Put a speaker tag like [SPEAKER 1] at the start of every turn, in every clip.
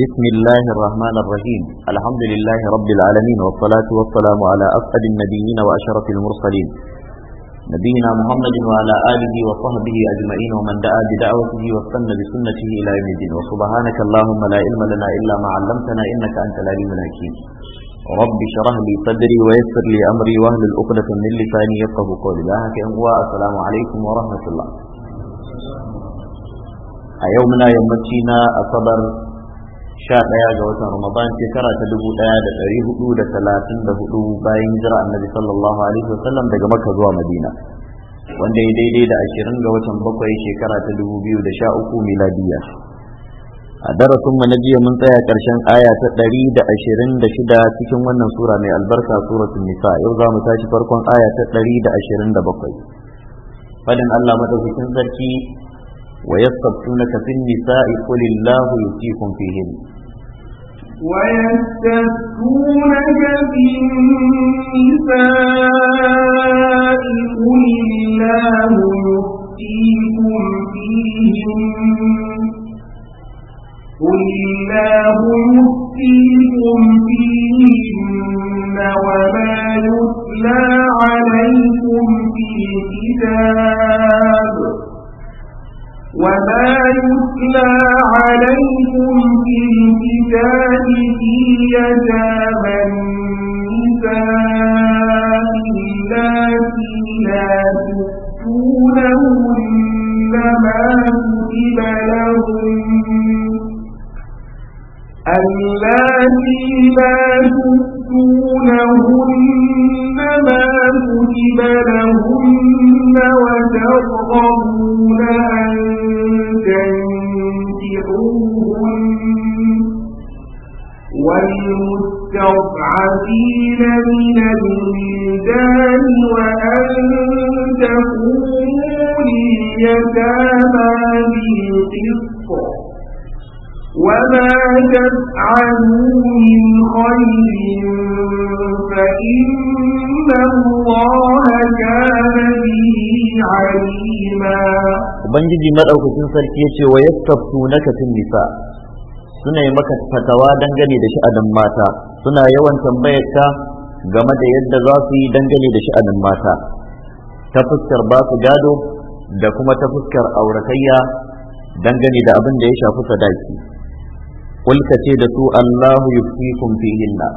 [SPEAKER 1] بسم الله الرحمن الرحيم الحمد لله رب العالمين والصلاة والسلام على أسعد النبيين وأشرف المرسلين نبينا محمد وعلى آله وصحبه أجمعين ومن دعا بدعوته واستنى بسنته إلى يوم الدين وسبحانك اللهم لا علم لنا إلا ما علمتنا إنك أنت العليم الحكيم رب شرح لي صدري ويسر لي أمري وأهل الأقدة من لساني يفقه قولي الله هكذا السلام عليكم ورحمة الله أيومنا يوم muna yammaci sha ɗaya ga watan Ramadan shekara ta dubu ɗaya da hudu da talatin da hudu bayan jira annabi sallallahu alaihi wasallam daga Makka zuwa Madina wanda ya daidai da ashirin ga watan bakwai shekara ta dubu biyu da sha uku miladiya. A darasin mu na jiya mun tsaya ƙarshen aya ta ɗari da ashirin da shida cikin wannan sura mai albarka suratun nisa yau za mu tashi farkon aya ta ɗari da ashirin da bakwai. Fadin Allah madaukakin sarki ويستبقونك في النساء قل الله يؤتيكم فيهن
[SPEAKER 2] ويستفتونك في النساء قل الله يؤتيكم فيهن قل الله يؤتيكم فيهن وما يتلى عليكم في الكتاب
[SPEAKER 1] وما
[SPEAKER 2] يتلى عليكم في الكتاب في يتامى النساء التي لا تؤتونهن ما كتب لهن اللاتي لا تؤتونهن ما كتب لهن وترغبون أن فانكحوهن والمستضعفين من الولدان وأن تقوموا لليتامى بالقسط وما تفعلوا من خير فإن الله كان به عليما
[SPEAKER 1] ubangiji madaukakin sarki yace wa yastaftunaka fil nisa suna yi maka fatawa dangane da sha'anin mata suna yawan tambayar ka game da yadda za su yi dangane da sha'anin mata ta fuskar ba su gado da kuma ta fuskar auratayya dangane da abin da ya shafi sadaki kulka ce da su Allahu yuftikum fihinna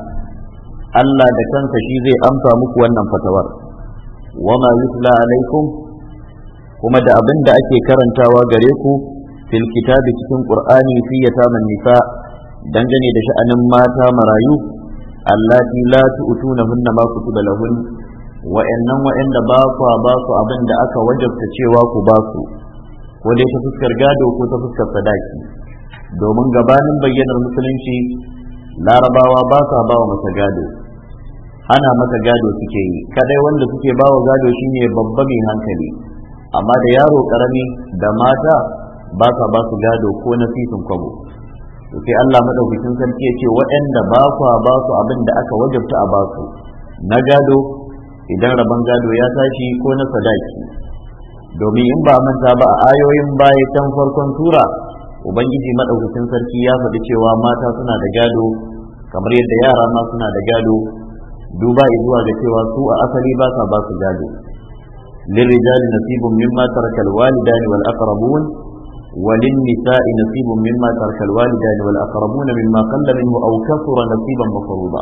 [SPEAKER 1] Allah da kansa shi zai amsa muku wannan fatawar wama yusla alaikum kuma da abin da ake karantawa gare ku fil kitabi cikin qur'ani fi yataman nisa dangane da sha'anin mata marayu allati la tu'tunahunna ma kutiba lahun wa'annan wa'anda ba ku ba ku abin da aka wajabta cewa ku ba ku ko dai ta fuskar gado ko ta fuskar sadaki domin gabanin bayyanar musulunci larabawa ba sa ba wa masa gado ana masa gado suke yi kadai wanda suke ba wa gado shine babba mai hankali amma da yaro karami da mata ba sa ba su gado ko na sisin kwabo to sai Allah madaukakin sarki ya ce waɗanda ba su ba su abin da aka wajabta a ba su na gado idan rabon gado ya tashi ko na sadaki domin in ba manta ba a ayoyin baya tan farkon tura ubangiji madaukakin sarki ya faɗi cewa mata suna da gado kamar yadda yara ma suna da gado duba zuwa ga cewa su a asali ba sa ba su gado للرجال نصيب مما ترك الوالدان والأقربون وللنساء نصيب مما ترك الوالدان والأقربون مما قل منه أو كثر نصيبا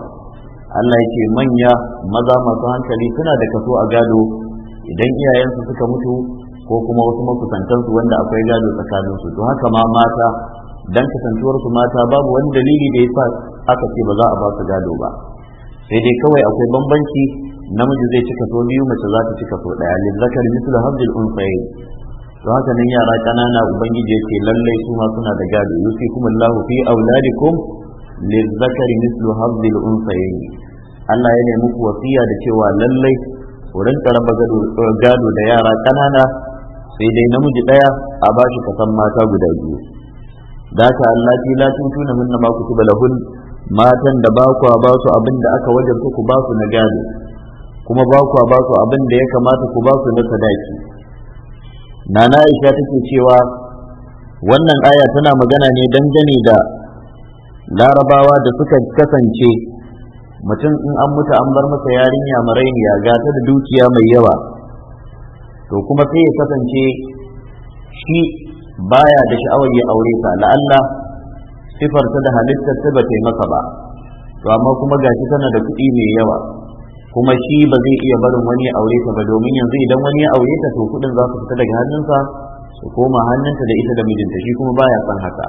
[SPEAKER 1] Allah ya ce manya maza masu hankali suna da kaso a gado idan iyayensu suka mutu ko kuma wasu makusantansu wanda akwai gado tsakaninsu to haka ma mata dan kasantuwarsu mata babu wani dalili da ya sa aka ce ba za a basu gado ba sai dai kawai akwai bambanci namiji zai cika so biyu mace za ta cika so daya lil zakari mislu hamdil unsayin to haka nan yara kanana ubangiji yake lallai su ma suna da gado yusi kuma Allahu fi auladikum lil mislu hamdil unsayin Allah ya nemi ku wasiya da cewa lallai ku rinka raba gado da yara kanana sai dai namiji daya a bashi kasan mata guda biyu da ta Allah ti la tuntuna minna ma kutuba lahun matan da ba ku ba su abin da aka wajabta ku ba su na gado kuma ba ku ba su abin da ya kamata ku ba su na sadaki nana aisha take cewa wannan aya tana magana ne dangane da larabawa da suka kasance mutum in an mutu an bar masa yarinya marainiya ga ta da dukiya mai yawa to kuma sai ya kasance shi baya da sha'awar ya aure ta la'alla sifarta da halittar ta ba taimaka ba to amma kuma gashi tana da kuɗi mai yawa kuma shi ba zai iya barin wani ya aure ta ba domin yanzu idan wani ya aure ta to kudin za su fita daga hannunsa su koma hannunta da ita da mijinta shi kuma baya san haka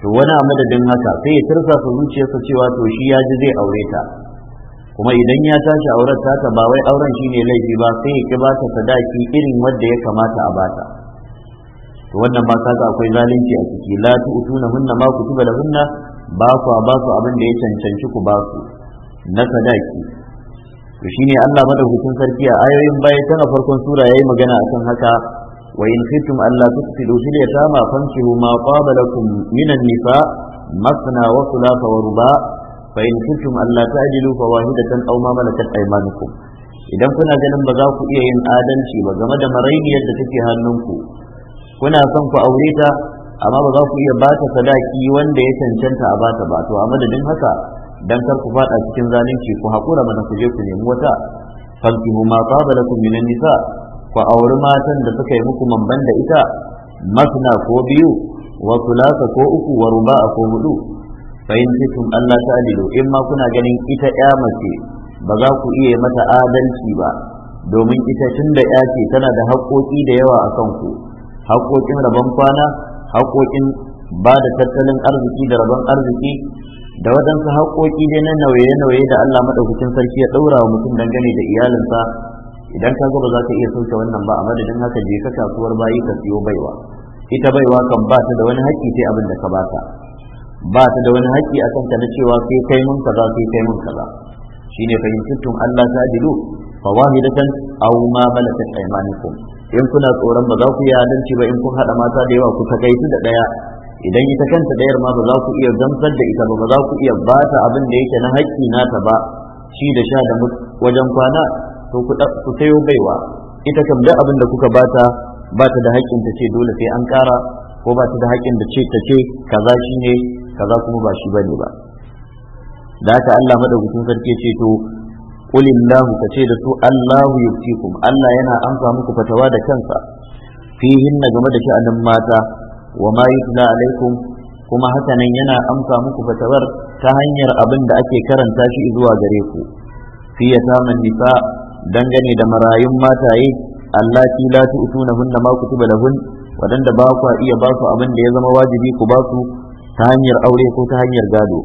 [SPEAKER 1] to wani a madadin haka sai ya tursa su zuciyarsa cewa to shi ya ji zai aure ta kuma idan ya tashi auren ta ba wai auren shi ne laifi ba sai ya ki ba ta sadaki irin wanda ya kamata a bata to wannan ma ga akwai zalunci a ciki la tu'tuna hunna ma da lahunna ba ku ba su abin da ya cancanci ku ba su na sadaki to shine Allah madaukakin sarki a ayoyin baya tana farkon sura yayi magana akan haka wa in khiftum alla tufsidu fil yatama fankihu ma qaba lakum minan nisa masna wa thulatha wa ruba fa in khiftum alla ta'dilu fawahidatan aw ma malakat aymanukum idan kuna ganin ba za ku iya yin adalci ba game da marainiyar da take hannunku
[SPEAKER 2] kuna son ku aure ta amma ba za ku iya ba ta sadaki wanda ya cancanta a bata ba to a madadin haka
[SPEAKER 1] dan kar ku fada cikin zalunci ku hakura mana ku je ku nemi wata fankihu ma qaba minan nisa ku auri matan da suka yi muku mamban da ita masna ko biyu wa sulasa ko uku wa ruba'a ko hudu fa in kuntum Allah ta'dilu in ma kuna ganin ita ya mace ba za ku iya mata adalci ba domin ita tun da ya ce tana da haƙoƙi da yawa a kanku haƙoƙin rabon kwana haƙoƙin ba da tattalin arziki da rabon arziki da waɗansu haƙoƙi dai na nauye-nauye da Allah maɗaukacin sarki ya ɗaura wa mutum dangane da iyalinsa idan ka gaba za ka iya sauke wannan ba a madadin haka je ka kasuwar bayi ka siyo baiwa ita baiwa kan ba ta da wani haƙƙi sai abin da ka ba ta ba ta da wani haƙƙi akan ta na cewa sai kai mun kaza sai kai mun kaza shine fahimtum Allah ta dilu fawahidatan aw ma ta aymanukum in kuna tsoron ba za ku yi adalci ba in kun haɗa mata da yawa ku takaitu da ɗaya. idan ita kanta dayar ma ba za ku iya gamsar da ita ba ba za ku iya ba ta abin da yake na haƙƙi nata ba shi da sha da wajen kwana to ku sayo baiwa ita kam da abin da kuka bata ba ta da haƙƙin ta ce dole sai an ƙara ko ba ta da haƙƙin da ce ta ce kaza shi ne kaza kuma ba shi bane ba da haka Allah madaukakin sarki ce to qulillahu ka ce da su Allahu yuftikum Allah yana amsa muku fatawa da kansa fihin na game da sha'anin mata wa ma yutla alaikum kuma hakanan yana amsa muku fatawar ta hanyar abin da ake karanta shi zuwa gare ku fi samun nisa dangane da marayun mataye allati la tu'tunahunna ma kutiba lahun wadanda ba ku iya ba su abin da ya zama wajibi ku ba su ta hanyar aure ko ta hanyar gado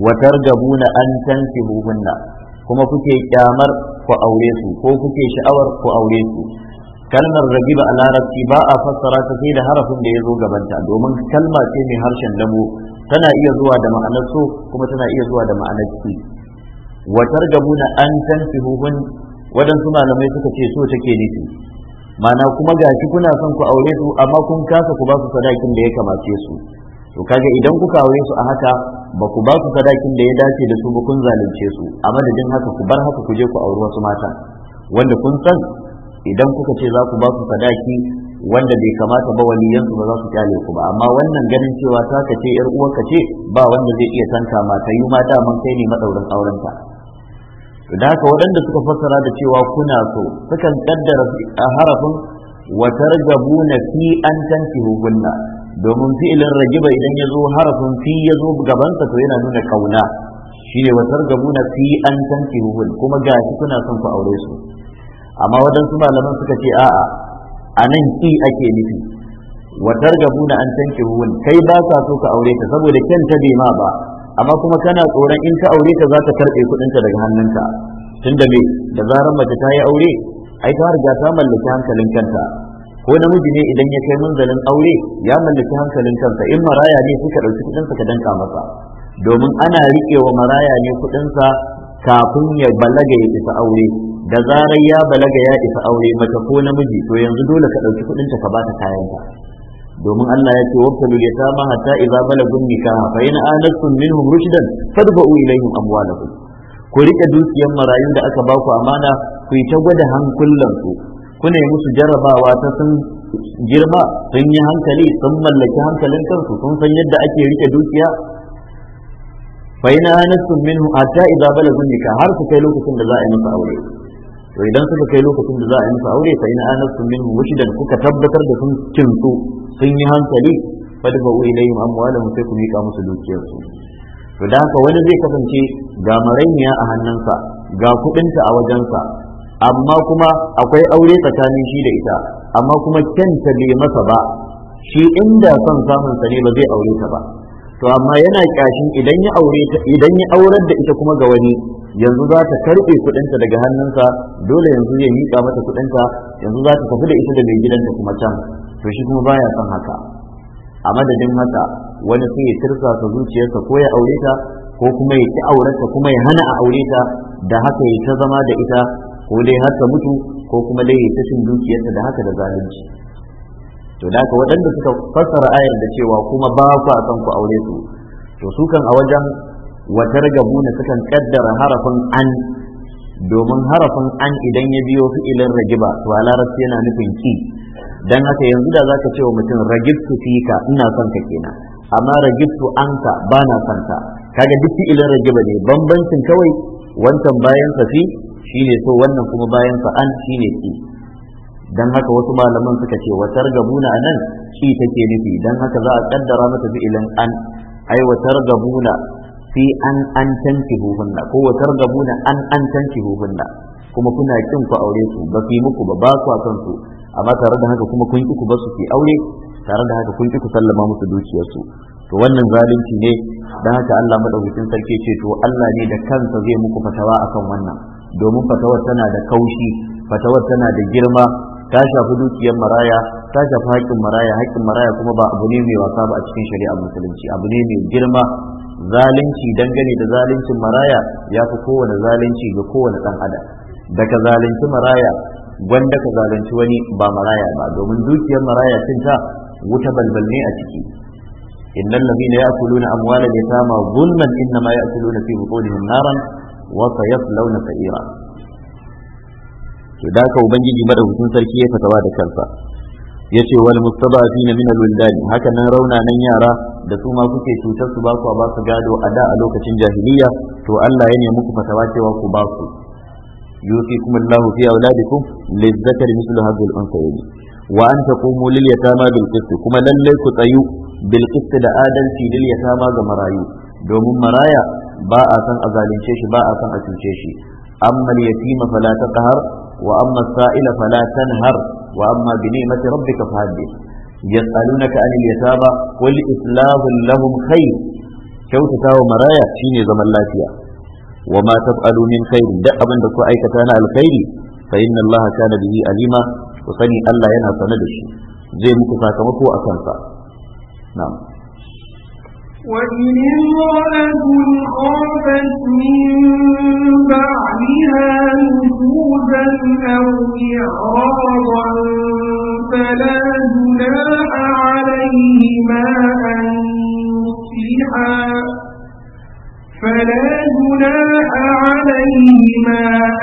[SPEAKER 1] wa targabuna an tansihuhunna kuma kuke kyamar ku aure su ko kuke sha'awar ku aure su kalmar ragiba a larabci ba a fassara ta sai da harafin da ya zo gabanta domin kalma ce mai harshen damo tana iya zuwa da ma'anar so kuma tana iya zuwa da ma'anar ki da muna an tanfihuhun wadansu malamai suka ce so take nufi mana kuma gashi kuna son ku aure su amma kun kasa ku ba su sadakin da ya kamace su to kaga idan kuka aure su a haka ba ku ba su sadakin da ya dace da su ba kun zalunce su a madadin haka ku bar haka ku je ku auri wasu mata wanda kun san idan kuka ce za ku ba su sadaki wanda bai kamata ba waliyansu ba za su kyale ku ba amma wannan ganin cewa ta ka ce yar uwarka ce ba wanda zai iya tanka ma ta yi ma daman kai ne madaurin aurenta da haka waɗanda suka fassara da cewa kuna so sukan kaddara harafin wa targabuna fi an tankihu hukunna. domin fi'ilin ragiba idan ya zo harafin fi ya zo gabansa to yana nuna kauna shine wa targabuna fi an tankihu kuma gashi kuna son ku aure su amma waɗansu malaman suka ce a'a a nan ki ake nufi wa targabuna an tanke hun kai ba sa so ka aure ta saboda kyan bai ma ba amma kuma kana tsoron in ka aure ta za ta karɓe kuɗinta daga hannunka tunda me da zarar mace ta yi aure ai ta riga ta mallaki hankalin kanta ko namiji ne idan ya kai munzalin aure ya mallaki hankalin kansa in maraya ne suka ɗauki kuɗinsa ka danka masa domin ana riƙe wa maraya ne kuɗinsa kafin ya balaga ya fita aure da zarar ya balaga ya isa aure mace ko namiji to yanzu dole ka ɗauki kuɗin ta ka ba ta kayan ta domin Allah ya ce wabtalu ma hatta idza balagun nikaha fa in anastum minhum rushdan fadba'u ilayhim amwalakum ku rike dukiyar marayun da aka baku amana ku yi ta gwada hankulan ku kuna musu jarrabawa ta sun girma sun yi hankali sun mallaki hankalin kansu sun san yadda ake rike dukiya fa in anastum minhum hatta idza balagun nikaha har su kai lokacin da za a yi musu aure to idan suka kai lokacin da za a yi musu aure fa ina anastum min rushdan kuka tabbatar da sun kinsu sun yi hankali fadba ilayhim amwalahum sai ku mika musu dukiyarsu to da haka wani zai kasance ga marainiya a hannunsa ga kuɗinta a wajensa amma kuma akwai aure tsakanin shi da ita amma kuma kyanta bai masa ba shi inda son samun sa ne ba zai aure ta ba to amma yana kyashin idan ya aure idan ya aurar da ita kuma ga wani yanzu za ta karɓe kuɗinta daga hannunsa dole yanzu ya miƙa mata kuɗinta yanzu za ta tafi da ita da mai gidanta kuma can to shi kuma baya son haka a madadin haka wani sai ya tirsa su zuciyarsa ko ya aure ta ko kuma ya ci aurarta kuma ya hana a aure ta da haka ya ta zama da ita ko dai har ta mutu ko kuma dai ya ta cin zuciyarta da haka da zalunci to da haka waɗanda suka fassara ayar da cewa kuma ba ku a san ku aure su to su kan a wajen Watar gabuna sukan ƙaddara harafin an domin harafin an idan ya biyo fi'ilin ragiba to a larabci yana nufin ki dan haka yanzu da zaka ce wa mutum ragibtu fika ina son ka kenan amma ragibtu anka ba na son ka kaga duk fi'ilin ragiba ne bambancin kawai wancan bayan sa fi shine so wannan kuma bayan sa an shine ki dan haka wasu malaman suka ce wa targabuna anan ki take nufi dan haka za a kaddara mata fi'ilin an ai wa targabuna Sai an an tanki huhunna ko wa targabuna an an tanki huhunna kuma kuna kin ku aure su ba fi muku ba ba kwa kan su amma tare da haka kuma kun ki ku su ki aure tare da haka kun ki ku sallama musu dukiyar su to wannan zalunci ne dan haka Allah madaukakin sarki ce to Allah ne da kansa zai muku fatawa akan wannan domin fatawar tana da kaushi fatawar tana da girma ta shafi dukiyar maraya ta shafi haƙƙin maraya haƙƙin maraya kuma ba abu ne mai wasa ba a cikin shari'ar musulunci abu ne mai girma zalunci dangane da zaluncin maraya ya fi kowane zalunci ga kowane ɗan adam da zalunci maraya gwanda ka zalunci wani ba maraya ba domin dukiyar maraya cinta wuta balbal ne a ciki إن الذين يأكلون أموال اليتامى ظلما إنما يأكلون في بطونهم نارا وسيصلون سعيرا to da ka ubangiji madaukakin sarki ya fatawa da kansa Ya ce wal mustadafina min al-wildan hakan nan raunanan yara da su ma kuke cutar su ba ku ba su gado a da a lokacin jahiliya to Allah ya nemi muku fatawa cewa ku ba su yusikum Allah fi auladikum lizzakari mithlu hadhihi al-unsayayn wa an taqumu lil yatama bil qist kuma lalle ku tsayu bil qist da adalci lil yatama ga marayu domin maraya ba a san a zalunce shi ba a san a cuce shi amma al yatima fala taqhar wa amma as-sa'ila fala tanhar وأما بنعمة ربك فحدث يسألونك عن اليتامى قل إصلاح لهم خير kyautata wa maraya shine zaman lafiya wa ma taf'alu min khairin duk abin da ku aikata na alkhairi fa inna allaha alima ku sani Allah yana sane da shi zai muku sakamako a kansa
[SPEAKER 2] وإن امرأة خافت من بعدها نشوزا أو إعراضا فلا جناح عليهما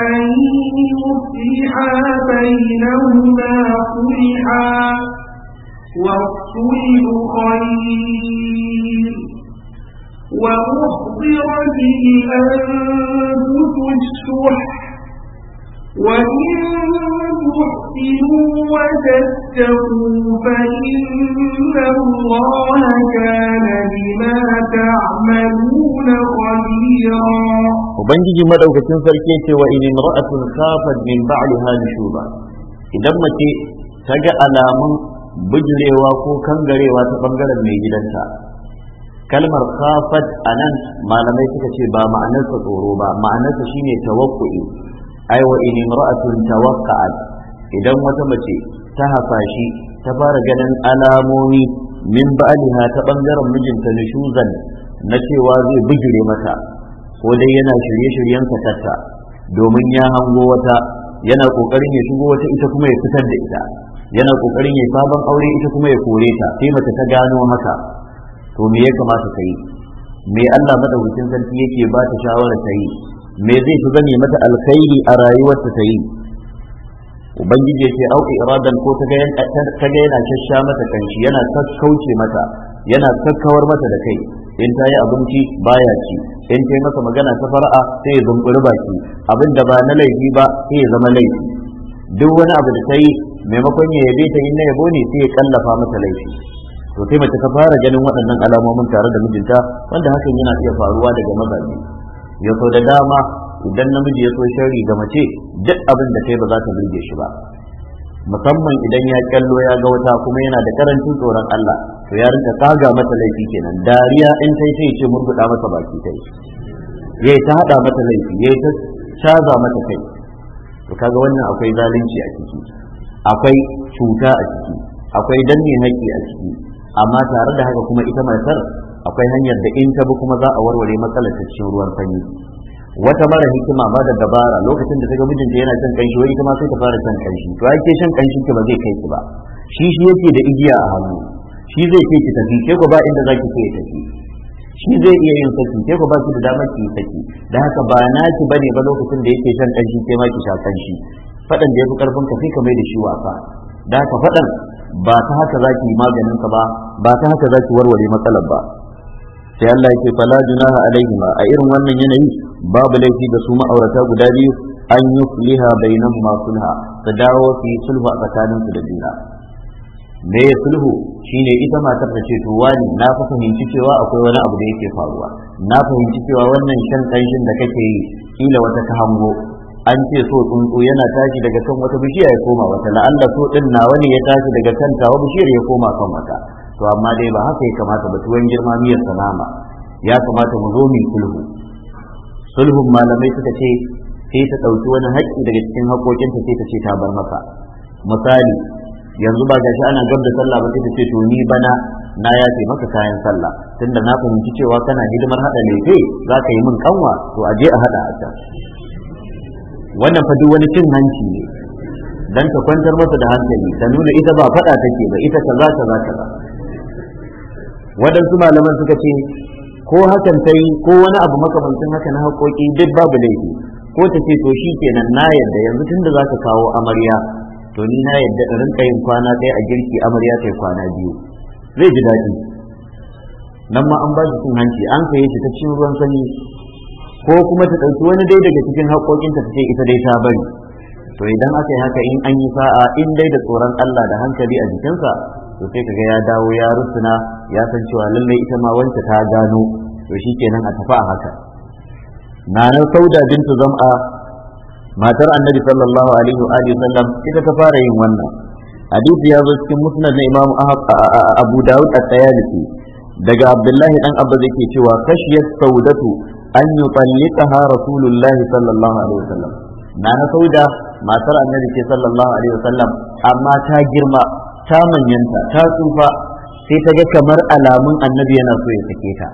[SPEAKER 2] أن يصلحا بينهما صلحا والصلح خير وأحضرت الأنفس الشح وإن تحسنوا وتتقوا فإن الله كان بما تعملون خبيرا
[SPEAKER 1] وبنجي مدوكتين سركيتي وإن امرأة خافت من بعلها نشوبا idan mace ta ga alamun bijirewa ko kangarewa ta bangaren mai gidanta kalmar khafat anan malamai suka ce ba ma'anarsa tsoro ba ma'anarsa shine tawakku'i ai wa in imra'atun tawakka'at idan wata mace ta hafashi ta fara ganin alamomi min ba'liha ta bangaren mijinta shuzan, na cewa zai bigire mata ko dai yana shirye-shiryen sakatta domin ya hango wata yana kokarin ya shigo wata ita kuma ya fitar da ita yana kokarin ya sabon aure ita kuma ya kore ta sai mace ta gano haka to me ya kamata ka yi me Allah madaukakin sarki yake ba ta shawara ta yi me zai fi zame mata alkhairi a rayuwarta ta yi ubangiji ya ce auki iradan ko ta ga yana shashsha mata kanshi yana kakkauce mata yana kakkawar mata da kai in ta yi abinci baya ci in ta yi masa magana ta fara'a sai ya zumburi baki abin da ba na laifi ba sai ya zama laifi duk wani abu da ta yi maimakon ya yabe ta in na yabo ne sai ya kallafa mata laifi to sai mace ta fara ganin waɗannan alamomin tare da mijinta wanda hakan yana iya faruwa daga mazaje ya so da dama idan namiji ya so shari ga mace duk abin da kai ba za ta burge shi ba musamman idan ya kyallo ya ga wata kuma yana da karancin tsoron Allah to ya rinka kaga mata laifi kenan dariya in sai sai ce murguda masa baki tai yayi ta hada mata laifi yayi ta caza mata kai to kaga wannan akwai zalunci a ciki akwai cuta a ciki akwai danne haƙƙi a ciki amma tare da haka kuma ita matar akwai hanyar da in ta bi kuma za a warware matsalar ta cikin ruwan sanyi wata mara hikima ba da dabara lokacin da ta ga mijinta yana shan kanshi wai ita ma sai ta fara shan kanshi to ake shan kanshi ki ba zai kai ki ba shi shi yake da igiya a hannu shi zai kai ki tafi ke ku ba inda zaki ki ya tafi shi zai iya yin saki ke ku ba ki da damar ki saki da haka ba na ki bane ba lokacin da yake shan kanshi ke ma ki sha kanshi fadan da yafi karfin ka sai ka mai da shi wasa da haka fadan ba ta haka zaki yi maganin ba ba ta haka zaki warware matsalar ba sai Allah yake fala junaha alaihima a irin wannan yanayi babu laifi ga su ma'aurata guda biyu an yusliha bainan sulha ta dawo su yi sulhu a tsakanin su da juna me ya sulhu shine ita matar ta ce to wani na fahimci cewa akwai wani abu da yake faruwa na fahimci cewa wannan shan kanshin da kake yi kila wata ta hango an ce so tsuntsu yana tashi daga kan wata bishiya ya koma wata la'alla so din nawa ne ya tashi daga kan tawa bishiyar ya koma kan wata to amma dai ba haka ya kamata ba tuwon girma miyar salama ya kamata mu zo mu sulhu sulhun malamai suka ce sai ta ɗauki wani haƙƙi daga cikin haƙoƙinta sai ta ce ta bar maka misali yanzu ba gashi ana gab da sallah ba sai ta ce to ni bana na ya ce maka kayan sallah tunda na fahimci cewa kana hidimar haɗa lefe za ka yi min kanwa to a je a haɗa a can wannan fa duk wani cin hanci ne dan ta kwantar masa da hankali ta nuna ita ba faɗa take ba ita kaza kaza kaza waɗansu malaman suka ce ko hakan ta ko wani abu makamancin haka na haƙoƙi duk babu laifi ko ta ce to shi kenan na yadda yanzu tun da za ta kawo amarya to ni na yadda in rinka yin kwana ɗaya a girki amarya ta kwana biyu zai ji daɗi nan ma an ba shi cin hanci an saye shi ta cin ruwan sanyi ko kuma ta ɗauki wani dai daga cikin haƙoƙinta ta ce ita dai ta bari to idan aka yi haka in an yi sa'a in dai da tsoron Allah da hankali a jikinsa to sai kaga ya dawo ya rusuna ya san cewa lallai ita ma wanta ta gano to shikenan a tafi a haka nanar sauda bintu zam'a matar annabi sallallahu alaihi wa alihi sallam ita ta fara yin wannan hadisi ya zo cikin musnad na imamu abu Da'ud at-tayalisi daga abdullahi dan zai ke cewa kashiyat saudatu an yi ha rasulullahi sallallahu alaihi wasallam na na sauda matar annabi ce sallallahu alaihi wasallam amma ta girma ta manyanta ta tsufa sai ta ga kamar alamun annabi yana so ya sake ta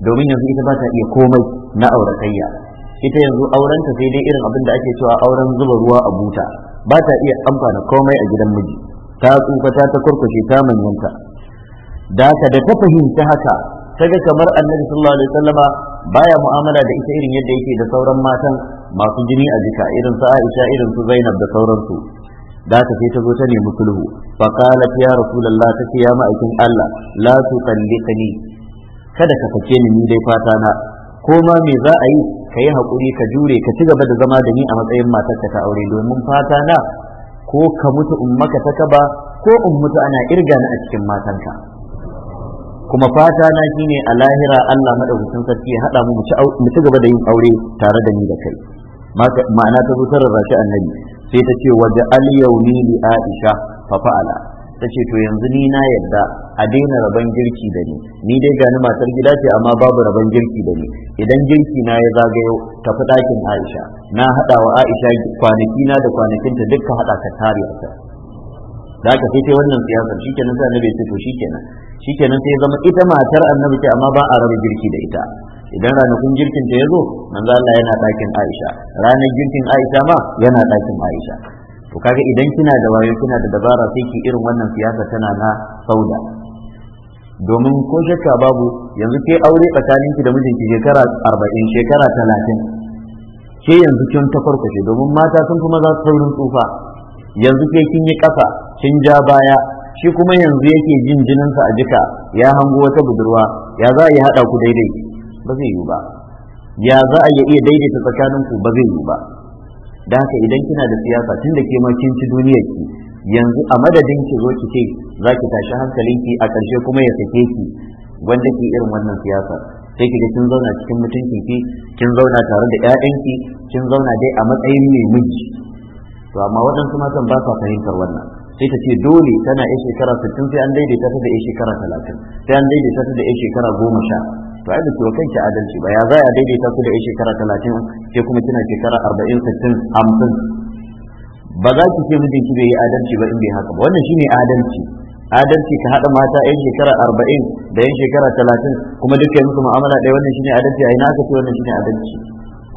[SPEAKER 1] domin yanzu ita ba ta iya komai na auratayya ita yanzu aurenta sai dai irin abin da ake cewa auren zuba ruwa a buta ba ta iya amfana komai a gidan miji ta tsufa ta ta kurkushe ta manyanta da da ta fahimci haka kaga kamar annabi sallallahu alaihi wasallama baya mu'amala da ita irin yadda yake da sauran matan masu jini a jika irin su Aisha irin su Zainab da sauransu da ta sai ta zo ta nemi sulhu fa qalat ya rasulullah ta ce ya ma'aikin Allah la tuqalliqni kada ka sake ni ni dai fata na ko ma me za a yi ka yi hakuri ka jure ka ci gaba da zama da ni a matsayin matarka ta aure domin fata na ko ka mutu ummaka ta ba ko in mutu ana irga ni a cikin matanka kuma fata na shine a lahira Allah madaukakin sarki ya hada mu mu ci gaba da yin aure tare da ni da kai ma'ana ta zo ta rarrashi annabi sai ta ce waje al yaumi li aisha fa fa'ala ta ce to yanzu ni na yadda a daina rabon girki da ni ni dai gani matar gida ce amma babu rabon girki da ni idan girki na ya zagayo tafi ɗakin aisha na haɗa wa aisha kwanaki na da kwanakinta dukka haɗa ka tare a da aka sai wannan siyasar shikenan sai annabi ce to shikenan shikenan sai ya zama ita matar annabi ce amma ba a rabu girki da ita idan ranakun girkin ta yazo manzo Allah yana dakin Aisha ranar girkin Aisha ma yana dakin Aisha to kaga idan kina da wayo kina da dabara sai ki irin wannan siyasa tana na sauda domin ko shakka babu yanzu ke aure tsakaninki da mijinki shekara 40 shekara 30 ke yanzu kin ta ce domin mata sun fi maza saurin tsufa yanzu ke kin yi kasa kin ja baya shi kuma yanzu yake jin jininsa a jika ya hango wata budurwa ya za a yi haɗa ku daidai ba zai yiwu ba ya za a iya daidaita tsakaninku ba zai yiwu ba da haka idan kina da siyasa tun da ke kin ci duniyar ki yanzu a madadin ki zo ki ce za ki tashi hankalin ki a ƙarshe kuma ya sake ki wanda ke irin wannan siyasa sai ki ga kin zauna cikin mutuncin ki kin zauna tare da ƴaƴanki kin zauna dai a matsayin mai miji to amma waɗansu matan ba sa fahimtar wannan sai ta ce dole tana ya shekara 60 sai an daidaita ta da shekara 30 sai an daidaita ta da ya shekara 10 to ai da kai ki adalci ba ya za a daidaita ku da ya shekara 30 sai kuma kina shekara 40 50 ba za ki ce mijinki bai yi adalci ba in bai haka ba wannan shine adalci adalci ka haɗa mata 'yan shekara arba'in da 'yan shekara talatin kuma duka musu mu'amala ɗaya wannan shine adalci a ina aka ce wannan shine adalci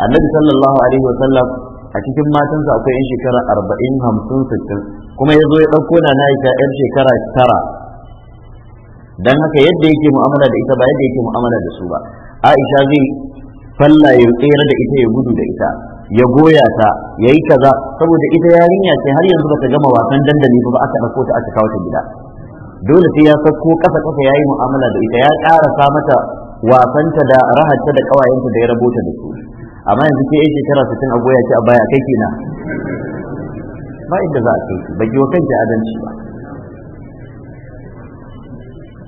[SPEAKER 1] annabi sallallahu alaihi wa sallam a cikin matansa akwai 'yan shekara kuma ya zo ya ɗauko na na aisha yar shekara tara don haka yadda yake mu'amala da ita ba yadda yake mu'amala da su ba aisha zai falla ya tsere da ita ya gudu da ita ya goya ta ya yi kaza saboda ita yarinya ce har yanzu bata gama wasan dandali ba aka ɗauko ta aka kawo ta gida dole sai ya sauko kasa kasa ya yi mu'amala da ita ya ƙarasa mata wasanta da rahatta da ƙawayenta da ya rabota da su amma yanzu ke ya shekara sittin a goya ce a baya kai kenan ba inda za a kai shi bai yi wa kanki adalci ba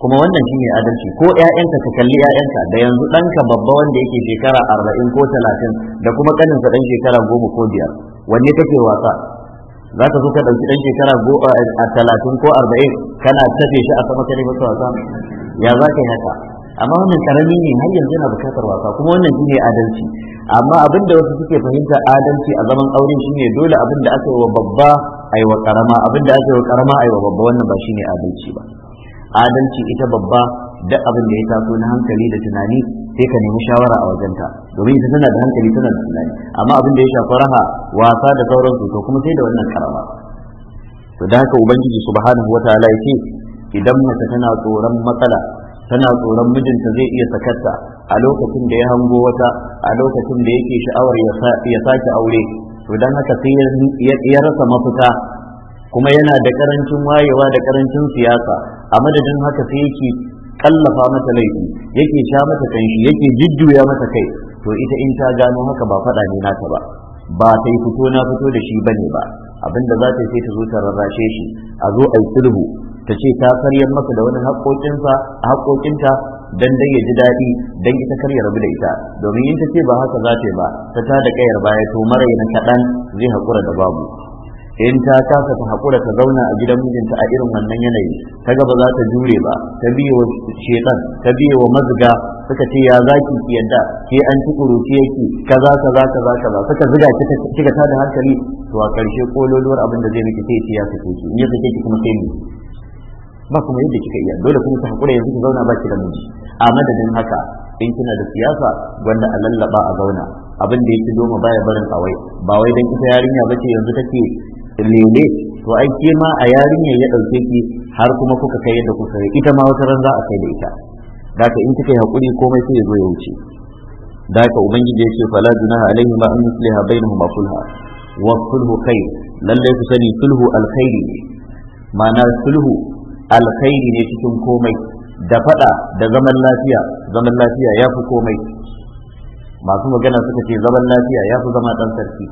[SPEAKER 1] kuma wannan shine adalci ko ƴaƴanka ka kalli ƴaƴanka da yanzu ɗanka babba wanda yake shekara arba'in ko talatin da kuma ƙaninsa ɗan shekara goma ko biyar wanne kake wasa za ka zo ka ɗauki ɗan shekara a talatin ko arba'in kana tafe shi a sama kare masa wasa ya za ka yi haka amma wannan karami ne har yanzu yana bukatar wasa kuma wannan shine adalci amma abin da wasu suke fahimta adalci a zaman aure shine dole abin da aka yi wa babba ai wa karama abin da aka yi wa karama wa babba wannan ba shine adalci ba adalci ita babba da abin da ya taso na hankali da tunani sai ka nemi shawara a wajenta domin ita tana da hankali tana da tunani amma abin da ya shafi raha wasa da sauransu to kuma sai da wannan karama to da haka ubangiji subhanahu wataala yake idan mace tana tsoron matsala tana tsoron mijinta zai iya sakatta a lokacin da ya hango wata a lokacin da yake sha'awar ya sake aure to dan haka sai ya rasa mafita kuma yana da karancin wayewa da karancin siyasa a madadin haka sai yake kallafa mata laifi yake sha mata kanshi yake jujjuya mata kai to ita in ta gano haka ba faɗa ne nata ba ba ta fito na fito da shi bane ba abinda za ta yi sai ta zo ta rarrashe shi a zo a yi sulhu ta ce ta karyar masa da wani haƙoƙinsa a haƙoƙinta dan dai ya ji daɗi dan ita karyar rabu da ita domin in ta ce ba haka za ta yi ba ta ta da kayar baya to mara na kaɗan zai haƙura da babu in ta kasa ta haƙura ta zauna a gidan mijinta a irin wannan yanayi ta gaba za ta jure ba ta biye wa shekan ta biye wa mazga suka ce ya za ki yadda ke an ci ƙuruci yake kaza kaza kaza kaza suka ziga kika ta da hankali to a ƙarshe kololuwar abin da zai miki sai ya sake ki in ya sake kuma sai mu ba kuma yadda kika iya dole kuma ta hakura yanzu ki zauna ba ki da miji a madadin haka in kina da siyasa wanda a lallaba a zauna abin da yake doma baya barin kawai ba wai dan ita yarinya ce yanzu take lele to ai ke ma a yarinya ya ɗauke ki har kuma kuka kai yadda kuka yi ita ma wata ran za a kai da ita daka in kika yi hakuri komai sai ya zo ya wuce daka ubangiji ya ce fala junaha alaihi ma an yusliha bainahuma kulha wa sulhu khair lalle ku sani sulhu alkhairi ne ma'ana sulhu alkhairi ne cikin komai da fada da zaman lafiya zaman lafiya ya fi komai
[SPEAKER 2] masu magana suka ce zaman lafiya ya fi
[SPEAKER 1] zama dan sarki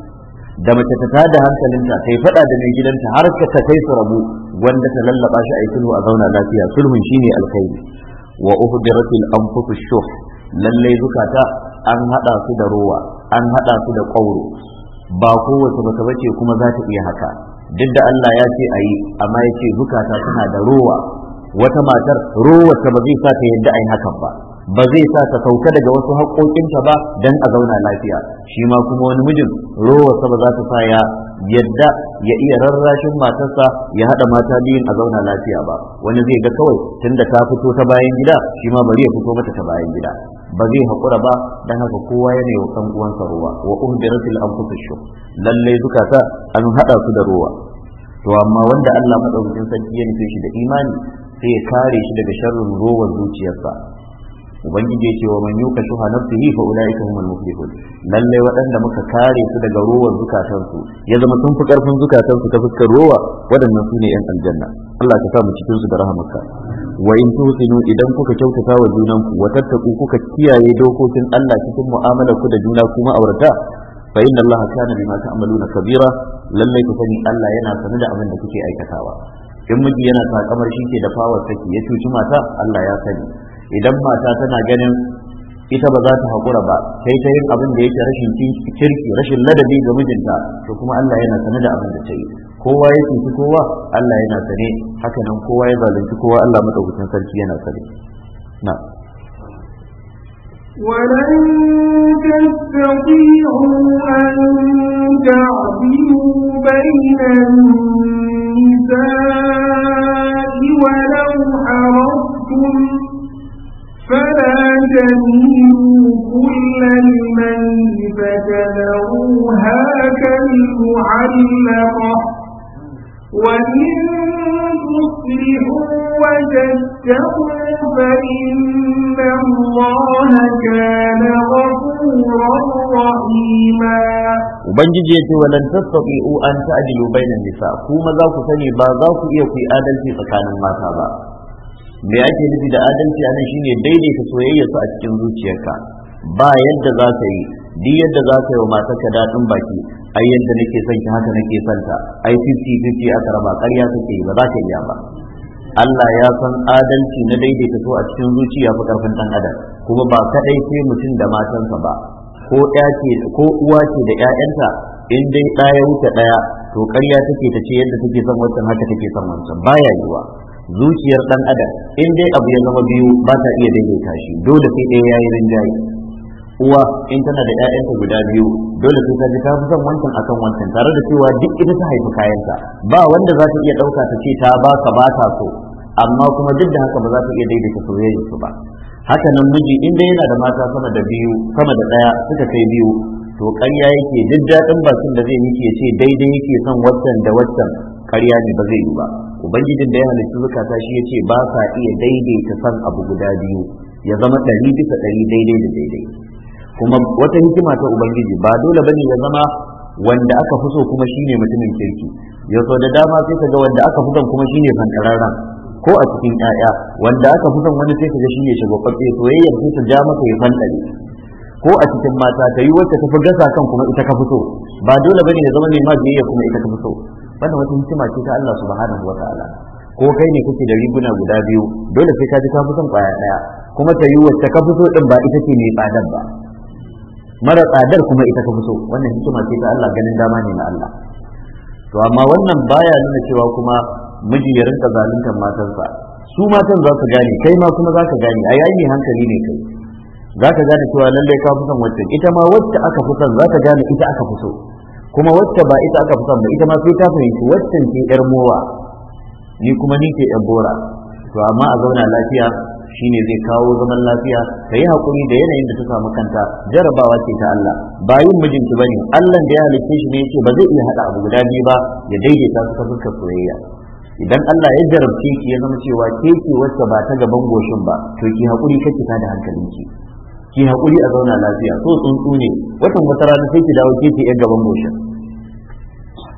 [SPEAKER 1] da mace ta tada hankalinta kai fada da mai gidanta har ka ta kai su rabu wanda ta lallaba shi a sulhu a zauna lafiya sulhun shine alkhairi wa an anfusu shuh lallai zukata an hada su da rowa an hada su da ƙauro ba kowace baka bace kuma za ta iya haka duk da Allah ya ce a yi amma ya ce zukata suna da rowa wata matar rowarta ba zai sa ta yadda a yi hakan ba ba zai sa ta sauka daga wasu haƙoƙinta ba don a zauna lafiya shi ma kuma wani mijin rowarsa ba za ta sa ya yadda ya iya rarrashin matarsa ya haɗa mata biyun a zauna lafiya ba wani zai ga kawai tunda ta fito ta bayan gida shi ma bari ya fito mata ta bayan gida ba zai haƙura ba dan haka kowa ya wa kan uwansa ruwa wa uhdiratil anfusushu lalle zukata an hada su da ruwa to amma wanda Allah madaukakin sarki ya nufe shi da imani sai ya kare shi daga sharrin ruwan zuciyarsa ubangiji ya ce wa man yuka shuha nafsihi fa ulaika humul muflihun lalle waɗanda muka kare su daga rowan zukatan su ya zama sun fi karfin zukatan su ta fuskar rowa waɗannan su ne yan aljanna Allah ka sa mu cikin su da rahamarka wa in tuhsinu idan kuka kyautata wa junan ku wa tattaku kuka kiyaye dokokin Allah cikin mu'amalar ku da juna kuma aurata fa inna Allah kana bima ta'maluna kabira lalle ku sani Allah yana sane da abin da kuke aikatawa in miji yana takamar shi ke da fawar saki ya cuci mata Allah ya sani idan mata tana ganin ita ba za ta haƙura ba sai ta yin abin da yake rashin kirki rashin ladabi ga mijinta to kuma Allah yana sane da abin da ta yi kowa ya cuci kowa Allah yana sane haka nan kowa ya zalunci kowa Allah madaukakin sarki yana sane na
[SPEAKER 2] ولن تستطيعوا أن تعدلوا بين النساء ولو حرصتم تميلوا كل الميل فتذروها كالمعلقة وإن تصلحوا وتتقوا فإن الله كان غفورا رحيما
[SPEAKER 1] Ubangiji ya ce wa lan tastati'u an ta'dilu bainan nisa kuma za ku sani ba za ku iya ku adalci tsakanin mata ba me ake nufi da adalci anan shine daidaita soyayya su a cikin zuciyarka ba yadda za ka yi ni yadda za ka yi wa ka daɗin baki ai yadda nake son ki haka nake son ta ai fifty fifty aka raba ƙarya kake yi ba za ka iya ba Allah ya san adalci na daidaita so a cikin zuciya fa karfin dan adam kuma ba kadai sai mutum da matansa ba ko ce ko uwa ce da ƴaƴanta in dai ɗaya wuce ɗaya to ƙarya take ta ce yadda take son wancan haka take son wancan baya yiwa zuciyar dan adam in dai abu ya zama biyu ba ta iya daidaita shi dole sai ɗaya yayi rinjaye uwa in tana da ƴaƴanta guda biyu dole sai ta ji ta san son wancan akan wancan tare da cewa duk ita ta haifi kayanta ba wanda za ta iya ɗauka ta ce ta ba ka ba ta so amma kuma duk da haka ba za ta iya daidaita soyayyar su ba haka nan miji in dai yana da mata sama da biyu sama da ɗaya suka kai biyu to ƙarya yake duk daɗin bakin da zai miki ya ce daidai yake son waccan da waccan ƙarya ne ba zai yi ba ubangijin da ya halitta zukata shi ya ce ba sa iya daidaita san abu guda biyu ya zama ɗari bisa ɗari daidai da daidai kuma wata hikima ta ubangiji ba dole bane ya zama wanda aka fi so kuma shine mutumin kirki ya so da dama sai ka ga wanda aka fi son kuma shine fankararren ko a cikin 'ya'ya wanda aka fi son wani sai ka ga shine shagwabatse soyayyar sai ta ja maka ya fankare ko a cikin mata ta yi wacce ta fi gasa kan kuma ita ka fi so ba dole bane ya zama mai ma biyayya kuma ita ka fi so wannan wata hikima ce ta Allah subhanahu wa ta'ala ko kai ne kake da riguna guda biyu dole sai ka ji ka fusan son kwaya daya kuma ta yi wacce ka fuso so din ba ita ce mai tsadar ba mara tsadar kuma ita ka fuso so wannan hikima ce ta Allah ganin dama ne na Allah to amma wannan baya nuna cewa kuma miji ya rinka zaluntar matansa su matan za su gane kai ma kuma za ka gane a yayi hankali ne kai za ka gane cewa lallai ka fusan wacce ita ma wacce aka fusan? za ka gane ita aka fi kuma wacce ba ita aka fi son ba ita ma sai ta fahimci waccan ce yar mowa ni kuma ni ke yar bora to amma a zauna lafiya shine zai kawo zaman lafiya ka yi hakuri da yanayin da ta samu kanta jarabawa ce ta Allah ba yin mijinki bane Allah da ya halicce shi ne yace ba zai iya hada abu guda biyu ba ya daidaita su ta fuskar soyayya idan Allah ya jarabce ki ya zama cewa ke ce wacce ba ta gaban goshin ba to ki hakuri kake ta da hankalinki ki haƙuri a zauna lafiya so tsuntsu ne watan wata rana sai ki dawo kece yan gaban goshin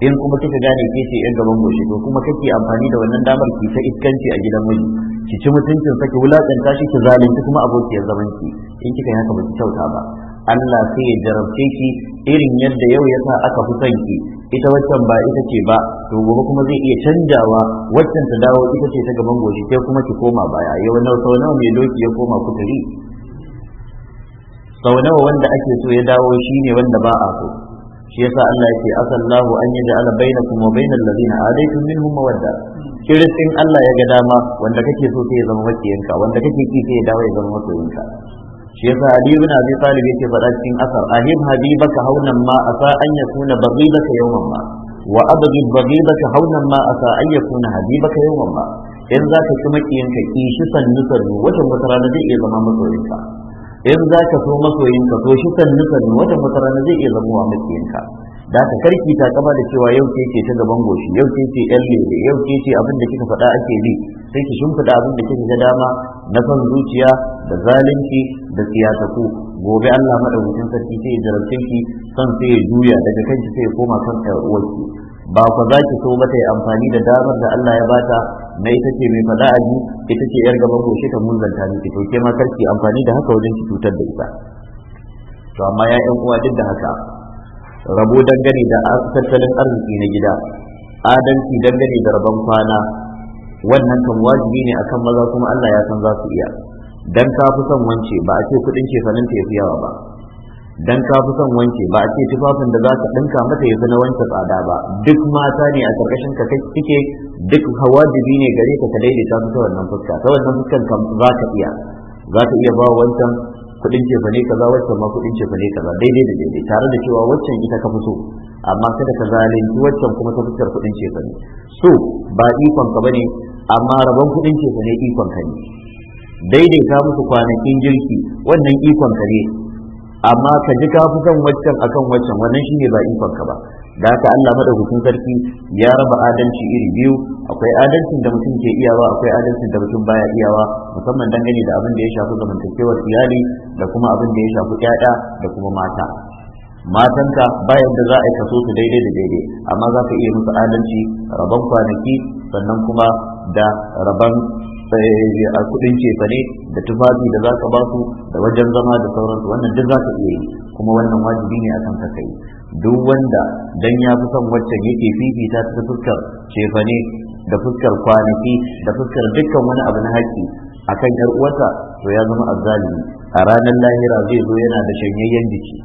[SPEAKER 1] in kuma kika gane kece yan gaban goshi to kuma kake amfani da wannan damar ki ta iskanci a gidan miji ki ci mutuncin sa ki wulakanta shi ki zalunci kuma abokiyar zaman ki in kika yi haka ba ki kyauta ba Allah sai ya jarabce ki irin yadda yau ya sa aka fi son ki ita waccan ba ita ce ba to gobe kuma zai iya canjawa waccan ta dawo ita ce ta gaban goshi sai kuma ki koma baya yau nawa nawa mai doki ya koma kuturi sau nawa wanda ake so ya dawo shi ne wanda ba a so shi yasa Allah yake asallahu an kuma bainakum wa a ladina adaytum minhum mawadda kiristin Allah ya ga dama wanda kake so sai ya zama makiyanka wanda kake ki sai ya dawo ya zama masoyinka shi yasa Ali ibn Abi Talib yake faɗa cikin asar ahib habibaka haunan ma asa an yakuna bagibaka yawman ma wa abghid bagibaka haunan ma asa an yakuna habibaka yawman ma in za ka ci makiyanka ki shi sannu sannu wata wata rana zai iya zama masoyinka in za ka so masoyin ka so shi sannu sannu wata fatara na zai iya zama wa ka da ka karki ta kama da cewa yau ke ce ta gaban goshi yau ke ce yan lele yau ke ce abin da kika faɗa ake bi sai ki da abin da kika ga dama na son zuciya da zalunci da siyasatu gobe Allah madaukakin sarki sai ya jarabce ki son sai ya juya daga kanki sai ya koma kan ɗan uwarki ba ku za ki so ba ta yi amfani da damar da Allah ya bata na ita ce mai faɗa aji ita ce yar gaban goshe ta munzanta miki to ke ma karki amfani da haka wajen ki cutar da ita to amma ya ƴan uwa duk da haka rabo dangane da tattalin arziki na gida adalci dangane da rabon kwana wannan kan wajibi ne akan maza kuma Allah ya san za su iya dan ka fi son wance ba a ce kudin cefanin ta fi yawa ba
[SPEAKER 2] dan ka fi son wanke ba a ce tufafin da za ka ɗinka mata ya na wanke tsada ba duk mata ne a ƙarƙashin ka kike duk wajibi ne gare ka ka daidaita
[SPEAKER 1] su ta wannan fuska ta wannan fuskan ka za ka iya za ka iya ba wancan kuɗin cefa ne kaza wancan ma kuɗin cefa ne kaza daidai da daidai tare da cewa wancan ita ka fi so amma kada ka zalunci wancan kuma ta fuskar kuɗin cefa fane so ba ikon ka bane amma rabon kuɗin cefa ne ikon ka ne ta musu kwanakin girki wannan ikon ka ne amma ka ji kan waccan akan waccan wannan ne ba ikon ka ba da haka Allah madaukakin sarki ya raba adalci iri biyu akwai adalcin da mutum ke iyawa akwai adalcin da mutum baya iyawa musamman dangane da abin da ya shafi zamantakewar iyali da kuma abin da ya shafi ƴaƴa da kuma mata matanka ba yadda za a yi kaso su daidai da daidai amma za ka iya musu adalci rabon kwanaki sannan kuma da rabon a kudin cefa ne da tufafi da za ka ba su da wajen zama da sauransu wannan duk za ka iya yi kuma wannan wajibi ne akan ka kai duk wanda dan ya fi son waccan yake fifita ta fuskar cefa ne da fuskar kwanaki da fuskar dukkan wani abu na haƙƙi kan yar uwarsa to ya zama azzalimi a ranar lahira zai zo yana da shanyayyen jiki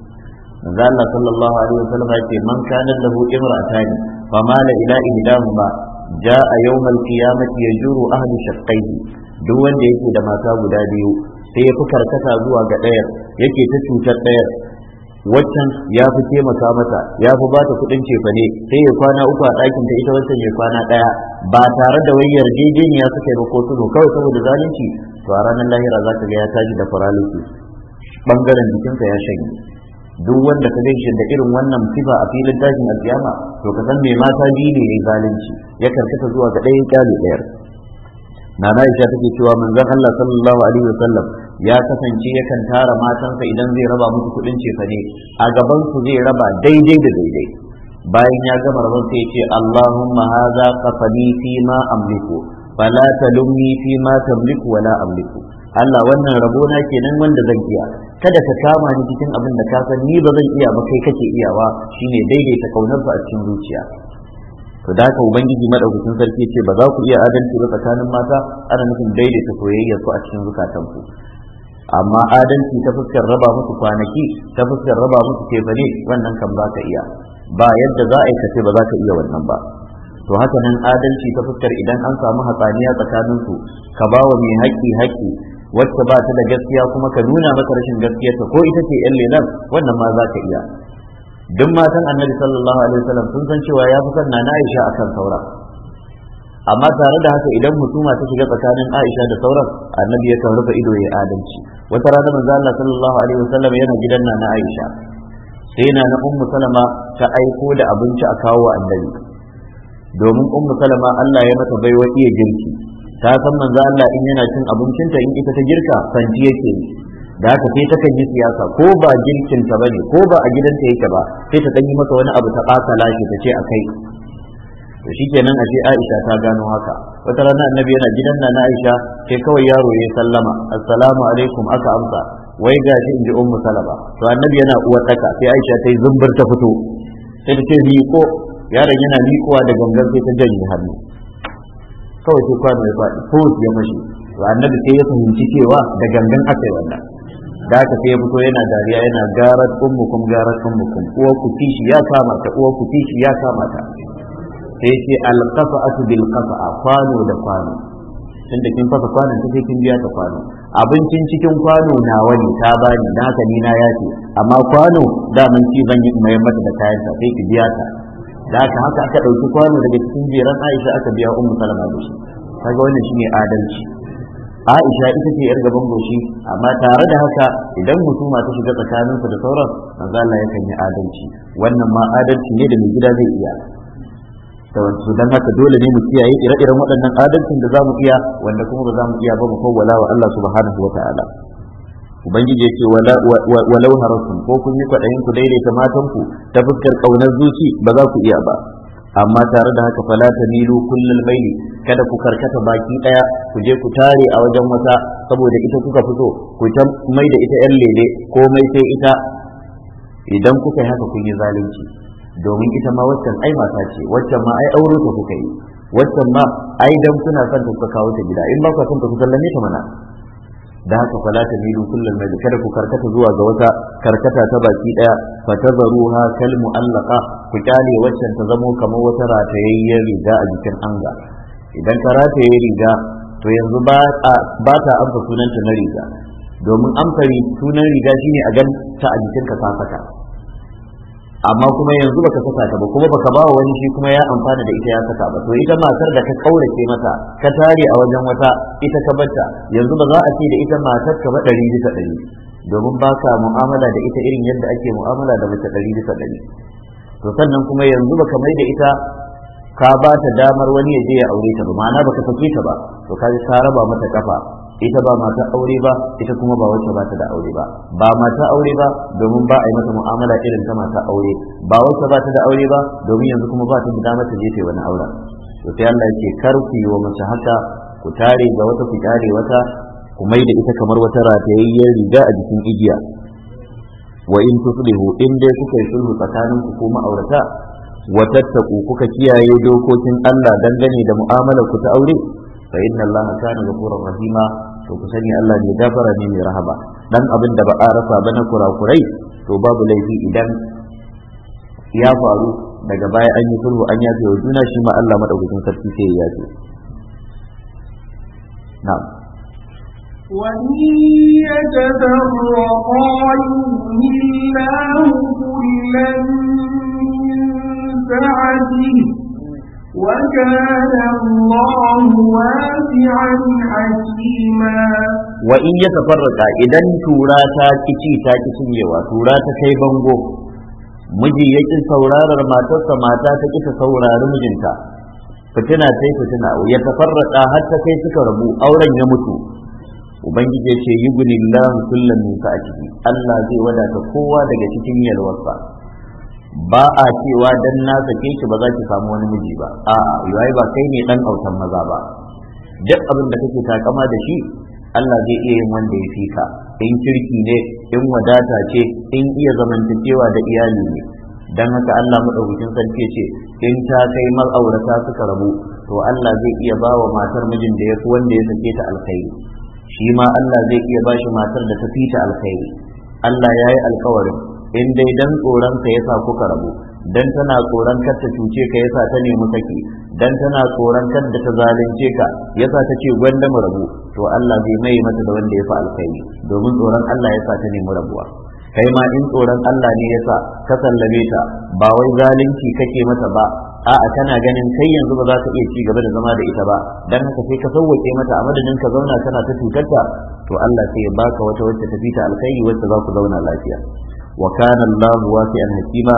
[SPEAKER 1] manzo Allah sallallahu alaihi wasallam ya ce man kana lahu imra'atani famala ila ihdahuma Ja a yau ja'a yawmal qiyamati yajuru ahli shaqqaihi duk wanda yake da mata guda biyu sai ya fi karkata zuwa ga ɗayar yake ta cutar ɗayar
[SPEAKER 2] waccan ya fi taimaka mata ya fi bata kuɗin cefane sai ya kwana uku a ɗakin ta ita waccan ya kwana ɗaya ba tare da wai yarjejeniya suka yi ba ko tudu
[SPEAKER 1] kawai saboda zalunci to a ranar lahira za ka ga ya tashi da faraliki bangaren bikinsa ya shanye duk wanda ka gaishe da irin wannan sifa a filin tashin alkiyama to ka san me mata biyu ne yayi zalunci ya karkata zuwa ga ɗayan kyale ɗayar nana Aisha take cewa manzon Allah sallallahu alaihi wasallam ya kasance yakan tara matansa idan zai raba musu kuɗin cefane a gaban su zai raba daidai da daidai bayan ya gama rabon sai ce Allahumma hadha qasami fi ma amliku fala talumni fi ma tamliku wala amliku Allah wannan rabo na ke nan wanda zan iya kada ka kama ni cikin abin da ka san ni ba zan iya ba kai kake iyawa shine daidaita kaunar a cikin zuciya to da ka ubangiji madaukakin sarki ce ba za ku iya adalci ba tsakanin mata ana nufin daidaita soyayyar ku a cikin zukatan ku amma adalci ta fuskar raba musu kwanaki ta fuskar raba musu kefane wannan kan ba ka iya ba yadda za a yi kace ba za ka iya wannan ba to haka nan adalci ta fuskar idan an samu hatsaniya tsakanin su ka ba wa mai haƙƙi haƙƙi wacce ba ta da gaskiya kuma ka nuna masa rashin gaskiyarta ko ita ce yan lelan wannan ma za ka iya duk matan annabi sallallahu alaihi wasallam sun san cewa ya fi son na Aisha akan saura amma tare da haka idan Hutuma ta shiga tsakanin Aisha da sauran annabi yakan rufe ido ya adalci wata rana manzo Allah sallallahu alaihi wasallam yana gidan na na Aisha sai na na ummu salama ta aiko da abinci a kawo annabi domin ummu salama Allah ya mata baiwa iya girki ta san manzo Allah in yana cin abincin ta in ita ta girka fanti yake yi da haka sai ta yi siyasa ko ba girkin ta bane ko ba a gidanta yake ba sai ta yi masa wani abu ta baka lashi ta ce akai to shikenan ce Aisha ta gano haka wata rana annabi yana gidan na Aisha sai kawai yaro ya sallama assalamu alaikum aka amsa wai ga shi inji ummu salama to annabi yana uwar taka sai Aisha ta yi zumbur ta fito sai ta ce ko yaron yana likowa da gangan sai ta janye hannu kawai sai kwano ya faɗi ko ya mashi to annabi sai ya fahimci cewa da gangan aka yi wannan da aka sai ya fito yana dariya yana garar ummukum garar ummukum uwa ku tishi ya kama ta uwa ku tishi ya kama ta sai ce alqafa'atu bil a kwano da kwano da kin fasa kwanon ta sai kin biya ta kwano abincin cikin kwano nawa ne ta bani naka ni na yace amma kwano da mun ci zan yi mai mata da kayan ta sai ki biya ta da haka haka aka ɗauki kwano daga cikin jeran aisha aka biya ummu salama da shi kaga wannan shine adalci aisha ita ce yar gaban goshi amma tare da haka idan mutumata ta shiga tsakaninsa da sauran manzo Allah yakan yi adalci wannan ma adalci ne da mai gida zai iya sauransu don haka dole ne mu kiyaye ire-iren waɗannan adalcin da za mu iya wanda kuma ba za mu iya ba mu kawwala wa Allah subhanahu wata'ala ubangiji ya ce walau harasun ko kun yi kwaɗayin ku daidaita matanku ta fuskar ƙaunar zuci ba za ku iya ba amma tare da haka fala ta milu kullal maili kada ku karkata baki daya ku je ku tare a wajen wata saboda ita kuka fi so ku ta mai da ita yan lele ko mai sai ita idan kuka yi haka kun yi zalunci domin ita ma waccan ai mata ce waccan ma ai aure ta kuka yi waccan ma ai dan kuna son ta kawo ta gida in ba ku son ta ku sallame ta mana da haka fala ta milu kullal mai kada ku karkata zuwa ga wata karkata ta baki daya fa tazaruha kal mu'allaqa ku kyale waccan ta zamo kamar wata ratayayyar riga a jikin anga idan ta rataye riga to yanzu ba ta amsa sunanta na riga domin amfani sunan riga shine a gan ta a jikin ka saka amma kuma yanzu baka saka ta ba kuma baka bawa wani shi kuma ya amfana da ita ya saka ba to ita matar da ka kaurace mata ka tare a wajen wata ita ka bata yanzu ba za a ce da ita matar ka ba ɗari bisa ɗari domin ba ka mu'amala da ita irin yadda ake mu'amala da mace ɗari bisa ɗari to sannan kuma yanzu baka mai da ita ka ba ta damar wani ya je ya aure ta ba ma'ana baka sake ta ba to ka ka raba mata kafa ita ba mata aure ba ita kuma ba wacce ba ta da aure ba ba mata aure ba domin ba a yi mata mu'amala irin ta mata aure ba wacce ba ta da aure ba domin yanzu kuma ba ta da damar ta je ta yi wani aure. to sai Allah yake kar ku yi wa mace haka ku tare ga wata ku tare wata ku mai da ita kamar wata ratayayyar riga a jikin igiya wa in tuslihu in dai kuka yi sulhu tsakanin ku ko ma'aurata wa tattaku kuka kiyaye dokokin Allah dangane da mu'amalar ku ta aure fa inna Allah kana ghafurur rahima to ku sani Allah ne gafara ne mai rahama dan abin da ba a rasa ba na kurakurai to babu laifi idan ya faru daga baya an yi sulhu an yafe wa juna shi ma Allah madaukakin sarki sai ya yafe na'am
[SPEAKER 2] وإن يتفرقا يغني الله كلا من سعته وكان ya واسعا idan
[SPEAKER 1] وإن يتفرق إذا تورا تاكي Wa tura ta kai bango miji ya ƙi saurarar matarsa mata ta ƙi ta saurari mijinta fitina sai fitina ya tafarraka har ta kai suka rabu auren ya mutu ubangiji ya ce yi gunin lahu kullum a ciki. Allah zai wadata kowa daga cikin yalwarsa ba a cewa dan na sake shi ba za ki samu wani miji ba a'a yayi ba kai ne dan autan maza ba duk abin da kake takama da shi Allah zai iya yin wanda ya fi ka in kirki ne in wadata ce in iya zamantakewa da iyali ne dan haka Allah madaukakin sarki ce in ta kai mal'aurata suka rabu to Allah zai iya ba wa matar mijin da ya fi wanda ya sake ta alkhairi shi ma Allah zai iya ba shi matar da ta fi ta alkhairi Allah ya yi alkawarin in dai dan tsoron ka yasa kuka rabu dan tana tsoron kar ta cuce ka yasa ta nemi saki dan tana tsoron kar da ta zalunce ka yasa ta ce gwanda mu rabu to Allah zai mai mata da wanda ya fa alkai domin tsoron Allah yasa ta nemi rabuwa kai ma in tsoron Allah ne yasa ka sallame ta ba wai zalunci kake mata ba a'a tana ganin kai yanzu ba za ka iya ci gaba da zama da ita ba dan haka sai ka sauwake mata a madadin ka zauna kana ta cutar ta to Allah sai ya baka wata wacce ta fita alkhairi wacce za ku zauna lafiya وكان الله واسعا حكيما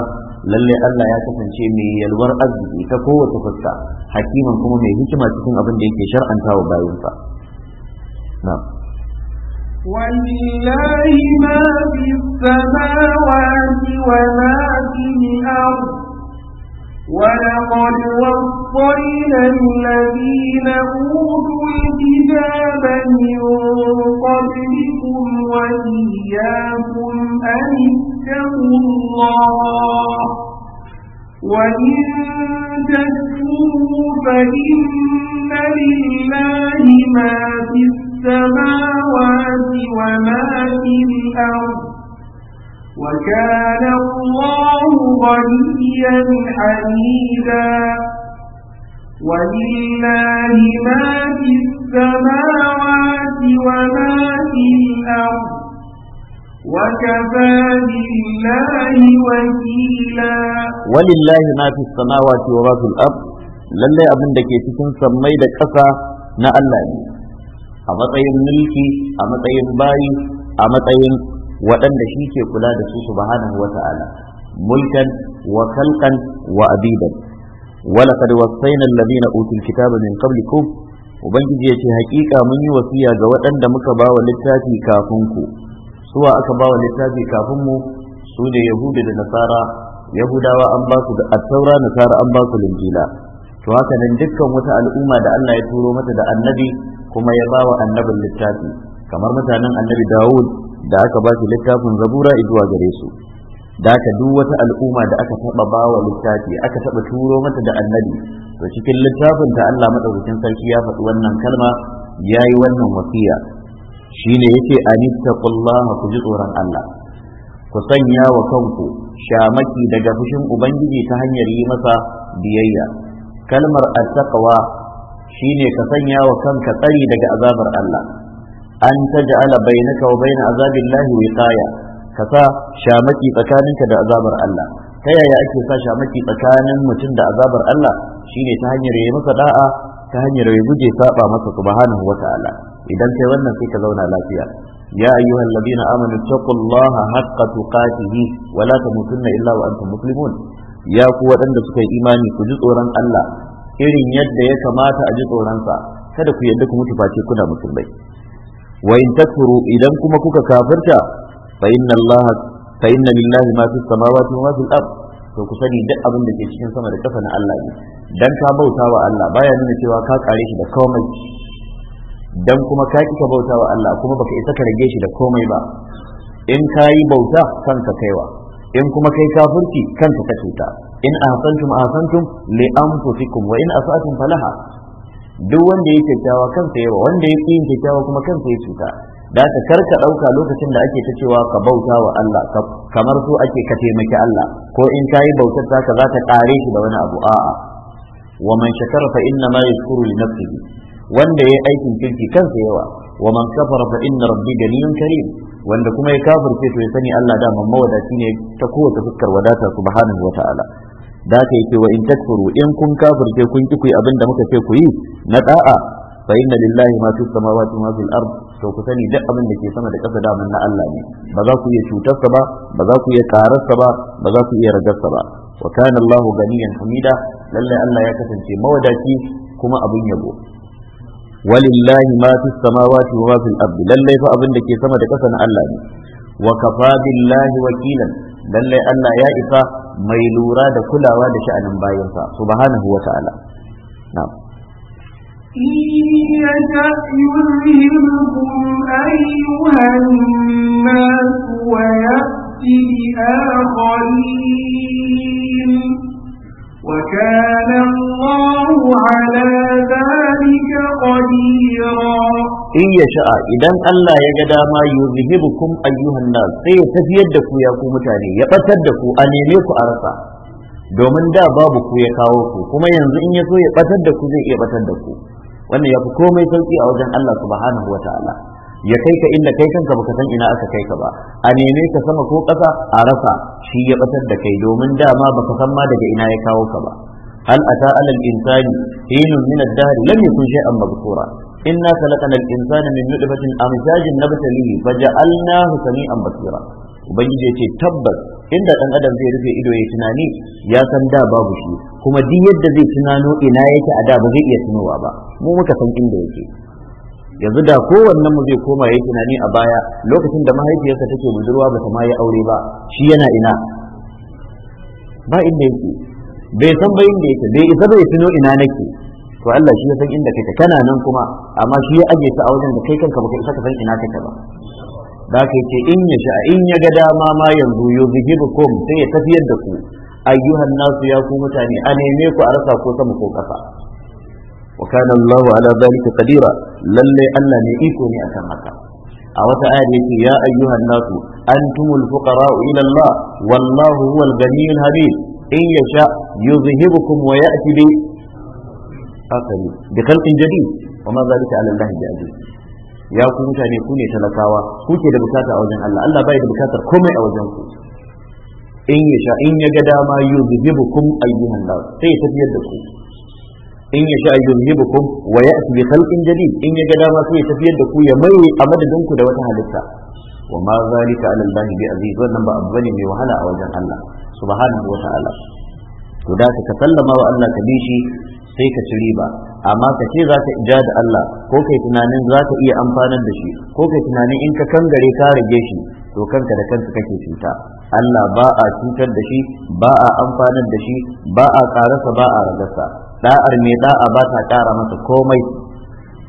[SPEAKER 1] lalle Allah ya kasance mai yalwar arziki ta kowace fuska hakiman kuma mai hikima cikin abin da yake shar'anta wa bayinsa
[SPEAKER 2] na'am ولله ما في السماوات وما في الأرض ولقد وصينا الذين أوتوا الكتاب من قبلكم وإياكم أن اتقوا الله وإن تكفروا فإن لله ما في السماوات وما في الأرض وكان الله غنيا حميدا ولله ما في السماوات وما في الأرض وكفى بالله وكيلا
[SPEAKER 1] ولله ما في السماوات وما في الأرض lallai abin da ke cikin sammai da ƙasa na Allah ne a matsayin mulki a matsayin bayi a matsayin waɗanda shi ke kula da su subhanahu wata'ala mulkan wa kalkan wa abidan wala qad wassayna alladhina utul kitaba min qablikum ubangiji yace hakika mun yi wasiya ga waɗanda muka ba wa littafi kafin ku zuwa aka ba wa littafi kafin mu su ne yahudu da nasara yahudawa an ba su da attaura nasara an ba su linjila to haka nan dukkan wata al'umma da Allah ya turo mata da annabi kuma ya ba wa annabin littafi kamar mutanen annabi Dawud da aka ba shi littafin zabura zuwa gare su da aka duk wata al'umma da aka taba ba wa littafi aka taba turo mata da annabi to cikin littafin ta Allah madaukakin sarki ya faɗi wannan kalma yayi wannan wasiya shine yace anittaqullaha ku ji tsoron Allah ku sanya wa kanku shamaki daga fushin ubangiji ta hanyar yi masa biyayya kalmar attaqwa shine ka sanya wa kanka tsari daga azabar Allah an taj'ala bainaka wa bain azabillahi wiqaya ka sa shamaki tsakaninka da azabar Allah ta yaya ake sa shamaki tsakanin mutum da azabar Allah shine ta hanyar yi masa da'a ta hanyar ya guje saba masa subhanahu wa ta'ala idan kai wannan sai ka zauna lafiya ya ayyuhal ladina amanu taqullaha haqqa tuqatih wa la tamutunna illa wa antum muslimun ya ku waɗanda suka yi imani ku ji tsoron Allah irin yadda ya kamata a ji tsoronsa kada ku yadda ku mutu face kuna musulmai wa in takfuru idan kuma kuka kafirta fa inna Allah fa inna lillahi ma fis samawati wa ma fil ard to ku sani duk abin da ke cikin sama da kafa na Allah ne dan ka bauta wa Allah baya nuna cewa ka kare shi da komai dan kuma ka ki ka bauta wa Allah kuma baka isa ka rage shi da komai ba in ka yi bauta kanka kaiwa in kuma kai kafirci kanka ka cuta in ahsantum ahsantum li anfusikum wa in asa'tum falaha duk wanda ya kyakkyawa kansa yawa wanda ya yin kyakkyawa kuma kansa ya cuta da ka karka ɗauka lokacin da ake ta cewa ka bauta wa Allah kamar so ake ka taimaki Allah ko in ka yi bautar taka za ta ƙare shi da wani abu a'a wa man shakara fa inna ma yashkuru li nafsihi wanda ya yi aikin kirki kansa yawa wa man kafara fa inna rabbi ganiyun karim wanda kuma ya kafirce to ya sani Allah da mamma wadati ne ta kowace fuskar wadata subhanahu wa ta'ala da ka yake wa in takfuru in kun kafirce kun ki kuyi abin da muka ce ku yi na da'a fa inna lillahi ma fis samawati wa ma ard to ku sani duk abin da ke sama da ƙasa da na Allah ne ba za ku iya cutarsa ba ba za ku iya kararsa ba ba za ku iya ragarsa ba wa kana Allahu ganiyan hamida lalle Allah ya kasance mawadaci kuma abin yabo ولله ما في السماوات وما في الارض لا ليس ابن دكي سما دكا سنا الله وكفى بالله وكيلا لا لي ان يا افا مي لورا ده كلاوا ده سبحانه وتعالى نعم
[SPEAKER 2] إن يشأ يذهبكم أيها الناس ويأتي بآخرين وكان الله على ذلك قديرا
[SPEAKER 1] إن يشاء إذا الله يجد ما يذهبكم أيها الناس سي تفيدكم يا كومتاني يقتدكم أن a أرسا domin da babu ku ya kawo ku kuma yanzu in ya so ya batar da ku zai iya batar da ku wannan ya fi komai sauki a wajen Allah subhanahu wa ta'ala ya kai ka inda kai kanka baka san ina aka kai ka ba a neme ka sama ko ƙasa a rasa shi ya batar da kai domin dama baka san ma daga ina ya kawo ka ba hal ata alal insani hinun min ad-dahr lam yakun shay'an mabthura inna khalaqna al-insana min nutfatin amjajin nabtalihi faja'alnahu sami'an basira ubangiji ya ce tabbas inda dan adam zai rufe ido ya tunani ya san da babu shi kuma duk yadda zai tunano ina yake a da ba zai iya tunowa ba mu muka san inda yake yanzu da kowannen mu zai koma yayi tunani a baya lokacin da mahaifiyarsa take budurwa ba ta ma yi aure ba shi yana ina ba inda yake bai san ba inda yake bai isa bai tuno ina nake to Allah shi ya san inda kake kana nan kuma amma shi ya aje ta a wajen da kai kanka baka isa ka san ina kake ba da ka ce in ya sha in ya ga dama ma yanzu yuzhibukum sai ya tafiyar da ku ayyuhan nasu ya ku mutane a neme ku a rasa ko sama ko kasa wa kana Allah ala zalika qadira lalle Allah ne iko ne akan haka a wata ayar yake ya ayyuhan nasu antumul fuqara'u ila Allah wallahu huwal ganiyul hamid in yasha yuzhibukum wa ya'ti bi asali?" da kalkin jadi wa ma zalika ala Allah bi ajri ya ku mutane ku ne talakawa kuke da bukata a wajen Allah Allah bai da bukatar komai a wajen ku in yasha in ya ga dama yuzhibukum ayyuhan nas sai tafiyar da ku in ya sha yuzhibukum wa ya'ti bi khalqin jadid in ya ga dama sai ya tafiyar da ku ya mai a madadin ku da wata halitta wa ma zalika ala allahi bi aziz wannan ba abu bane mai wahala a wajen Allah subhanahu wa ta'ala to da ka sallama wa Allah ka bi shi sai ka ci riba amma ka ce za ka ija da Allah ko kai tunanin za ka iya amfanar da shi ko kai tunanin in ka kangare ka rage shi to kanka da kanka kake cuta Allah ba a cutar da shi ba a amfanar da shi ba a karasa ba a ragarsa da'ar mai da'a ba ta kara masa komai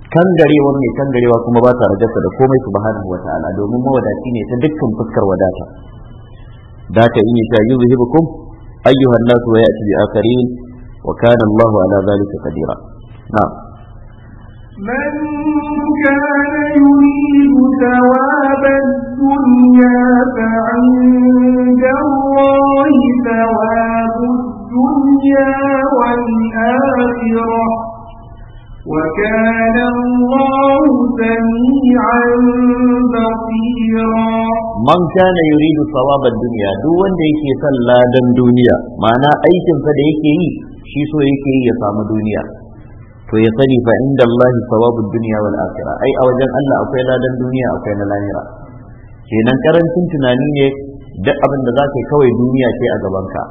[SPEAKER 1] kan kangarewar mai kangarewa kuma ba ta rajarsa da komai subhanahu wata'ala domin mawadaci ne ta dukkan fuskar wadata da ta yi ta yi zuhi bukum ayyuhan nasu wa ya'ti bi akarin wa kana Allahu ala zalika qadira na
[SPEAKER 2] من كان يريد ثواب الدنيا فعند الله ثواب الدنيا والآخرة وكان الله سميعا بصيرا
[SPEAKER 1] man kana yuridu sawabar duniya duk wanda yake son ladan duniya ma'ana aikinsa da yake yi shi so yake yi ya samu duniya to ya sani fa inda Allah sawabud duniya wal akhirah ai a wajen Allah akwai ladan duniya akwai na lahira kenan karancin tunani ne duk abin da zaka kawai duniya ce a gaban ka.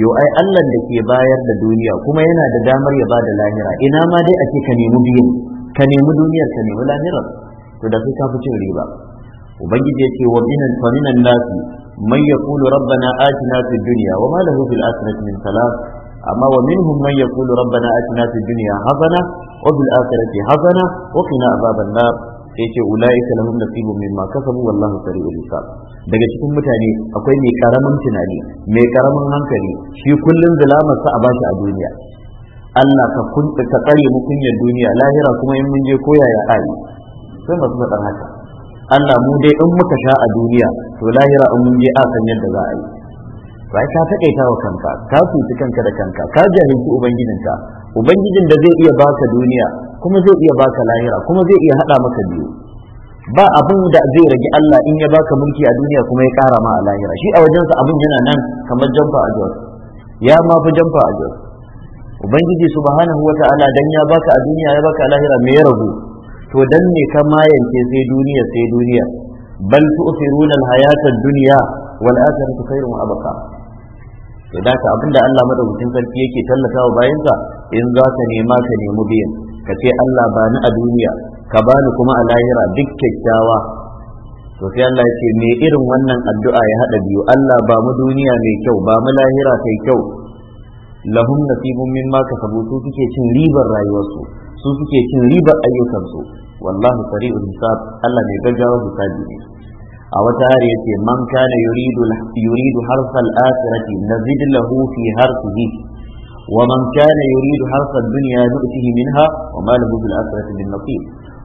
[SPEAKER 1] yo ai Allah da ke bayar da duniya kuma yana da damar ya ba da lahira ina ma dai ake ka nemi biyan ka nemi duniyar ka nemi lahirar to da sai ka fi cin riba ubangiji ya ce wa minan fa minan nasi man yaqulu rabbana atina fid dunya wa ma lahu fil akhirati min salam amma wa minhum man yaqulu rabbana atina fid dunya hasana wa fil akhirati hasana wa qina adhaban nar yace ulaika lahum nasibun mimma kasabu wallahu sari'ul hisab daga cikin mutane akwai mai karamin tunani mai karamin hankali shi kullun zulamarsa a bashi a duniya Allah ka kunta ka tsare mu kunyar duniya lahira kuma in mun je koyaya ai sai masu faɗan haka Allah mu dai in muka sha a duniya to lahira in mun je a san yadda za a yi sai ka takaita wa kanka ka kanka da kanka ka jahilci ubangijinka ubangijin da zai iya baka duniya kuma zai iya baka lahira kuma zai iya hada maka biyu ba abin da zai rage Allah in ya baka mulki a duniya kuma ya kara ma a lahira shi a wajensa abin yana nan kamar jamfa a jos ya ma fi jamfa a jos ubangiji subhanahu ta'ala dan ya baka a duniya ya baka a lahira me ya rabu. to dan ne ka mayanke sai duniya sai duniya bal tu'thiruna al-hayata ad-dunya wal akhiratu khairun wa abqa to da ka abinda Allah madaukakin sarki yake tallatawa bayansa in za ka nema ka nemi biyan ka ce Allah ba ni a duniya ka bani kuma a lahira duk kyakkyawa to sai Allah ya me irin wannan addu'a ya hada biyu Allah ba mu duniya mai kyau ba mu lahira kai kyau lahum nasibun mimma kasabu su suke cin ribar rayuwarsu su suke cin ribar ayyukansu wallahu sari'ul hisab Allah mai gaggawa hisabi ne a wata hari yace man kana yuridu yuridu harsal akhirati nazid lahu fi harsihi wa man kana yuridu harsal dunya nu'tihi minha wa ma lahu fil akhirati min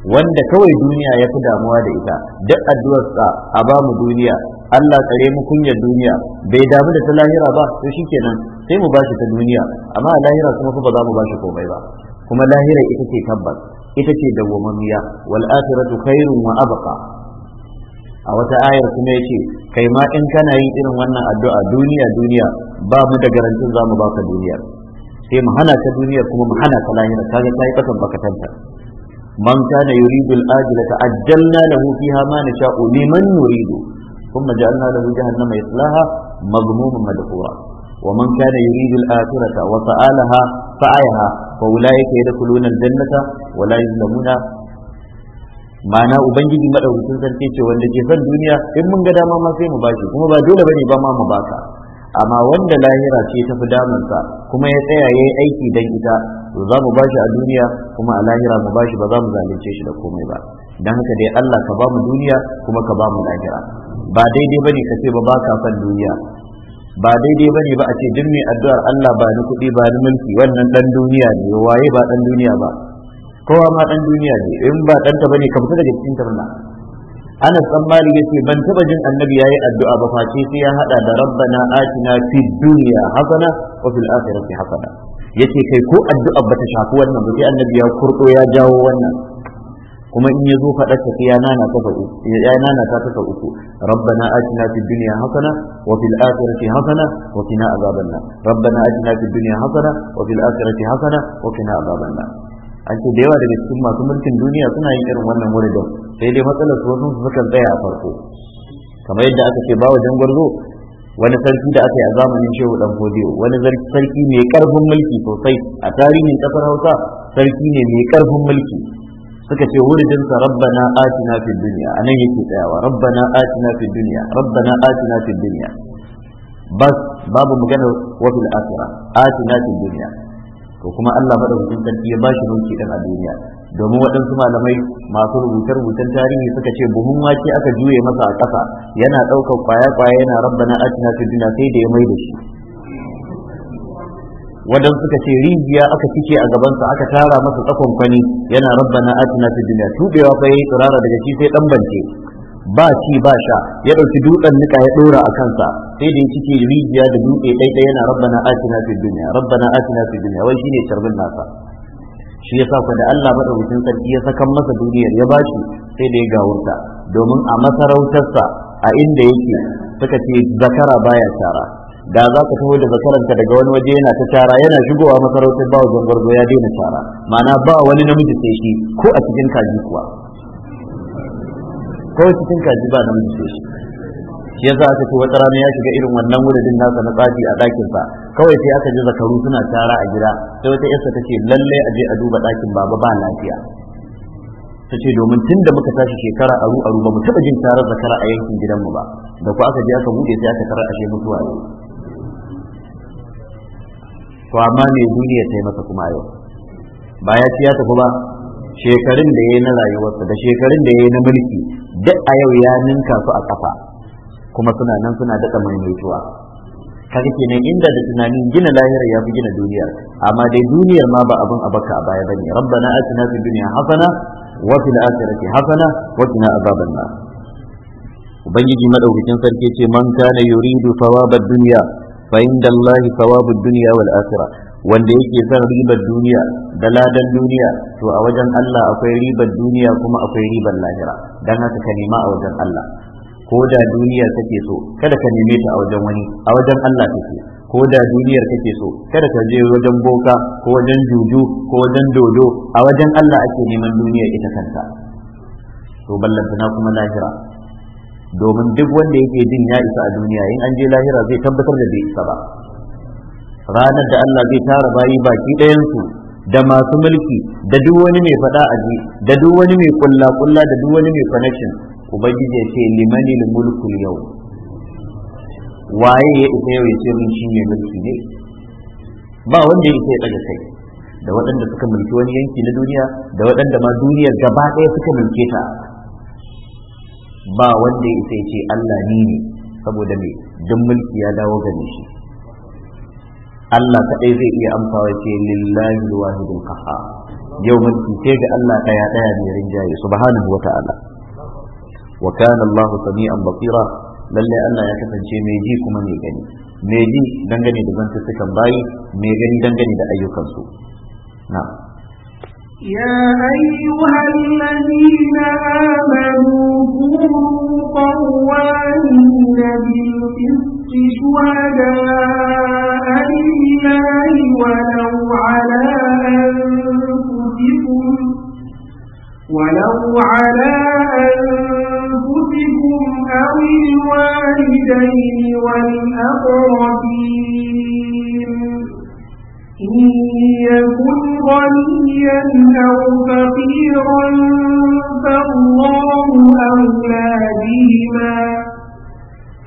[SPEAKER 1] wanda kawai duniya ya fi damuwa da ita duk addu'arsa a ba mu duniya Allah tsare mu kunyar duniya bai damu da ta lahira ba to shikenan sai mu bashi ta duniya amma a lahira kuma fa ba za mu bashi komai ba kuma lahira ita ce tabbas ita ce dawwamammiya wal akhiratu khairun wa abqa a wata ayar kuma yace kai ma in kana yin irin wannan addu'a duniya duniya ba mu da garantin za mu baka duniya sai mu hana ta duniyar kuma mu hana ta lahira kaga sai yi kasan bakatanta man kana yuridu al-ajilata ajjalna lahu fiha ma nasha'u liman nuridu thumma ja'alna lahu jahannama yaslaha madhmuman madhura ومن alaha يريد الآخرة وسعى لها سعيها فأولئك يدخلون الجنة ولا يظلمون ma'ana ubangiji madaukakin sarki ce wanda ke san duniya in mun ga dama ma sai mu bashi kuma ba dole bane ba ma mu baka amma wanda lahira ce ta fi damunsa kuma ya tsaya ya yi aiki don ita to za mu bashi a duniya kuma a lahira mu bashi ba za mu zalunce shi da komai ba Don haka dai Allah ka ba mu duniya kuma ka ba mu lahira ba daidai ba ne ka ce ba ba ka duniya ba daidai ba ne ba a ce duk mai addu'ar Allah ba ni kuɗi ba ni mulki wannan ɗan duniya ne waye ba ɗan duniya ba kowa ma ɗan duniya ne in ba ɗanta ba ne ka fita daga cikin tarna anas dan malik ce ban taɓa jin annabi ya yi addu'a ba face sai ya haɗa da rabbana atina fid dunya hasana wa fil akhirati hasana ya ce kai ko addu'a bata shafi wannan ba sai annabi ya kurdo ya jawo wannan kuma in ya zo faɗar ta ya nana ta uku ya nana ta ta uku rabbana atina fid dunya hasana wa fil akhirati hasana wa qina azaban nar rabbana atina fid dunya hasana wa fil akhirati hasana wa qina azaban nar an ce da yawa daga cikin masu mulkin duniya suna yin irin wannan wuri wuridin sai dai matsalar su sukan tsaya a farko kamar yadda aka ce bawa jan gwarzo wani sarki da aka yi a zamanin shehu dan godiyo wani sarki mai karfin mulki sosai a tarihin kasar hausa sarki ne mai karfin mulki suka ce wuridin sa rabbana atina fid dunya anan yake tsayawa rabbana atina fid dunya rabbana atina fid dunya bas babu magana wa fil akhirah atina fid dunya to kuma Allah madaukakin sarki ya bashi mulki dan a duniya domin waɗansu malamai masu rubutar rubucen tarihi suka ce buhun wake aka juye masa a ƙasa yana ɗaukar kwaya-kwaya yana rabbana atina fid dunya sai da ya mai da shi wadan suka ce rijiya aka cike a gabansa aka tara masa tsakon kwani yana rabbana atina fid dunya tubewa fa yayi tsirara daga shi sai dan bance ba ci ba sha ya ɗauki dutsen nika ya ɗora a kansa sai da ya cike rijiya da dutse ɗaiɗai yana rabbana atina duniya, rabba na atina fid duniya, wai shine charbin nasa shi ya ku da Allah madaukakin sarki ya sakan masa duniyar ya bashi sai da ya gawurta domin a masarautarsa a inda yake suka ce zakara baya tara da za ka taho da zakaranta daga wani waje yana ta tara yana shigowa masarautar ba wajen ya daina tara ma'ana ba wani namiji sai shi ko a cikin kaji kuwa ba namiji sai shi yasa aka ce wata rana ya shiga irin wannan wuridin nasa na tsafi a ɗakin sa kawai sai aka ji zakaru suna tara a gida sai wata yarsa tace lalle a je a duba ɗakin baba ba lafiya ta ce domin tun da muka tashi shekara aru aru ba mu taɓa jin tarar zakara a yankin gidanmu ba da ku aka je aka buɗe sai aka tarar ashe mutuwa ne to amma me duniya ta yi masa kuma yau ba ya ci ya tafi ba shekarun da ya yi na rayuwarsa da shekarun da ya yi na mulki duk a yau ya ninka su a kafa kuma suna nan suna daɗa maimaituwa kaga kenan inda da tunanin gina lahira ya fi gina duniyar amma dai duniyar ma ba abin abaka a baya bane rabbana atina fid dunya hasana wa fil akhirati hasana wa qina azaban nar ubangiji madaukakin sarki ce man kana yuridu thawaba dunya fa inda thawabu dunya wal akhirah wanda yake son ribar duniya da ladan duniya to a wajen Allah akwai ribar duniya kuma akwai ribar lahira dan haka ka nema a wajen Allah ko da duniya kake so kada ka neme ta a wajen wani a wajen Allah kake ko da duniyar kake so kada ka je wajen boka ko wajen juju ko wajen dodo a wajen Allah ake neman duniya ita kanta to na kuma lahira domin duk wanda yake jin ya isa a duniya in an je lahira zai tabbatar da bai isa ba ranar da Allah zai tara bayi baki ɗayansu da masu mulki da duk wani mai faɗa aji da duk wani mai kulla kulla da duk wani mai connection ubangiji ya ce limanil mulku yau waye ya isa yau ya ce mun shi ne mulki ne ba wanda ya isa ya daga kai da waɗanda suka mulki wani yanki na duniya da waɗanda ma duniyar gaba ɗaya suka mulke ta ba wanda ya isa ya ce Allah ni ne saboda me duk mulki ya dawo gare shi Allah kaɗai zai iya amfawa ce lillahi wahidul qahhar yau mulki sai ga Allah ɗaya ɗaya ne rinjaye subhanahu wa ta'ala وكان الله سميعا بصيرا لله أن يكفن شيء ميجي كما ميجاني ميجي دنجني دبن تسكن باي ميجاني دنجني دا أيو كنسو نعم
[SPEAKER 2] يا أيها الذين آمنوا كونوا قوامين بالقسط شهداء لله ولو على أنفسهم ولو على أنفسكم أو الوالدين والأقربين إن يكن غنيا أو فقيرا فالله أولى بهما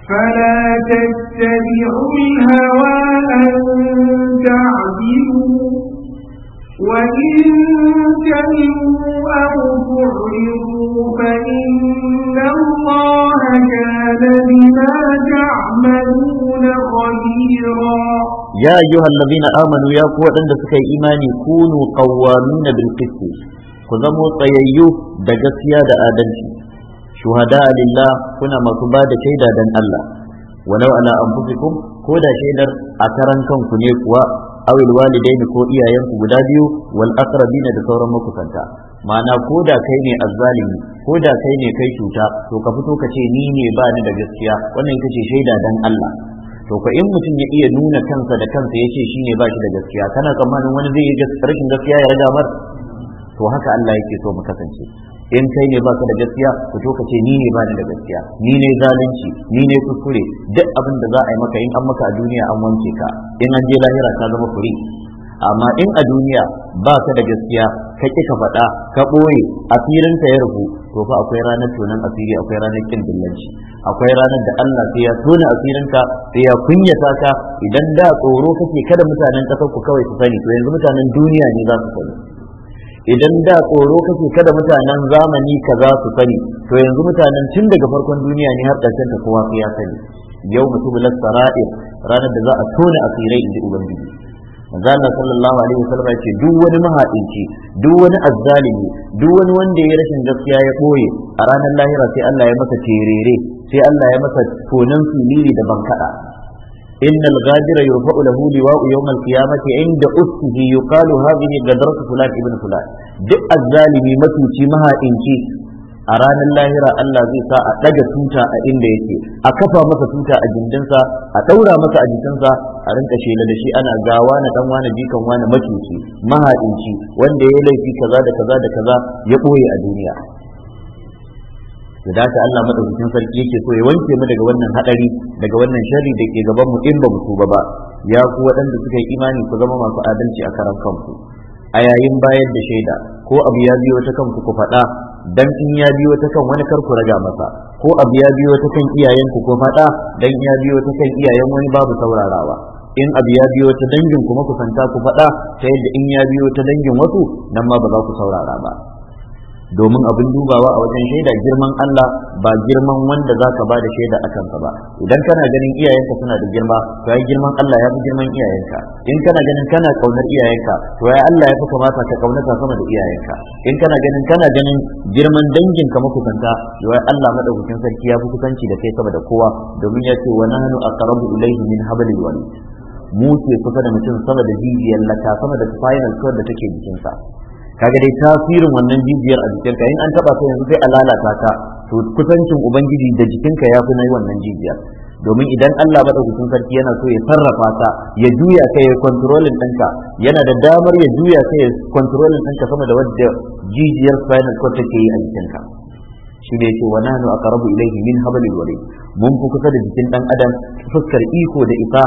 [SPEAKER 2] فلا تتبعوا الهوى أن تعبدوا وإن كرهوا أو تعرضوا فإن الله كان بما تعملون خبيرا
[SPEAKER 1] يا أيها الذين آمنوا يا قوة عندك إيماني كونوا قوامين بالقسط كذبوا طيئوا دقسيا دآدنشي شهداء لله كنا مصباد شيدا دن الله ولو على أنفسكم كودا شيدر أترنكم كنيكوا awil walidaini ko iyayenku guda biyu wal aqrabina da sauran makusanta ma'ana ko da kai ne azzalimi ko da kai ne kai cuta to ka fito ka ce ni ne ba ni da gaskiya wannan ita ce shaida dan Allah to ka in mutum ya iya nuna kansa da kansa ya ce shi ne ba shi da gaskiya kana tsammanin wani zai yi rashin gaskiya ya raga mar to haka Allah yake so mu kasance in kai ne baka da gaskiya ku to kace ni ne ba ni da gaskiya ni ne zalunci ni ne kuskure duk abin da za a yi maka in an maka a duniya an wanke ka in an je lahira ka zama furi amma in a duniya baka da gaskiya ka ki ka faɗa ka ɓoye asirin ka ya rufu to fa akwai ranar tonan asiri akwai ranar kin dillanci akwai ranar da Allah sai ya tona asirin ka sai ya kunyata ka idan da tsoro kake kada mutanen kasar ku kawai su sani to yanzu mutanen duniya ne za su sani idan da tsoro kake kada mutanen zamani ka za su sani to yanzu mutanen tun daga farkon duniya ne har ƙarshen ta kowa ya sani yau mutu bilas sara'ir ranar da za a tona asirai inda ubangiji manzo Allah sallallahu alaihi wasallam ya ce duk wani mahadinci duk wani azzalimi duk wani wanda ya rashin gaskiya ya boye a ranar lahira sai Allah ya masa terere sai Allah ya masa tonan filiri da bankada إن الغادر يرفع له لواء يوم القيامة عند أسه يقال هذه قدرة فلان ابن فلان دق الظالم متوتي مها إنشي a ranar lahira Allah zai sa a ɗaga tuta a inda yake a kafa masa tuta a gindinsa a taura masa a jikinsa a rinka shela da shi ana gawa na ɗan wani jikan wani mahaɗinci wanda ya laifi kaza kaza da kaza ya ɓoye a duniya da dace Allah madaukakin sarki yake so ya wanke mu daga wannan hadari daga wannan sharri da ke gaban mu in ba mu tuba ba ya ku waɗanda suka yi imani ku zama masu adalci a karan kanku a yayin bayar da shaida ko abu ya biyo ta kanku ku faɗa dan in ya biyo ta kan wani karku raga masa ko abu ya biyo ta kan iyayenku ku faɗa dan ya biyo ta kan iyayen wani babu saurarawa in abu ya biyo ta dangin ku santa ku faɗa ta da in ya biyo ta dangin wasu nan ma ba za ku saurara ba domin abin dubawa a wajen shaida girman Allah ba girman wanda za ka ba da shaida a kansa ba idan kana ganin iyayenka suna da girma to yi girman Allah ya fi girman iyayenka in kana ganin kana kaunar iyayenka to yi Allah ya fi kamata ka kaunata sama da iyayenka in kana ganin kana ganin girman dangin ka makusanta to ai Allah madaukakin sarki ya fi kusanci da kai sama da kowa domin ya ce wa nanu aqrabu ilayhi min hablil walid mu ce kusa da mutum sama da jijiyar laka sama da spinal cord da take jikinsa kaga dai tasirin wannan jijiyar a jikinka in an taba ka yanzu sai a lalata ka to kusancin ubangiji da jikinka ya fi na wannan jijiyar domin idan Allah madaukakin sarki yana so ya sarrafa ta ya juya ka ya kontrolin ɗinka yana da damar ya juya ka ya kontrolin ɗinka sama da wadda jijiyar spinal cord take yi a jikinka shi ne ce wa nanu aqrabu ilayhi min hablil warid mun fi kusa da jikin dan adam fuskar iko da isa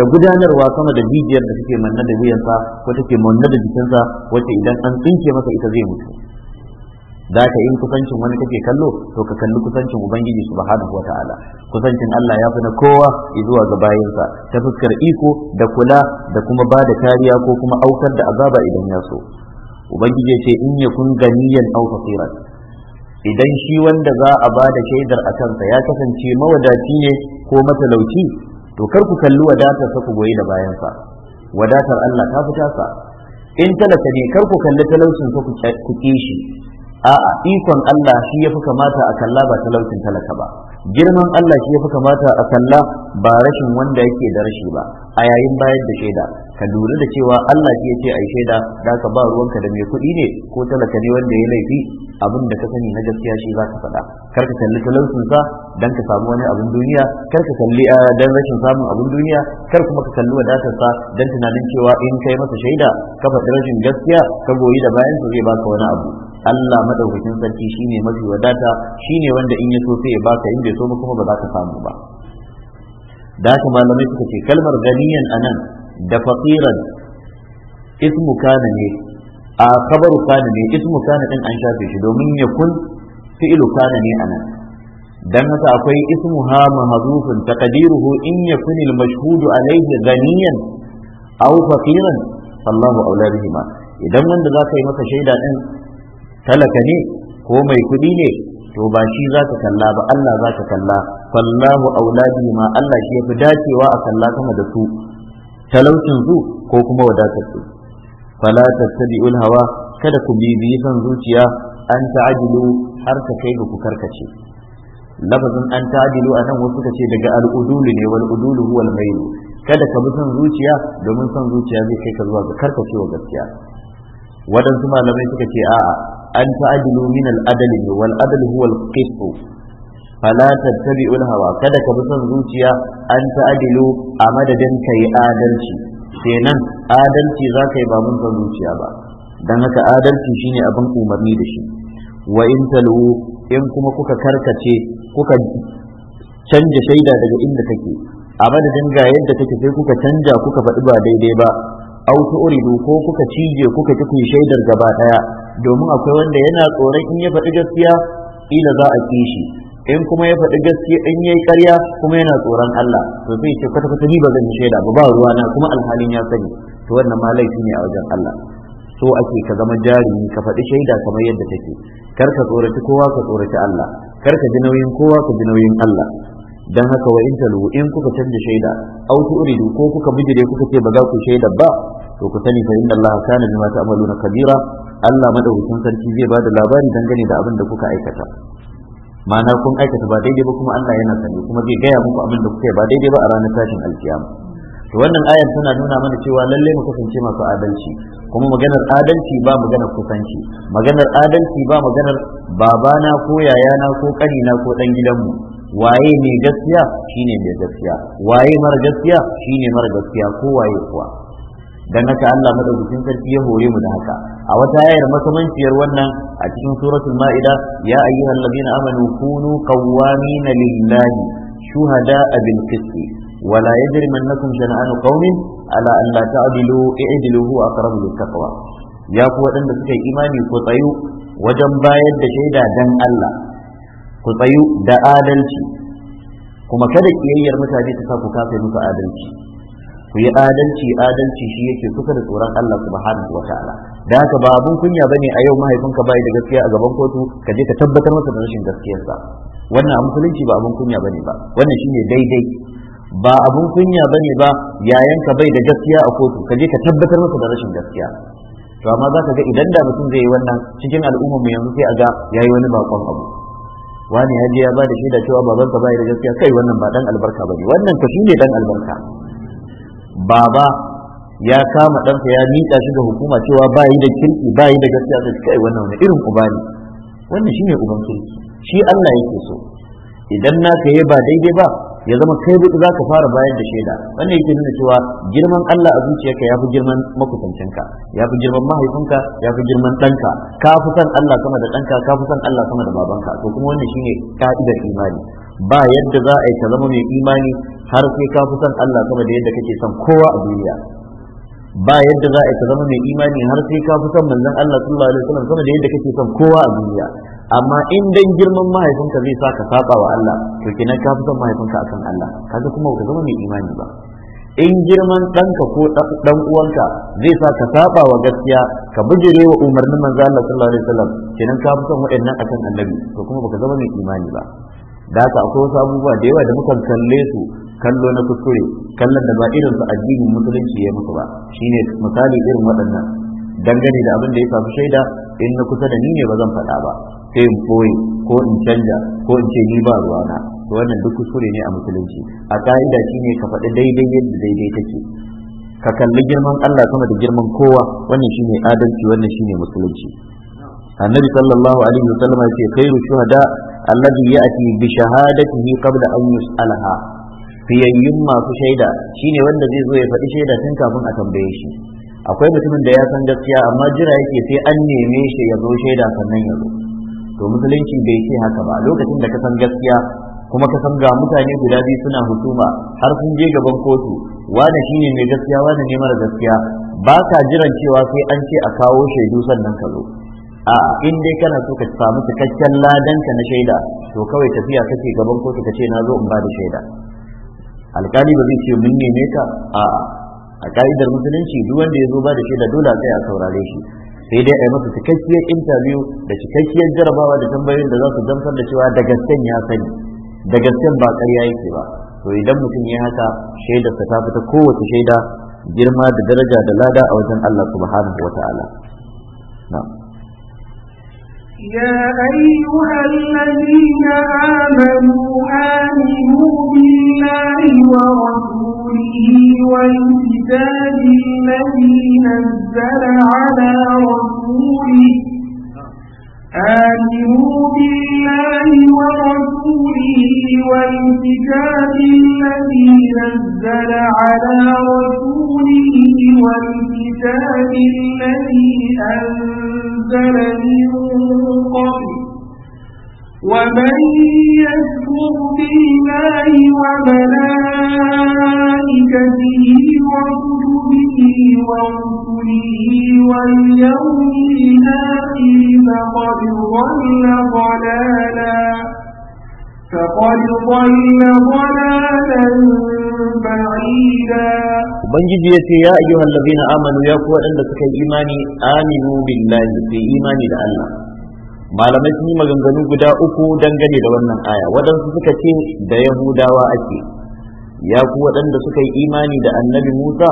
[SPEAKER 1] da gudanarwa sama da jijiyar da take manna da wuyansa ko take manna da jikinsa wacce idan an tsinke masa ita zai mutu za ka in kusancin wani kake kallo to ka kalli kusancin ubangiji subhanahu wataala kusancin Allah ya fi na kowa zuwa ga bayansa, ta fuskar iko da kula da kuma ba da kariya ko kuma aukar da azaba idan ya so ubangiji ce in yakun ganiyan aw fasiran idan shi wanda za a ba da shaidar a kansa ya kasance mawadaci ne ko matalauci to kar ku kalli wadatar sa ku goyi da bayansa wadatar Allah ta fita sa in talaka ne kar ku kalli talaucin sa ku ki shi a'a ikon Allah shi yafi kamata a kalla ba talaucin talaka ba girman Allah shi yafi kamata a kalla ba rashin wanda yake da rashi ba a yayin bayar da shaida ka lura da cewa Allah shi yace ai shaida da ka ba ruwanka da mai kuɗi ne ko talaka ne wanda ya laifi abin da ka sani na gaskiya shi za ka faɗa kar ka kalli talaucin sa dan ka samu wani abin duniya kar ka kalli ah, dan rashin samun abin duniya kar kuma ka kalli wadatar sa dan tunanin cewa in kai masa shaida ka faɗi rashin gaskiya ka goyi da bayan sa zai baka wani abu Allah madaukakin sarki shine mafi wadata shine wanda in ya so sai ya baka in bai so ba kuma ba za ka samu ba da haka malamai suka ce kalmar ganiyan anan da faqiran ismu kana ne a kabaru kana ne ismu kana din an shafe shi domin ya kun fi'lu kana ne anan dan haka akwai ismu ha mahzufun taqdiruhu in yakun al mashhudu alayhi ganiyan aw faqiran sallahu aula bihima idan wanda za ka yi masa shaida din talaka ne ko mai kuɗi ne to ba shi za ka kalla ba Allah za ka kalla fallahu auladi ma Allah shi yafi dacewa a kalla sama da su talaucin su ko kuma wadatar su fala tattabi'ul hawa kada ku bi san zuciya an ta'adilu har ka kai ga ku karkace lafazin an ta'adilu a nan wasu kace daga al'udulu ne wal udulu huwal mailu kada ka bi san zuciya domin san zuciya zai kai ka zuwa ga karkacewa gaskiya waɗansu malamai suka ce a'a an ta'dilu min al-adl wal adl huwa al-qist fala tattabi'u kada ka bi son zuciya an ta'dilu a madadin kai adalci kenan adalci za ka yi ba mun son zuciya ba dan haka adalci shine abin umarni da shi wa in talu in kuma kuka karkace kuka canja shaida daga inda kake a madadin ga yadda kake sai kuka canja kuka faɗi ba daidai ba auto uridu ko kuka cije kuka ki shaidar gaba ɗaya domin akwai wanda yana tsoron in ya faɗi gaskiya ila za a ƙi shi in kuma ya faɗi gaskiya in yayi ƙarya kuma yana tsoron Allah to zai ce kwata kwata ni ba zan shaida ba ba ruwa na kuma alhalin ya sani to wannan ma laifi ne a wajen Allah so ake ka zama jarumi ka faɗi shaida kamar yadda take kar ka tsoraci kowa ka tsoraci Allah kar ka ji nauyin kowa ka ji nauyin Allah dan haka wa in talu in kuka canza shaida aw uridu ko kuka bijire kuka ce ba za ku shaida ba to ku sani fa inna Allah kana bima ta'maluna kabira Allah madaukakin sarki zai ba da labari dangane da abin da kuka aikata ma'ana kun aikata ba daidai ba kuma Allah yana sani kuma zai gaya muku abin da kuka yi ba daidai ba a ranar tashin alkiyama to wannan ayar tana nuna mana cewa lalle mu kasance masu adalci kuma maganar adalci ba maganar kusanci maganar adalci ba maganar babana ko yayana ko ƙanina, ko dan gidanmu waye ne gaskiya shine mai gaskiya waye mara gaskiya shine mara gaskiya ko waye kuwa dan haka Allah madaukakin sarki ya hore mu da haka a wata ayar makamanciyar wannan a cikin suratul ma'ida ya ayyuhal ladina amanu kunu qawwamina lillahi shuhada'a bil qist ولا يجرمنكم شنآن kaunin على أن لا تعدلوا اعدلوا هو أقرب للتقوى ya ku waɗanda suka yi imani ku tsayu wajen bayar da shaida dan Allah ku tsayu da adalci kuma kada kiyayyar mutane ta sa ku kafa musu adalci ku yi adalci adalci shi yake kusa da tsoron Allah subhanahu wataala da haka ba abun kunya bane a yau mahaifinka bai da gaskiya a gaban kotu ka je ka tabbatar masa da rashin gaskiyarsa wannan a musulunci ba abun kunya bane ba wannan shine daidai ba abun kunya bane ba ka bai da gaskiya a kotu ka je ka tabbatar masa da rashin gaskiya to amma za ka ga idan da mutum zai yi wannan cikin al'umma mu yanzu sai a ga yayi wani bakon abu wani haji ya ba da shi shaida cewa babansa bai da gaskiya kai wannan ba dan albarka bane wannan ka shine dan albarka baba ya kama ɗansa ya miƙa shi ga hukuma cewa ba yi da kirki ba yi da gaskiya da kai wannan wani irin uba ne wannan shine uban kirki shi Allah yake so idan na yi ba daidai ba ya zama kai duk za ka fara bayar da shaida wannan yake nuna cewa girman Allah a zuciyarka ya fi girman makusancinka ya fi girman mahaifinka ya fi girman ɗanka ka fi son Allah sama da ɗanka ka fi son Allah sama da babanka to kuma wannan shine ka'idar imani ba yadda za a yi ka zama mai imani har sai ka fi son Allah sama da yadda kake son kowa a duniya ba yadda za a zama mai imani har sai ka fi son manzon Allah sallallahu alaihi wasallam sama da yadda kake son kowa a duniya amma in dan girman mahaifinka zai sa ka saba wa Allah to kenan ka fi son mahaifinka akan Allah kaga kuma ka zama mai imani ba in girman ɗanka ko ɗan uwanka zai sa ka saba wa gaskiya ka bijire wa umarnin manzan Allah sallallahu alaihi wasallam kenan ka fi son waɗannan akan annabi to kuma baka zama mai imani ba da haka akwai wasu abubuwa da yawa da muka kalle su kallo na kuskure kallon da ba irin su addinin musulunci ya musu ba shine misali irin waɗannan dangane da abin da ya samu shaida in na kusa da ni ne ba zan faɗa ba sai in koyi ko in canja ko in ce ni ba ruwa to wannan duk kuskure ne a musulunci a ka'ida shine ka faɗi daidai yadda daidai take ka kalli girman Allah sama da girman kowa wannan shine adalci wannan shine musulunci annabi sallallahu alaihi wa sallam ya ce khairu shuhada alladhi ya'ti bi shahadatihi qabla an yus'alaha fiyayyun masu shaida shine wanda zai zo ya faɗi shaida tun kafin a tambaye shi akwai mutumin da ya san gaskiya amma jira yake sai an neme shi ya zo shaida sannan ya zo to musulunci bai ce haka ba lokacin da ka san gaskiya kuma ka san ga mutane guda biyu suna husuma har sun je gaban kotu wane shine mai gaskiya wane ne mara gaskiya ba ka jiran cewa sai an ce a kawo shaidu sannan ka zo a in dai kana so ka samu cikakken ladanka na shaida to kawai tafiya kake gaban kotu ka ce na zo in ba da shaida alkali ba zai ce mun neme ka a a ka'idar musulunci duk wanda ya zo ba da shaida dole a a saurare shi sai dai a yi masa cikakkiyar interview da cikakkiyar jarabawa da tambayoyin da za su gamsar da cewa da gasken ya sani da gasken ba ƙarya yake ba to idan mutum ya haka shaidarsa ta fita kowace shaida girma da daraja da lada a wajen Allah subhanahu wa ta'ala na'am
[SPEAKER 2] يا أيها الذين آمنوا آمنوا بالله ورسوله والكتاب الذي نزل على رسوله آمنوا بالله ورسوله والكتاب الذي نزل على رسوله والكتاب الكتاب الذي أنزل من قبل ومن يكفر بالله وملائكته وكتبه ورسله واليوم الآخر فقد ضل ضلالا فقد ضل ضلالا بعيدا
[SPEAKER 1] ubangiji ya ce ya ayyuhal ladina amanu ya ku waɗanda suka yi imani aminu billahi bi imani da Allah malamai sun yi maganganu guda uku dangane da wannan aya waɗansu suka ce da yahudawa ake ya ku waɗanda suka yi imani da annabi musa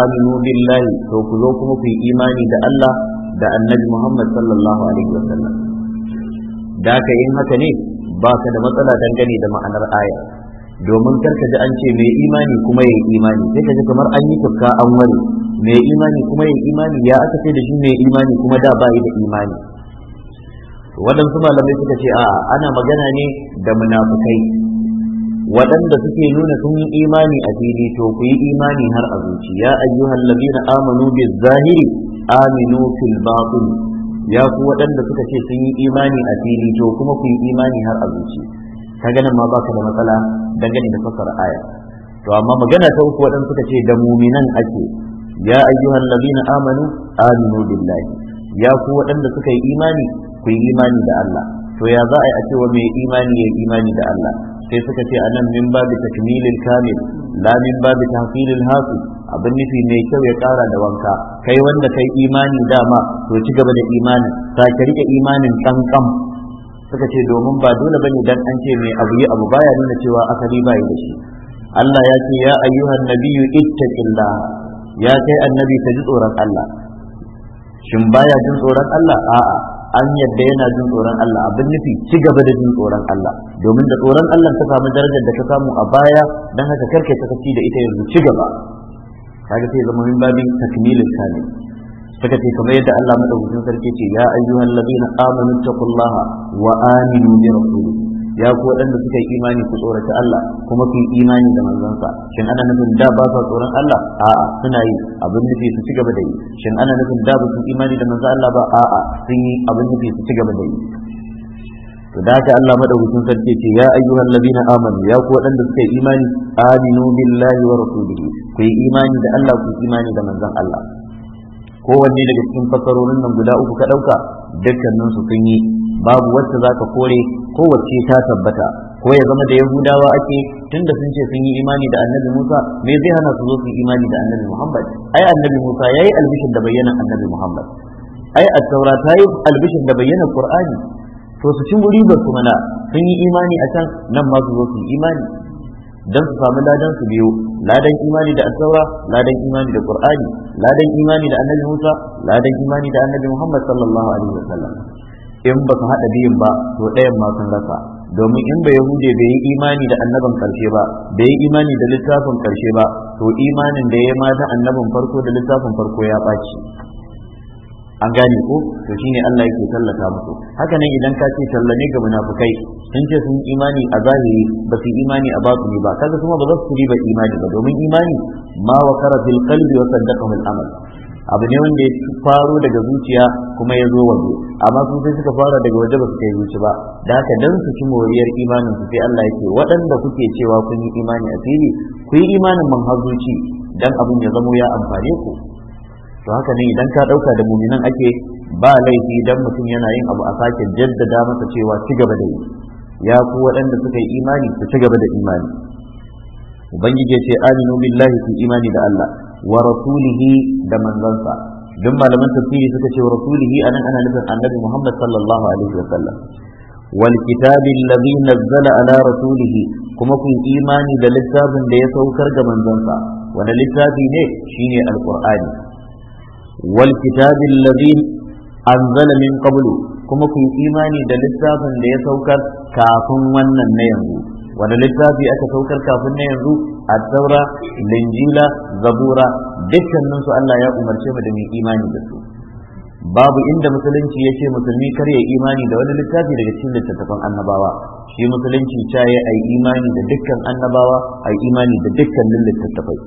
[SPEAKER 1] aminu billahi to ku zo kuma ku yi imani da Allah da annabi muhammad sallallahu alaihi wasallam da ka yin haka ne ba ka da matsala dangane da ma'anar aya domin kar ka ji an ce mai imani kuma ya imani sai ka ji kamar an yi tufka an ware mai imani kuma ya imani ya aka sai da shi mai imani kuma da ba da imani waɗansu malamai suka ce a ana magana ne da munafukai waɗanda suke nuna sun yi imani a fili to ku yi imani har a zuciya ya ayyuhal ladina amanu bil zahiri aminu fil batin ya ku waɗanda suka ce sun yi imani a fili to kuma ku yi imani har a zuciya ka ganin ma baka da matsala dangane da fasar aya to amma magana ta uku waɗansu suka ce da muminan ake ya ayyuhan ladina amanu aminu billahi ya ku waɗanda suka yi imani ku yi imani da Allah to ya za a yi a cewa mai imani ya imani da Allah sai suka ce a nan min babu takmilil kamil la min babu tahsilil hafi abin nufi mai kyau ya kara da wanka kai wanda kai imani dama to ci gaba da imanin sake rike imanin kankan suka ce domin ba dole bane dan an ce mai abu yi abu baya nuna cewa asali bai da shi Allah ya ce ya ayyuhan nabiyyu ittaqillah ya kai annabi ka ji tsoron Allah shin baya jin tsoron Allah a'a an yadda yana jin tsoron Allah abin nufi ci gaba da jin tsoron Allah domin da tsoron Allah ta samu darajar da ka samu a baya dan haka karkai ta kaci da ita yanzu ci gaba kaga sai zama min babin takmilin sani suka ce kamar yadda Allah madaukakin sarki ce ya ayyuhal ladina amanu taqullaha wa aminu bi rasulihi ya ku waɗanda suka yi imani ku tsorata Allah kuma ku yi imani da manzansa shin ana nufin da ba sa tsoron Allah a'a suna yi abin nufi su ci gaba da yi shin ana nufin da ba su imani da manzan Allah ba a'a sun yi abin nufi su ci gaba da yi to da haka Allah madaukakin sarki ce ya ayyuhal ladina amanu ya ku waɗanda suka yi imani aminu billahi wa rasulihi ku yi imani da Allah ku yi imani da manzan Allah kowanne daga cikin fasarorin nan guda uku ka ɗauka dukkanin su sun yi babu wacce zaka kore kowace ta tabbata ko ya zama da yahudawa ake tun da sun ce sun yi imani da annabi musa me zai hana su zo su imani da annabi muhammad ai annabi musa yayi albishin da bayyana annabi muhammad ai at-taura ta yi albishin da bayyana qur'ani to su cin guri ba su sun yi imani a can nan ma su zo su yi imani dan su samu ladan su biyu ladan imani da asaura ladan imani da qur'ani ladan imani da annabi Musa ladan imani da annabi Muhammad sallallahu alaihi wasallam in ba su hada biyun ba to ɗayan ma sun rasa domin in ba yahude bai yi imani da annabin karshe ba bai yi imani da littafin karshe ba to imanin da ya ma da annabin farko da littafin farko ya ɓaci an gane ko to shine Allah yake tallata musu haka nan idan ka ce talla ga munafukai sun ce sun imani a zahiri ba su imani a batini ba kaga kuma ba za su riba imani ba domin imani ma wa kara fil qalbi wa saddaqa al amal abu ne wanda ya faro daga zuciya kuma ya zo waje amma sun sai suka fara daga waje ba su kai zuci ba da haka dan su kuma wariyar imanin su sai Allah yake waɗanda kuke cewa kun yi imani a fili ku yi imanin man dan abun ya zamo ya amfane ku to haka ne idan ka dauka da muminan ake ba laifi idan mutum yana yin abu a sake jaddada masa cewa ci gaba da yi ya ku waɗanda suka yi imani su ci gaba da imani ubangiji ya ce aminu billahi ku imani da Allah wa rasulihi da manzansa duk malaman tafsiri suka ce wa rasulihi anan ana nufin annabi Muhammad sallallahu alaihi wa sallam wal kitabi alladhi nazzala ala rasulihi kuma kun imani da littafin da ya saukar ga manzansa wanda littafi ne shine alqur'ani wal kitabil ladhi anzala min qablu kuma ku imani da littafin da ya saukar kafin wannan na yanzu wani littafi aka saukar kafin na yanzu a taura linjila zabura dukkanin Allah ya umarce mu da mu imani da su babu inda musulunci ya ce musulmi kar ya imani da wani littafi daga cikin littattafan annabawa shi musulunci ta yi a imani da dukkan annabawa a imani da dukkanin littattafai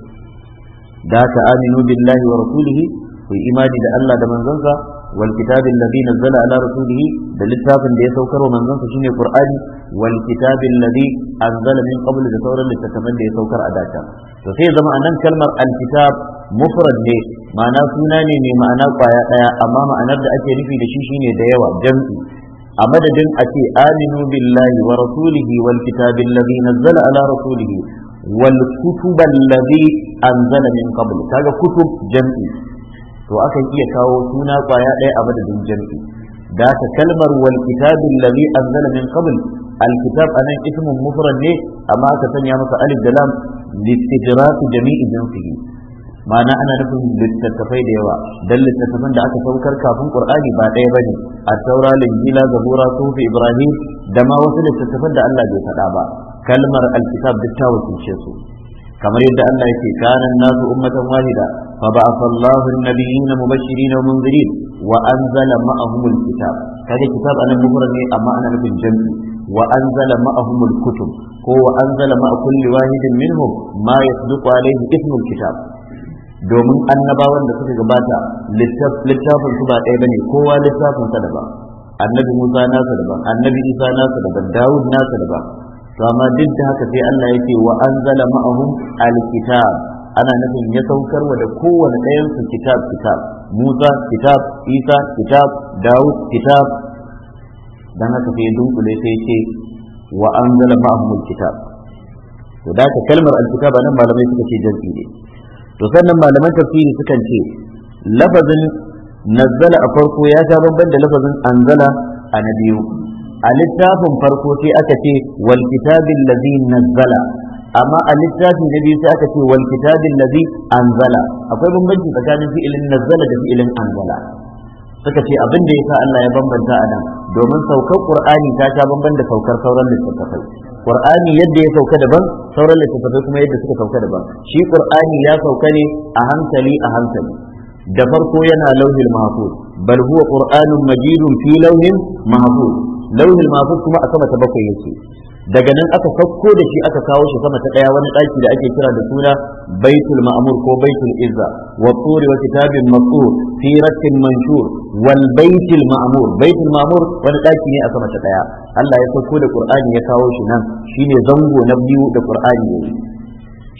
[SPEAKER 1] da ka aminu billahi wa rasulihi Kuyi imani da Allah da manzansa wal kitabin ladhi nazzala ala rasulihi da littafin da ya saukar wa manzansa shine qur'ani wal kitabin ladhi anzala min qabl da sauran littattafan da ya saukar a dace to sai zama anan kalmar al kitab mufrad ne ma'ana suna ne mai ma'ana kwaya daya amma ma'anar da ake nufi da shi shine da yawa jam'i a madadin ake aminu billahi wa rasulihi wal kitabin ladhi nazzala ala rasulihi wal kutuban ladhi anzala min qabl kaga kutub jam'i to akan iya kawo suna kwaya ɗaya a madadin jam'i da ta kalmar wal kitabin ladhi anzala min qabl al kitab anan ismun mufrad ne amma aka sanya masa alif da lam listidraki jami'i jinsihi ma'ana ana nufin littattafai da yawa dan littattafan da aka saukar kafin qur'ani ba ɗaya bane a taura linjila zabura sufi ibrahim da ma wasu littattafan da Allah bai faɗa ba kalmar alkitab duk ta wakilce su kamar yadda Allah yake kana nasu ummatan wahida fa ba'atha Allahu an-nabiyina mubashirin wa munzirin wa anzala ma'ahum kitab kaje kitab anan mufrad ne a ana nufin jami'i wa anzala ma'ahum kutub ko wa wahidin minhum ma yasduqu alayhi kitab domin annabawan da suka gabata littafin su ba ɗaya bane kowa littafin sa daban annabi Musa nasa daban annabi Isa nasa daban Dawud nasa daban
[SPEAKER 2] to amma duk da haka sai Allah yake wa anzala ma'ahum alkitab ana nufin ya saukar wa da kowane ɗayan su kitab kitab
[SPEAKER 1] Musa kitab Isa kitab Dawud kitab dan haka sai dunkule sai ce wa anzala ma'ahum alkitab to da ka kalmar alkitab nan malamai suka ce jam'i ne to sannan malaman tafsiri sukan ce lafazin nazzala a farko ya sha bamban da lafazin anzala a na biyu a littafin farko sai aka ce wal kitabil ladzi nazzala amma a littafin da biyu sai aka ce wal kitabil ladzi anzala akwai bambanci tsakanin fi'ilin nazzala da fi'ilin anzala suka ce abin da yasa Allah ya bambanta a nan domin saukar Qur'ani ta ta bamban da saukar sauran littattafai Qur'ani yadda ya sauka daban sauran littattafai kuma yadda suka sauka daban shi Qur'ani ya sauka ne a hankali a hankali da farko yana lauhil mahfuz bal huwa qur'anun majidun fi lauhin mahfuz lauhil mahfuz kuma a sama ta bakwai yake daga nan aka sauko da shi aka kawo shi sama ta daya wani daki da ake kira da suna baitul ma'mur ko baitul izza wa turi wa kitabin masur fi rattin manshur wal baitul ma'mur baitul ma'mur wani daki ne a sama ta daya Allah ya sauko da Qur'ani ya kawo shi nan shine zango na biyu da Qur'ani yayi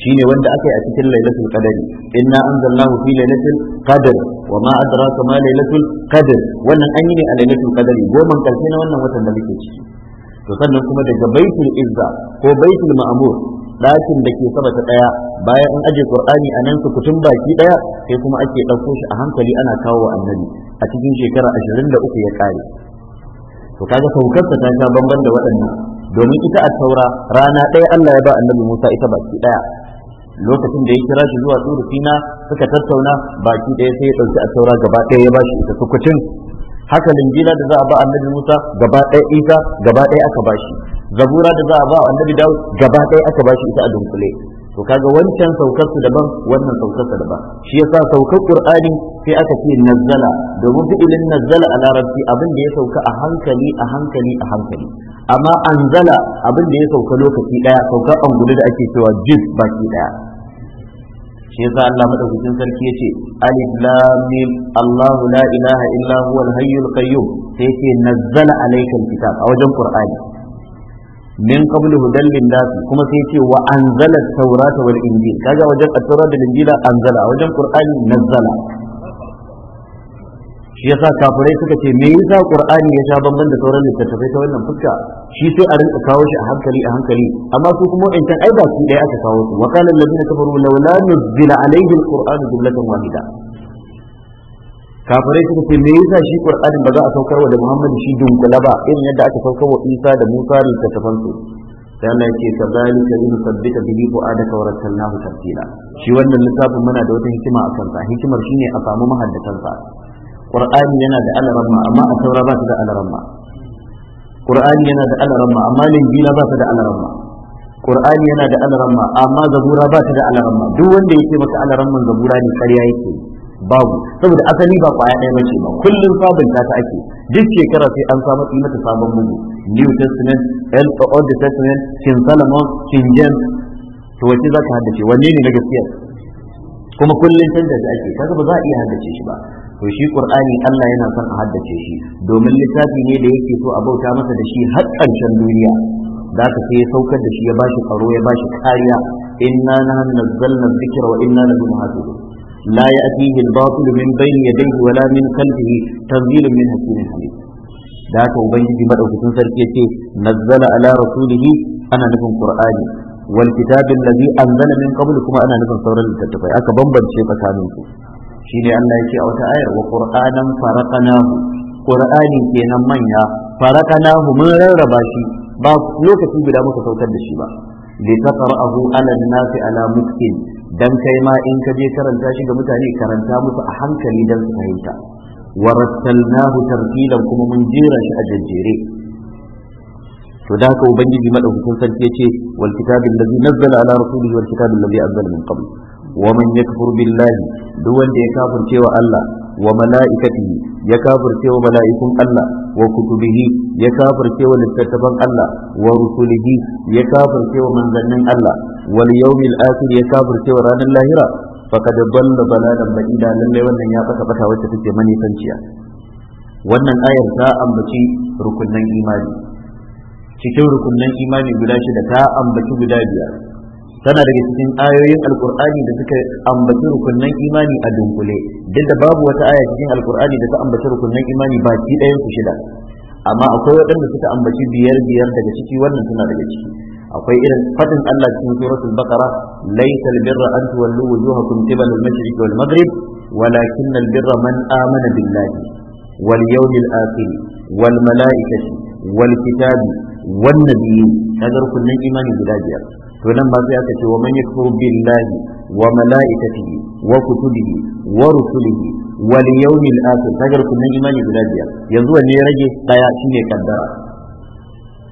[SPEAKER 1] shine wanda aka yi a cikin lailatul qadari inna anzalnahu fi lailatul qadr wa ma adraka ma lailatul qadr wannan anyi ne a lailatul qadri goman karshe na wannan watan da muke ciki to sannan kuma daga baitul izza ko baitul ma'amur, ɗakin da ke sama ta ɗaya bayan an aje ƙur'ani a nan su kutun baki ɗaya sai kuma ake ɗauko shi a hankali ana kawo wa annabi a cikin shekara ashirin da uku ya ƙare to kaga saukarsa ta sha bamban da waɗannan domin ita a taura rana ɗaya Allah ya ba annabi Musa ita baki ɗaya lokacin da ya kira shi zuwa tsuru suka tattauna baki ɗaya sai ya ɗauki a taura gaba ɗaya ya bashi ita sukucin haka linjila da za a ba annabi musa gaba ɗaya isa gaba ɗaya aka bashi zabura da za a ba annabi dawud gaba ɗaya aka shi ita a dunkule to kaga wancan saukar su daban wannan saukar su daban shi yasa saukar qur'ani sai aka ce nazzala domin fi'ilin nazzala a larabci abin da ya sauka a hankali a hankali a hankali amma anzala abin da ya sauka lokaci daya saukar angulu da ake cewa jib baki daya shi yasa Allah madaukakin sarki yace alif lam mim Allahu la ilaha illa huwal hayyul qayyum sai yace nazzala alaykal kitab a wajen qur'ani min qablu hudan linnas kuma sai ce wa anzala at-taurata wal injil kaga wajen at da injila anzala wajen qur'ani nazzala shi yasa kafirai suka ce me yasa qur'ani ya sha bamban da sauran littattafai ta wannan fuska shi sai a rinka kawo shi a hankali a hankali amma su kuma in ai ba su ɗaya aka kawo su wa qala allazina kafaru laula nuzila alaihi al-qur'anu jumlatan wahida kafirai suka ce me yasa shi qur'anin ba za a saukarwa da Muhammadu shi dunkula ba irin yadda aka saukarwa isa da musa ne da littattafan su sai Allah yake kazalika lin sabbita bihi adaka wa rattalnahu tartila shi wannan lissafin muna da wata hikima a kansa hikimar shine a samu mahaddatansa qur'ani yana da alaramma amma a saura ba ta da alaramma qur'ani yana da alaramma amma linjila ba ta da alaramma qur'ani yana da alaramma amma zabura ba ta da alaramma duk wanda yake maka alaramman zabura ne ƙarya yake yi babu saboda asali ba kwaya ɗaya bace ba kullum sabunta ta ake duk shekara sai an samu mata sabon bugu new testament old testament kin solomon kin james to wace za ka haddace wanne ne na gaskiya kuma kullum canza da ake kaga ba za a iya haddace shi ba to shi qur'ani Allah yana son a haddace shi domin littafi ne da yake so a bauta masa da shi har ƙarshen duniya da ka sai ya saukar da shi ya bashi tsaro ya bashi kariya inna nahnu nazzalna dhikra wa inna lahu muhafizun لا يأتيه الباطل من بين يديه ولا من خلفه تنزيل من حكيم حميد da haka ubangiji madaukakin sarki yace nazzala ala rasulihi ana nufin qur'ani wal kitabi allazi anzala min qabl kuma ana nufin sauran littattafai aka bambance tsakanin su shine Allah yake a wata ayar wa qur'anan faraqnahu qur'ani kenan manya faraqnahu mun rarraba shi ba lokaci guda muka saukar da shi ba li taqra'ahu ala an-nasi ala dan kai ma in ka je karanta shi ga mutane karanta musu a hankali dan su fahimta wa rattalnahu tartilan kuma mun jera shi a jajjere to da haka ubangiji madaukakin sarki yace wal kitabil ladzi nazzala ala rasulihi wal kitabil ladzi anzala min qabl wa man yakfur billahi duk wanda ya kafirce wa Allah wa mala'ikatihi ya kafirce wa mala'ikun Allah wa kutubihi ya kafirce wa littattafan Allah wa rusulihi ya kafirce wa manzannin Allah wal yawmil akhir ya kafirce ranar lahira faqad dalla Bala ba'ida lalle wannan ya fata fata wacce take manisanciya wannan ayar ta ambaci rukunnan imani cikin rukunnan imani guda shida ta ambaci guda biyar tana daga cikin ayoyin alkur'ani da suka ambaci rukunnan imani a dunkule duk da babu wata aya cikin alkur'ani da ta ambaci rukunnan imani baki ɗayan su shida amma akwai waɗanda suka ambaci biyar biyar daga ciki wannan suna daga ciki akwai irin fadin Allah cikin suratul baqara laysal birra an tuwallu wujuhakum qibala al-mashriq wal maghrib walakin al-birra man amana billahi wal yawmil akhir wal malaikati wal kitabi wan nabiyyi imani guda biyar to nan ba sai aka ce wa man yakfuru billahi wa malaikatihi wa kutubihi wa rusulihi wal yawmil akhir kagar kunnan imani guda biyar yanzu wanne ya rage daya shine kaddara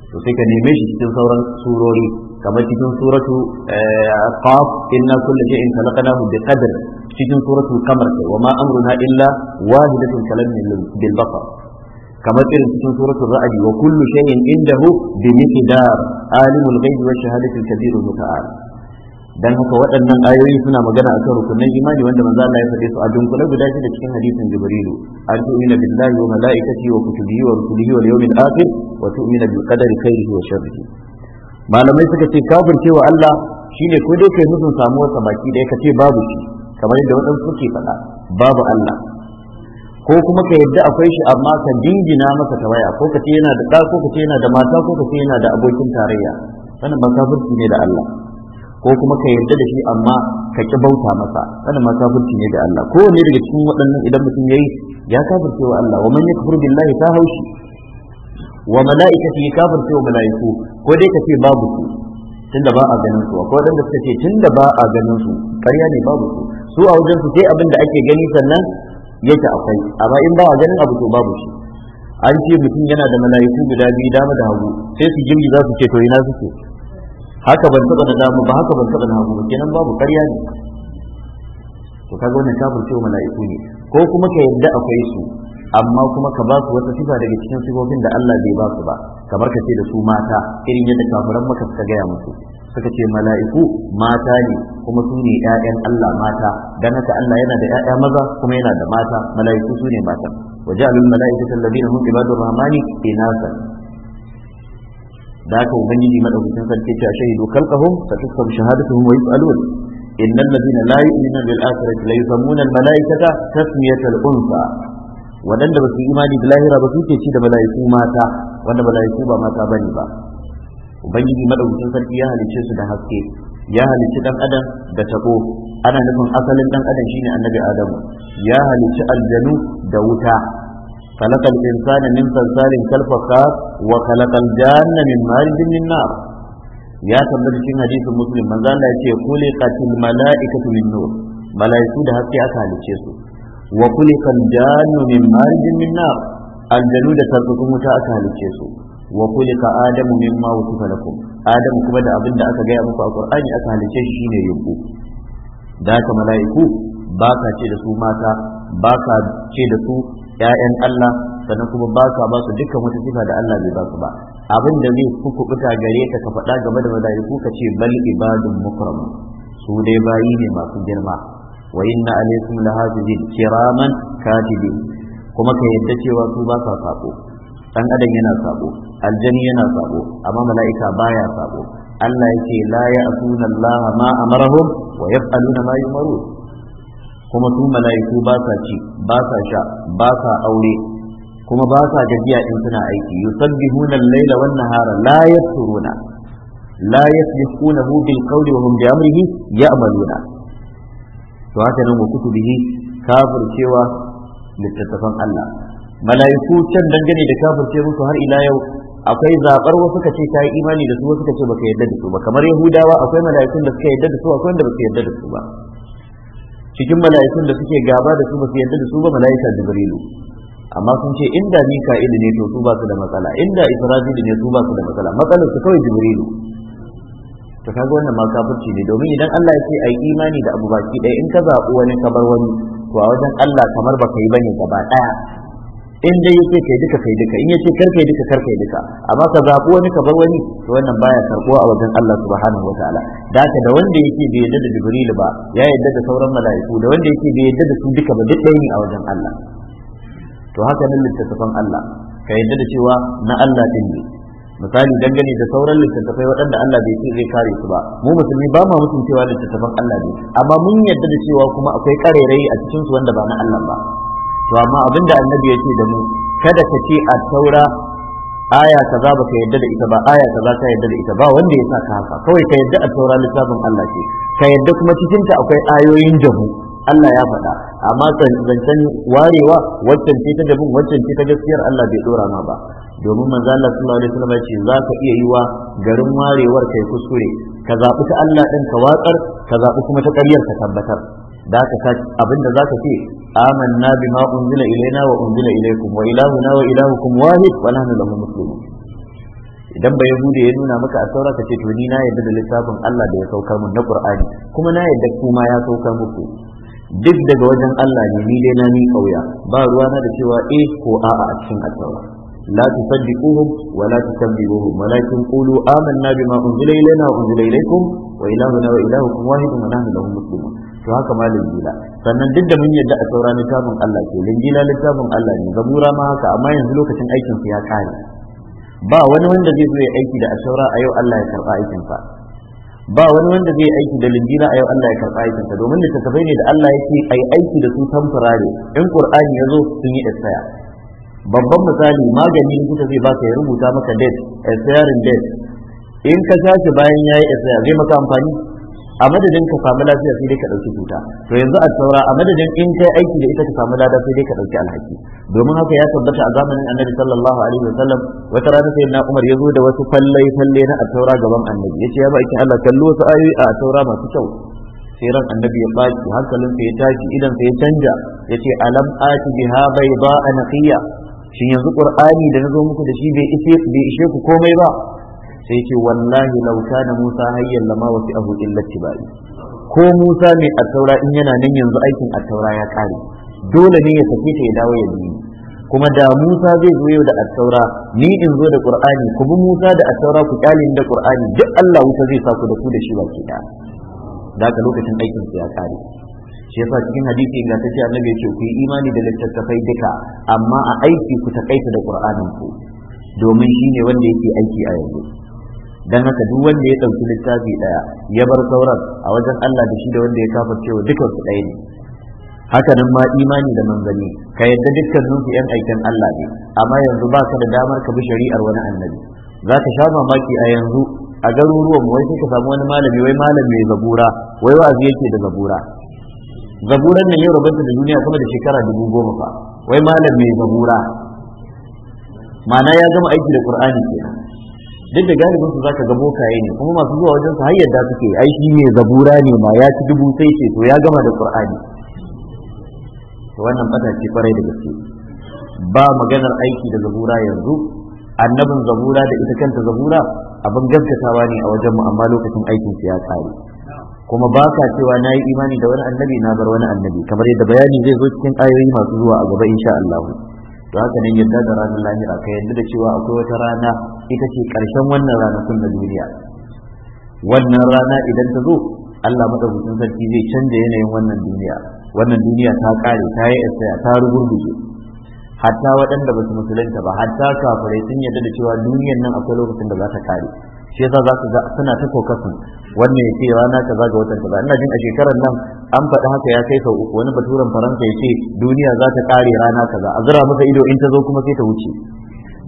[SPEAKER 1] to sai ka neme shi cikin sauran surori kamar cikin suratu eh, qaf inna kulli shay'in khalaqnahu bi qadr cikin suratu kamar wa ma amruna illa wahidatun kalam bil basar kamar irin cikin suratul ra'd wa kullu shay'in inda bi miqdar alimul ghaibi wa shahadati al-kabir dan haka waɗannan ayoyi suna magana a kan rukunin imani wanda manzo Allah ya faɗe su a dunkule guda shi da cikin hadisin Jibrilu an tu'mina billahi wa malaikatihi wa kutubihi wa rusulihi wal yawmil akhir wa tu'mina bil qadari khairihi wa sharrihi malamai suka ce kafircewa Allah shine ko dai kai musun samu wata baki da ka ce babu shi kamar yadda waɗansu suke faɗa babu Allah ko kuma ka yadda akwai shi amma ka dingina masa ta waya ko ka ce yana da ɗa ko ka ce yana da mata ko ka ce yana da abokin tarayya sannan ba kafirci ne da Allah ko kuma ka yarda da shi amma ka ki bauta masa sannan ba kafirci ne da Allah ko ne daga cikin waɗannan idan mutum yayi ya kafirce wa Allah wa man yakfur billahi ta haushi wa malaikati kafirce wa malaiku ko dai ka ce babu su tunda ba a ganin su ko dan suka ce tunda ba a ganin su ƙarya ne babu su su a wajen su sai abin da ake gani sannan yake akwai amma in ba a ganin abu to babu shi an ce mutum yana da mala'iku guda biyu dama da hagu sai su jirgi za su ce to ina suke haka ban taba da dama ba haka ban taba da hagu ba kenan babu karya ne to kaga wannan kafin cewa mala'iku ne ko kuma ka yarda akwai su amma kuma ka ba su wata sifa daga cikin sifofin da Allah bai ba su ba kamar ka ce da su mata irin yadda kafiran maka suka gaya musu suka ce mala'iku mata ne kuma su ne ‘ya'yan Allah mata don haka Allah yana da ‘ya'ya maza kuma yana da mata mala'iku su ne mata waje alul mala'ikata alladhina hum ibadur rahmani inasa da haka ubangiji madaukakin sarki ce shahidu khalqahum fatukfam shahadatuhum wa yus'alun innal ladina la yu'minuna bil akhirati la yusammuna al mala'ikata tasmiyatal unsa waɗanda ba su imani da lahira ba su ce ci da mala'iku mata wanda mala'iku ba mata bane ba ubangiji madaukakin sarki ya halicce su da haske ya halicci dan adam da tabo ana nufin asalin dan adam shine annabi adamu ya halicci aljanu da wuta خلق الإنسان من صلصال كالفخار وخلق الجان من مارد من نار يا تبدأ cikin hadisin muslim manzo Allah yace khuliqatil malaikatu min nur malaiku da haske aka halicce su wa kuli kan jannu min marijin min nar aljanu da tarkukun wuta aka halicce su wa kulika adamu mimma wusifa lakum adamu kuma da abinda da aka gaya muku a qur'ani aka halice shi shine yubu da ka mala'iku ba ka ce da su mata ba ka ce da su ƴaƴan Allah sannan kuma ba ka ba su dukkan wata sifa da Allah bai ba su ba abin da zai kukubuta gare ka ka faɗa game da mala'iku ka ce bal ibadun mukram su dai bayi ne masu girma wa inna alaikum lahafizin kiraman katibin kuma ka yadda cewa su ba sa sako dan adam yana sako aljani yana sabo amma mala'ika baya sabo Allah yake la ya'tuna Allah ma amarahum wa yaf'aluna ma yumarun kuma su mala'iku ba sa ci ba sa sha ba sa aure kuma ba sa gajiya in suna aiki yusabbihuna al-laila wan nahara la yafturuna la yasbiqunahu bil qawli wa hum bi amrihi ya'maluna to haka nan kutubihi kafir cewa littattafan Allah mala'iku can dangane da kafirce musu har ila yau akwai zaɓar wasu kace ta yi imani da su wasu kace baka yarda da su ba kamar yahudawa akwai mala'ikun da suka yarda da su akwai wanda baka yarda da su ba cikin mala'ikun da suke gaba da su ba su yarda da su ba mala'ika jibrilu amma sun ce inda mika'il ne to su ba su da matsala inda israfil ne su ba su da matsala matsalar su kawai jibrilu to kaga wannan ma kafirci ne domin idan Allah ya ce ai imani da abu baki ɗaya in ka zaɓi wani kabar wani to a wajen Allah kamar baka yi bane gaba ɗaya in dai yake kai duka kai duka in yace kar kai duka kar kai duka amma ka zabi wani ka bar wani to wannan baya karbuwa a wajen Allah subhanahu wataala da ka da wanda yake bai yadda da Jibril ba ya yadda da sauran mala'iku da wanda yake bai yadda da su duka ba duk ɗaya a wajen Allah to haka nan littattafan Allah ka yadda da cewa na Allah din ne misali dangane da sauran littattafai waɗanda Allah bai ce zai kare su ba mu musulmi ba ma mutum cewa littattafan Allah ne amma mun yadda da cewa kuma akwai karerai a cikin su wanda ba na Allah ba to amma abinda annabi yake da mu kada ka ce a taura aya za baka yadda da ita ba aya za ka yadda da ita ba wanda ya sa ka haka kawai ka yadda a taura littafin Allah ce ka yadda kuma cikin ta akwai ayoyin jabu Allah ya faɗa amma zancen warewa waccan ce ta jabun waccan ce ta gaskiyar Allah bai dora ma ba domin manzo Allah sallallahu alaihi wasallam ce za ka iya yiwa garin warewar kai kuskure ka zabi ta Allah ɗin ka watsar ka zaɓi kuma ta ƙaryar ka tabbatar da ka abinda zaka ce amanna bima unzila ilaina wa unzila ilaikum wa ilahuna wa ilahukum wahid wa nahnu lahu muslimun idan ba yahuda ya nuna maka a saura ka ce to ni na yadda da littafin Allah da ya sauka mun na Qur'ani kuma na yadda kuma ya saukar muku duk daga wajen Allah ne ni dai na ni kauya ba ruwa na da cewa eh ko a'a a cikin at-taura la tusaddiquhum wa la tukazzibuhum walakin qulu amanna bima unzila ilaina wa unzila ilaykum wa ilahuna wa ilahukum wahidun wa nahnu lahu muslimun to haka ma linjila sannan duk da mun yadda a saura littafin Allah ke linjila littafin Allah ne zabura ma haka amma yanzu lokacin aikin su ya kare ba wani wanda zai zo ya aiki da asaura a yau Allah ya karba aikin sa ba wani wanda zai aiki da linjila a yau Allah ya karba aikin sa domin littattafai ne da Allah ya ce ai aiki da su tamfurare in qur'ani ya zo sun yi isaya babban misali magani kuka zai baka ya rubuta maka date expiring date in ka tashi bayan yayi isaya zai maka amfani a madadin ka samu lafiya sai dai ka ɗauki cuta to yanzu a saura a madadin in kai aiki da ita ka samu lada sai dai ka ɗauki alhaki domin haka ya tabbata a zamanin annabi sallallahu alaihi wasallam wata rana sai na umar ya zo da wasu fallai fallai na attaura gaban annabi yace ya baki Allah kallo wasu ayoyi a attaura masu kyau sai ran annabi ya baki hankalin sa ya tashi idan sa ya canja yace alam ati biha bayda anaqiya shin yanzu qur'ani da nazo muku da shi bai ishe ku komai ba sai ce wallahi law da Musa hayyan lama wasi ahu illa tibai ko Musa mai attaura in yana nan yanzu aikin attaura ya kare dole ne ya sake ta ya dawo ya bi kuma da Musa zai zo yau da attaura ni in zo da Qur'ani ku bi Musa da attaura ku kyale da Qur'ani duk Allah wuta zai sa ku da ku da shi baki da daga lokacin aikin ya kare shi yasa cikin hadisi ingantacce annabi ce ku yi imani da littattafai duka amma a aiki ku kaita da Qur'anin ku domin ne wanda yake aiki a yanzu dan haka duk wanda ya ɗauki littafi ɗaya ya bar sauran a wajen Allah da shi da wanda ya kafa cewa dukkan su ɗaya ne haka nan ma imani da manzanni ka yadda dukkan su yan aikin Allah ne amma yanzu ba ka da damar ka bi shari'ar wani annabi za ka sha mamaki a yanzu a garuruwan wai sai ka samu wani malami wai malam mai zabura wai wa'azi yake da zabura zaburan nan ya rubuta da duniya kuma da shekara dubu goma fa wai malam mai zabura ma'ana ya gama aiki da qur'ani kenan duk da galibin su zaka ga bokaye ne kuma masu zuwa wajen su har yadda suke ai shi ne zabura ne ma ya ci dubu sai ce to ya gama da qur'ani to wannan bata ce kwarai da gaske ba maganar aiki da zabura yanzu annabin zabura da ita kanta zabura abin gaskatawa ne a wajenmu amma lokacin aikin su ya kare kuma ba ka cewa na yi imani da wani annabi na bar wani annabi kamar yadda bayani zai zo cikin ayoyi masu zuwa a gaba insha Allah to haka nan yadda da ranar lahira ka yadda da cewa akwai wata rana ita ce ƙarshen wannan ranakun na duniya wannan rana idan ta zo Allah madaukakin sarki zai canja yanayin wannan duniya wannan duniya ta ƙare, ta yi tsaya ta rugurguje hatta waɗanda ba su musulunta ba hatta kafirai sun yarda da cewa duniyar nan akwai lokacin da za ta kare shi yasa za ka ga suna ta kokasu wannan ya ce rana kaza ga watan kaza ina jin a shekarar nan an faɗi haka ya kai sau uku wani baturan faransa ya ce duniya za ta ƙare rana kaza a zira masa ido in ta zo kuma sai ta wuce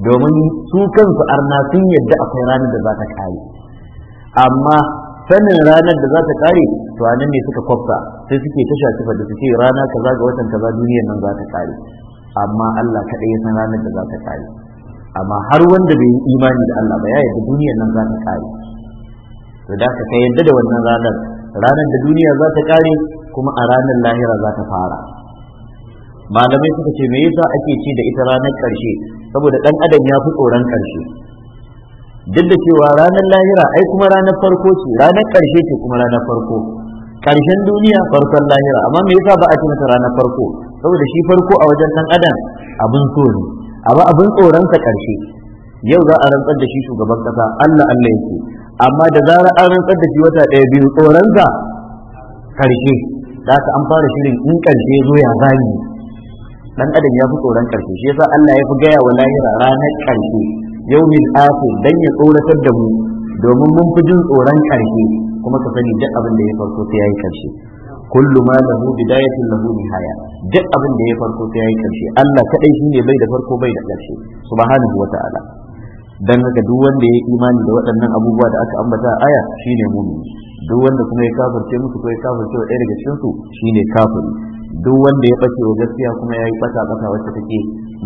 [SPEAKER 1] domin su kansu arna sun yadda akwai ranar da za ta ƙare amma sanin ranar da za ta ƙare to a nan ne suka kwafta sai suke ta shafi da su ce rana kaza ga watan kaza duniyar nan za ta ƙare amma Allah kaɗai ya san ranar da za ta ƙare amma har wanda bai yi imani da Allah ba ya yadda duniyar nan za ta kare to da ka yadda da wannan ranar ranar da duniya za ta kare kuma a ranar lahira za ta fara malamai suka ce me yasa ake ci da ita ranar karshe saboda dan adam ya fi tsoron karshe duk da cewa ranar lahira ai kuma ranar farko ce ranar karshe ce kuma ranar farko karshen duniya farkon lahira amma me yasa ba a ci mata ranar farko saboda shi farko a wajen dan adam abin so ne amma abin tsoronsa sa karshe yau za a rantsar da shi shugaban kasa Allah Allah yake amma da zarar an rantsar da shi wata ɗaya biyu tsoronsa ƙarshe. karshe da ka an fara shirin in karshe zo ya zani dan adam ya fi tsoron ƙarshe, shi yasa Allah ya fi gaya wa lahira ranar karshe yawmin akhir dan ya tsoratar da mu domin mun fi jin tsoron karshe kuma ka sani duk abin da ya farko sai yi ƙarshe. kullu ma lahu bidayatun lahu haya, duk abin da ya farko sai yayi karshe Allah kadai shine bai da farko bai da karshe subhanahu wataala dan haka duk wanda ya yi imani da waɗannan abubuwa da aka ambata aya shine mumini duk wanda kuma ya kafirce musu ko ya kafirce wa ɗaya daga su shine kafiri duk wanda ya bace gaskiya kuma ya yi bata bata wacce take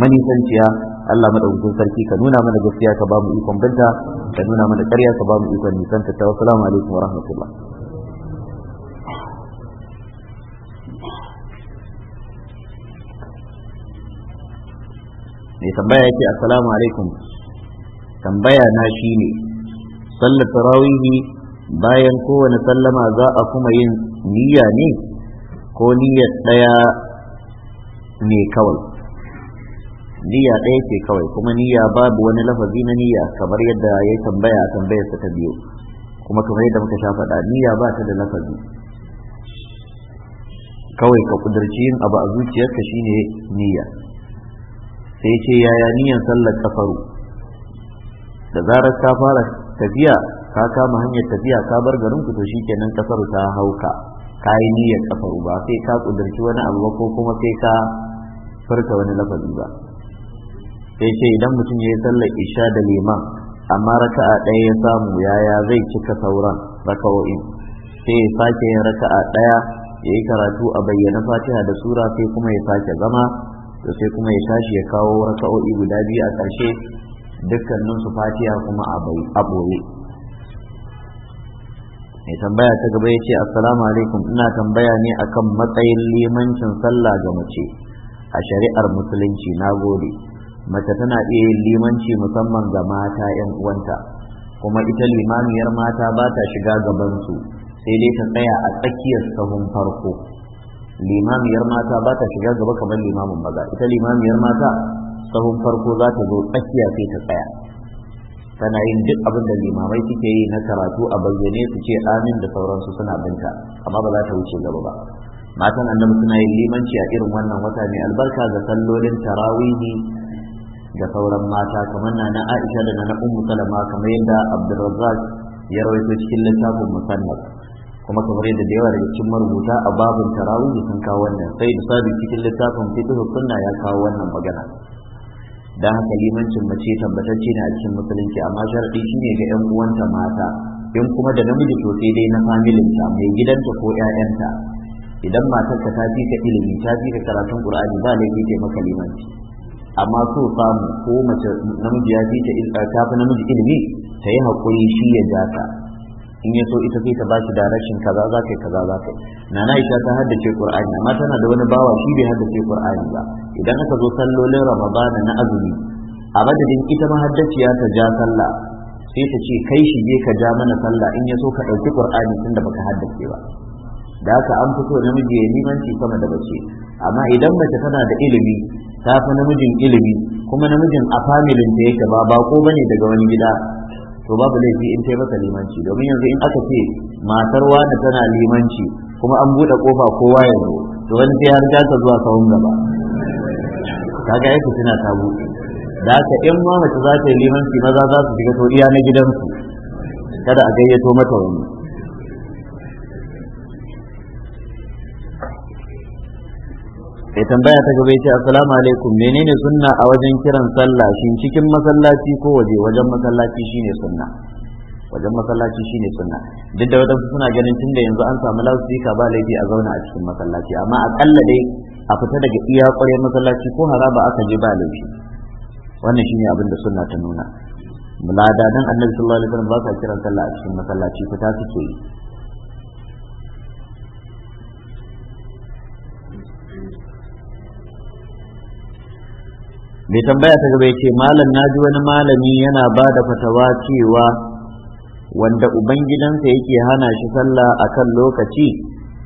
[SPEAKER 1] manisanciya Allah madaukakin sarki ka nuna mana gaskiya ka ba mu ikon binta, ka nuna mana karya ka ba mu ikon nisanta ta wassalamu alaikum wa rahmatullah mai tambaya yake assalamu alaikum tambaya na shi ne. sallar tarawihi bayan kowane sallama za a kuma yin niyya ne ko niyya ɗaya ne kawai niyya ɗaya ce kawai kuma niyya babu wani lafazi na niyya kamar yadda ya tambaya a tambayar ta biyu kuma kamar yadda muka sha faɗa niyya ba ta da lafazi kawai ka kudurci yin abu a zuciyarka shine niyya sai ce yaya niyan sallar kafaru da zarar ka fara tafiya ka kama hanyar tafiya ka bar garin ku to shikenan kafaru ta hauka ka yi niyyar kafaru ba sai ka kudurci wani abu ko kuma sai ka furta wani lafazi ba sai ce idan mutum ya yi sallar isha da liman amma raka'a ɗaya ya samu yaya zai cika sauran raka'o'in sai ya sake yin raka'a ɗaya ya yi karatu a bayyana fatiha da sura sai kuma ya sake zama da sai kuma ya tashi ya kawo raka'o'i guda biyu a ƙarshe dukkanin su fatiha kuma a boye mai tambaya ta gaba ya ce assalamu alaikum ina tambaya ne akan matsayin limancin sallah ga mace a shari'ar musulunci na gode mace tana iya yin limanci musamman ga mata 'yan uwanta kuma ita limamiyar mata ba ta shiga gabansu sai dai ta tsaya a tsakiyar sahun farko limamiyar mata ba ta shiga gaba kamar limamin maza ita limamiyar mata sahun farko za ta zo tsakiya sai ta tsaya tana yin duk abin da limamai suke yi na karatu a bayyane su ce amin da sauransu suna binta amma ba za ta wuce gaba ba matan annabi suna yin limanci a irin wannan wata ne albarka ga sallolin tarawihi da sauran mata kamar na na Aisha da na Ummu Salama kamar yadda Abdulrazzaq ya rawaito cikin littafin musannaf kuma kamar yadda da yawa daga cikin marubuta a babin tarawih sun kawo wannan sai da sabi cikin littafin fiqhu sunna ya kawo wannan magana Da haka limancin mace tabbatacce ne a cikin musulunci amma sharadi shine ga yan uwanta mata in kuma da namiji to sai dai na familin ta mai gidanta ko ƴaƴanta idan ka ta fi ka ilimi ta fi ka karatun qur'ani ba laifi ta maka limanci amma so samu ko mace namiji ya fi ta ta fi namiji ilimi ta yi haƙuri shi ya ja in ya so ita sai ta bashi da rashin kaza za ka yi kaza za ka yi ta haddace qur'ani amma tana da wani bawa shi bai haddace qur'ani ba idan aka zo sallolin ramadana na azumi a madadin ita mahaddaciya ta ja sallah sai ta ce kai shi je ka ja mana sallah in ya so ka ɗauki qur'ani tunda baka haddace ba da haka an fito namiji ya limanci sama da bace amma idan mace tana da ilimi ta fi namijin ilimi kuma namijin a familin ta yake ba bako bane daga wani gida to babu laifi in tai masa limanci domin yanzu in aka ce matar wani tana limanci kuma an buɗe kofa kowa yanzu to wani sai har ta zuwa sawun gaba kaga yake tana ta buɗe da haka in ma mace za ta yi limanci maza za su shiga to iya na gidansu kada a gayyato mata wani mai tambaya ta gaba ce assalamu alaikum menene sunna a wajen kiran sallah shin cikin masallaci ko waje wajen masallaci shine sunna wajen masallaci shine sunna duk da wadansu suna ganin tunda yanzu an samu ka ba laifi a zauna a cikin masallaci amma akalla dai a fita daga iya kwarin masallaci ko haraba aka je ba laifi wannan shine abin da sunna ta nuna mulada dan annabi sallallahu alaihi wasallam ba sa kiran sallah a cikin masallaci fita suke yi bai tambaya ta gaba ce malam na ji wani malami yana ba da fatawa cewa wanda ubangidansa yake hana shi sallah a kan lokaci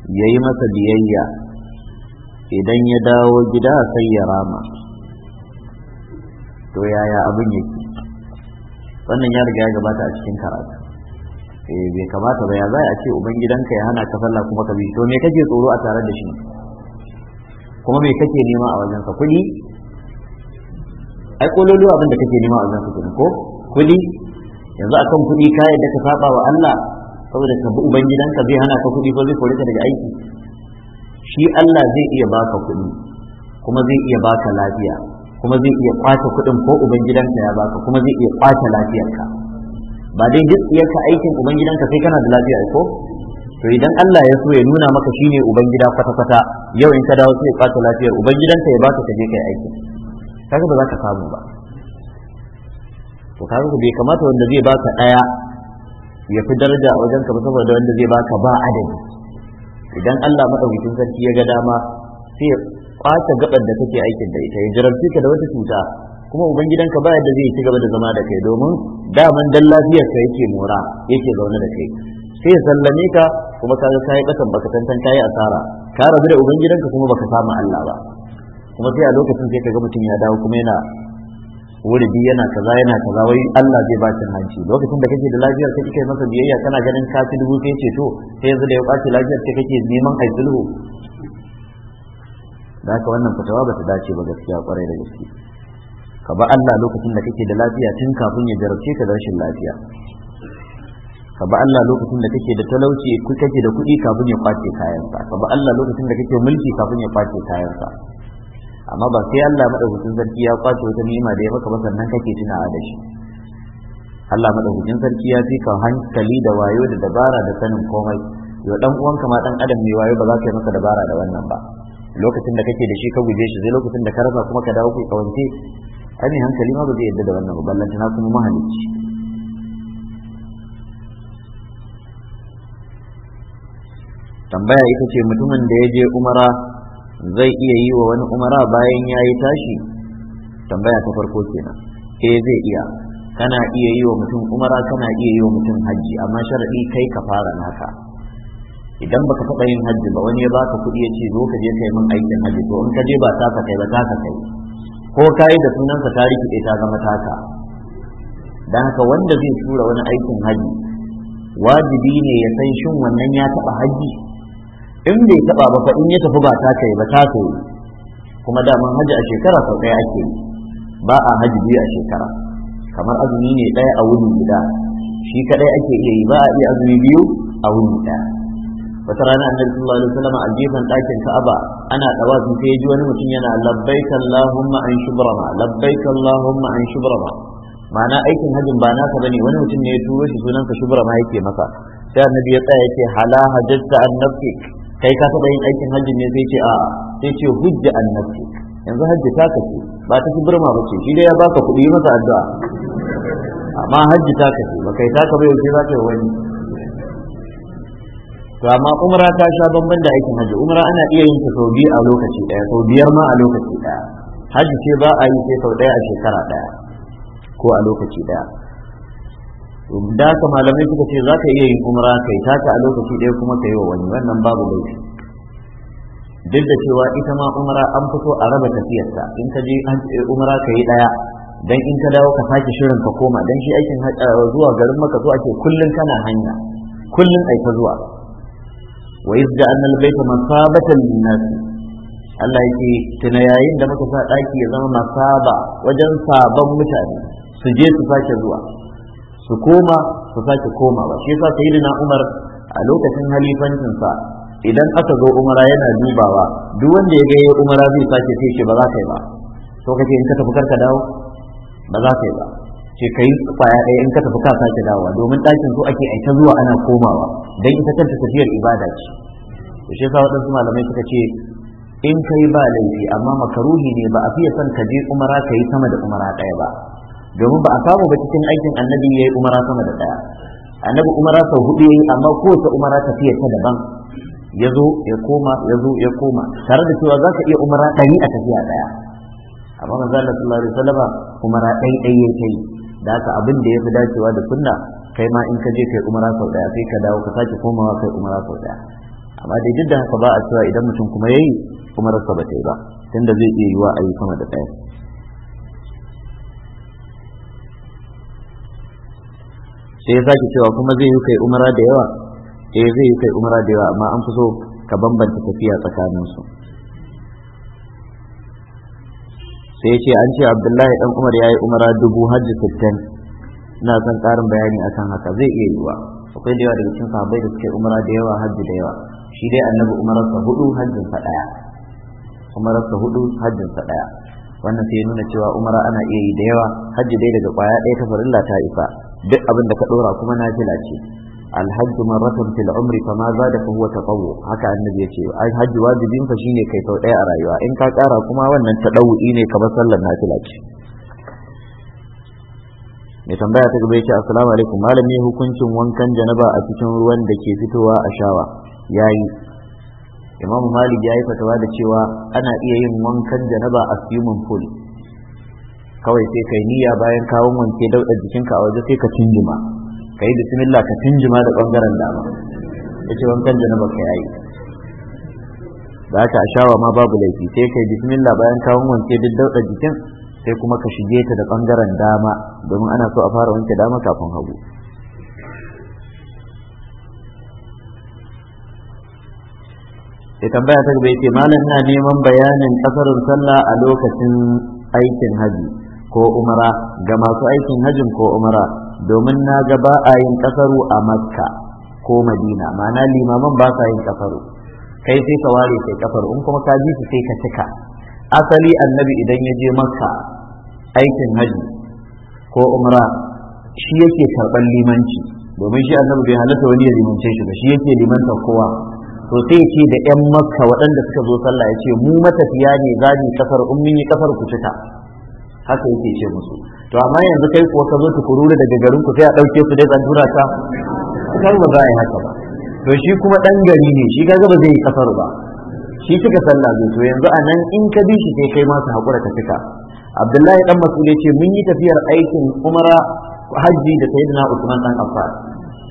[SPEAKER 1] ya yi masa biyayya idan ya dawo gida sai ya rama to yaya abin yake wannan ya riga ya gabata a cikin karatu eh bai kamata ba ya za a ce ubangidanka ya hana ka sallah kuma ka bi to me kake tsoro a tare da shi kuma me kake nema a wajensa kuɗi ai kololuwa abin da kake nema a zaka kenan ko kudi yanzu akan kudi ka yadda ka saba wa Allah saboda ka bi ubangidanka zai hana ka kudi ko zai kore ka daga aiki shi Allah zai iya baka kudi kuma zai iya baka lafiya kuma zai iya kwace kudin ko ubangidanka ya baka kuma zai iya kwace lafiyarka ba dai duk iyaka aikin ubangidanka sai kana da lafiya ko to idan Allah ya so ya nuna maka shine ubangida kwata kwata yau in ka dawo sai ya kwace lafiyar ubangidanka ya baka ka kai aiki kaga ba za ka samu ba to kaga bai kamata wanda zai baka daya ya fi daraja a wajen ba saboda wanda zai baka ba adadi idan Allah madaukakin sarki ya ga dama sai kwace gaban da kake aikin da ita ya jarabce ka da wata cuta kuma ubangidanka ba yadda zai ci gaba da zama da kai domin daman dan lafiyar ka yake mora yake zaune da kai sai ya sallame ka kuma kaga kai kasan baka tantan kai asara ka rabu da ubangidanka kuma baka samu Allah ba kuma sai a lokacin sai ga mutum ya dawo kuma yana wuridi yana kaza yana kaza wai Allah zai ba shi hanci lokacin da kake da lafiyar sai kike masa biyayya kana ganin ka fi dubu kai ce to sai yanzu da ya kwace lafiyar sai kake neman ai sulhu da haka wannan fatawa ba ta dace ba gaskiya kwarai da gaske ka ba Allah lokacin da kake da lafiya tun kafin ya jarabce ka rashin lafiya ka ba Allah lokacin da kake da talauci kake da kuɗi kafin ya kwace kayansa ka ba Allah lokacin da kake mulki kafin ya kwace kayansa amma ba sai Allah madaukakin sarki ya kwace wata ni'ima da ya maka ba sannan kake tunawa da shi Allah madaukakin sarki ya fika hankali da wayo da dabara da sanin komai yo dan uwanka ma dan adam mai wayo ba za ka yi masa dabara da wannan ba lokacin da kake da shi ka guje shi sai lokacin da ka rasa kuma ka dawo kai kawance ai hankali ma ba zai yadda da wannan ba na kuma mahalicci tambaya ita ce mutumin da ya je umara zai iya yi wa wani umara bayan ya yi tashi tambaya ta farko kenan eh zai iya kana iya yi wa mutum umara kana iya yi wa mutum hajji amma sharaɗi kai ka fara naka idan baka faɗa yin hajji ba wani ya baka kuɗi ya ce zo ka je kai min aikin hajji to in ka je ba taka kai ba taka kai ko ka yi da sunansa ta rikide ta zama taka don haka wanda zai tura wani aikin hajji wajibi ne ya san shin wannan ya taɓa hajji in bai taba ba fa in ya tafi ba ta kai ba ta kai kuma daman haji a shekara sau ɗaya ake ba a haji biyu a shekara kamar azumi ne ɗaya a wuni gida. shi kaɗai ake iya yi ba a iya azumi biyu a wuni ɗaya wata rana annabi sallallahu alaihi wasallam a gefen ɗakin Ka'aba ana tawazu sai ji wani mutum yana labbaik Allahumma an shubrama labbaik Allahumma an shubrama ma'ana aikin hajin ba naka bane wani mutum ne ya turo shi sunan ka shubrama yake maka sai annabi ya tsaya yake hala hajjatta an nafsik kai ka taɓa yin aikin hajji ne zai ce a sai ce hujja nafi yanzu hajji ta kashe ba ta fi birma ba ce shi dai ya baka kuɗi masa addu'a amma hajji ta kashe ba kai ta ka bai wuce za ka yi wani to amma umra ta sha bambam da aikin hajji umra ana iya yin ta sau biyu a lokaci ɗaya sau biyar ma a lokaci ɗaya hajji ce ba a yi sai sau ɗaya a shekara ɗaya ko a lokaci ɗaya da haka malamai suka ce za ka iya yin umra kai taka a lokaci ɗaya kuma ka yi wa wani wannan babu laifi duk da cewa ita ma umra an fito a raba tafiyarta in ka je eh, umra ka yi ɗaya dan in ka dawo ka sake shirin ka koma dan shi aikin eh, zuwa garin maka zuwa ke kullun kana hanya kullun aika zuwa wa izda annal baita masabatan linnas Allah yake tuna yayin da muka sa daki ya zama masaba wajen sabon mutane su je su sake zuwa su koma su sake komawa shi yasa na Umar a lokacin halifancinsa idan aka zo umara yana dubawa duk wanda ya ga umara zai sake sai shi ba za ka yi ba to kace in ka tafi karka dawo ba za ka yi ba ce kai kwaya ɗaya in ka tafi ka sake dawowa domin ɗakin so ake aita zuwa ana komawa dan ita kanta tafiyar ibada ce to shi yasa waɗansu malamai suka ce in kai ba laifi amma makaruhi ne ba a fiye son ka je umara ka yi sama da umara ɗaya ba domin ba a samu ba cikin aikin annabi ya yi umara sama da daya annabi umara sau hudu yi, amma kowace umara tafiya ta daban ya zo ya koma ya zo ya koma tare da cewa za ka iya umara ɗari a tafiya daya amma manzo za su lari salama umara ɗai ɗai ya kai da haka abin da ya fi dacewa da sunna kai ma in ka je kai umara sau ɗaya sai ka dawo ka sake komawa kai umara sau ɗaya amma dai duk da haka ba a cewa idan mutum kuma ya yi, umara sau ba ta yi ba tunda zai iya yiwa a yi sama da ɗaya sai ya sake cewa kuma zai yi kai umara da yawa eh zai yi kai umara da yawa amma an fi so ka bambanta tafiya tsakanin su sai ya ce an ce abdullahi dan umar ya yi umara dubu hajji sittin ina son karin bayani akan haka zai iya yiwa akwai da yawa daga cikin sahabbai da suke umara da yawa hajji da yawa shi dai annabi umararsa hudu hajjin sa daya umararsa hudu hajjin sa daya wannan sai ya nuna cewa umara ana iya yi da yawa hajji dai daga kwaya ɗaya ta farilla ta isa duk abin da ka dora kuma nafila ce alhajj marratan fil umri fa ma zada fa huwa tatawwu haka annabi yace ai hajji wajibin fa shine kai sau daya a rayuwa in ka kara kuma wannan tadawwi ne kamar sallar nafila ce mai tambaya ta gaba yace assalamu alaikum malami hukuncin wankan janaba a cikin ruwan da ke fitowa a shawa yayi imam malik yayi yi fatawa da cewa ana iya yin wankan janaba a swimming pool kawai sai kai niyya bayan kawon wanke dauda jikinka a waje sai ka tunjuma ka yi bismillah ka tunjuma da bangaren dama ya ce wankan janaba ka yayi da aka shawa ma babu laifi sai kai bismillah bayan kawon wanke duk dauɗa jikin sai kuma ka shige ta da ɓangaren dama domin ana so a fara wanke dama kafin hagu ya tambaya ta gaba ce malam na neman bayanin kasarin sallah a lokacin aikin haji ko umara ga masu aikin hajjin ko umara domin na ga ba a yin kasaru a makka ko madina ma'ana limaman ba sa yin kasaru kai sai ka ware kai kafar in kuma ka ji su sai ka cika asali annabi idan ya je makka aikin hajji ko umra shi yake karɓar limanci domin shi annabi bai halatta wani ya limance shi ba shi yake limanta kowa to sai ce da 'yan makka waɗanda suka zo sallah ya ce mu matafiya ne za mu kasar in mun yi kasar ku cika haka yake ce musu to amma yanzu kai kuwa ka zo tukururu daga garin ku sai a ɗauke su dai tura ta kai ba za a yi haka ba to shi kuma ɗan gari ne shi gaza ba zai yi kasar ba shi kika sallah zai to yanzu anan in ka bi shi sai kai masu haƙura ka cika abdullahi dan masule ce mun yi tafiyar aikin umara hajji da sayyidina usman dan affan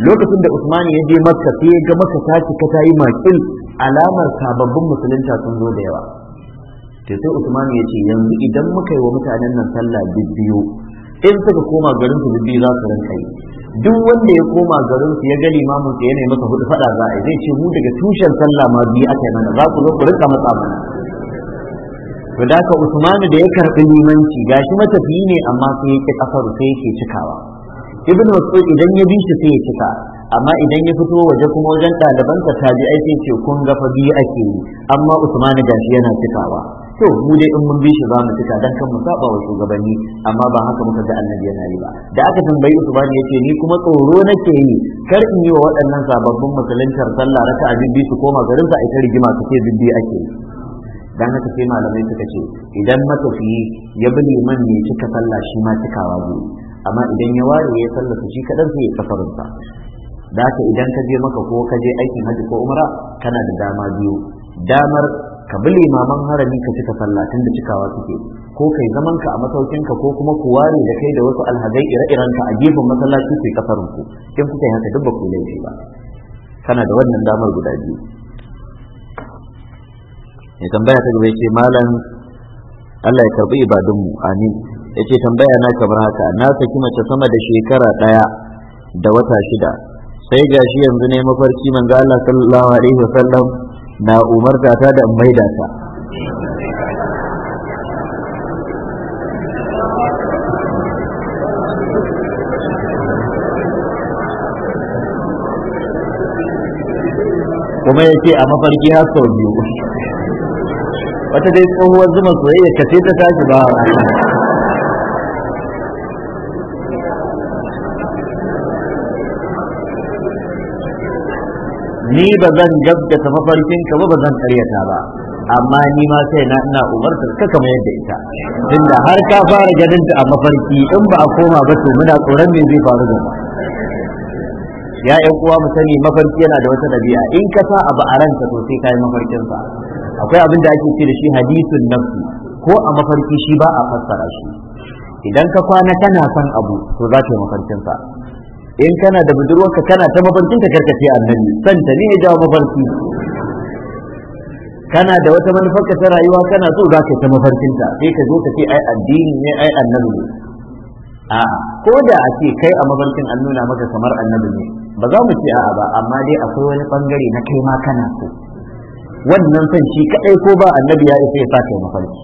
[SPEAKER 1] lokacin da usman ya je makka sai ya ga makka ta ci ta yi makil alamar sababbin musulunta sun zo da yawa to sai Usman ya ce yanzu idan muka yi wa mutanen nan sallah biyu in suka koma garin su biyu za su rinka yi duk wanda ya koma garin su ya ga limamin sa yana masa hudu fada za a zai ce mu daga tushen sallah ma biyu ake mana za ku zo ku rinka matsa mana to da ka Usman da ya karbi limanci gashi matafiyi ne amma sai ya ki sai yake cikawa ibn mas'ud idan ya bi shi sai ya cika amma idan ya fito waje kuma wajen ɗalibansa tabi'ai sai ce kun gafa biyu ake yi amma usmani gashi yana cikawa to mu dai in mun bi shi za mu fita dan kan mu saba wa shugabanni amma ba haka muka ga annabi yana yi ba da aka tambayi usman yace ni kuma tsoro nake yi kar in yi wa waɗannan sababbin musuluntar sallah raka a bibbi su koma garin sa a ita rigima su ce bibbi ake dan haka sai malamai suka ce idan matafiyi ya bi liman ne cika sallah shi ma cikawa ne amma idan ya ware ya sallah shi kadan sai ya kafarin sa da haka idan ka je maka ko ka je aikin haji ko umra kana da dama biyu damar ka bi limaman harami ka cika sallah da cikawa suke ko kai zaman ka a masaukin ka ko kuma ku ware da kai da wasu alhazai ire-iren ka a gefen masallaci ke kafarin ku in kuka yi haka duk ba ku laifi ba kana da wannan damar guda biyu ya tambaya ta gaba ce malam Allah ya karbi ibadun mu amin yace tambaya na kamar haka na saki mace sama da shekara daya da wata shida sai gashi yanzu ne mafarki manzo Allah sallallahu alaihi wasallam na umarta ta da maida ta kuma ya a mafarki har sau biyu wata dai tsohuwar zuma soyayya ka ce ta tashi ba ni ba zan mafarkin mafarkin ba ba zan karyata ba amma ni ma sai na ina umartar ka kamar yadda ita tunda har ka fara ganin ta a mafarki in ba a koma ba to muna tsoron me zai faru gaba ya yan uwa mu sani mafarki yana da wata dabi'a in ka sa abu a ranka to sai kai mafarkin sa akwai abin da ake ce da shi hadithun nafsi ko a mafarki shi ba a fassara shi idan ka kwana kana son abu to za ka yi mafarkin sa in kana da budurwarka kana ta mafarkin ka karkace annabi san ta ne ya jawo mafarki kana da wata manufarka ta rayuwa kana so za ka ta mafarkinta sai ka zo ka ce ai addini ne ai annabi ne a ko da a ce kai a mafarkin an nuna maka kamar annabi ne ba za mu ce a'a ba amma dai akwai wani bangare na kai ma kana so wannan son shi kadai ko ba annabi ya isa ya sa kai mafarki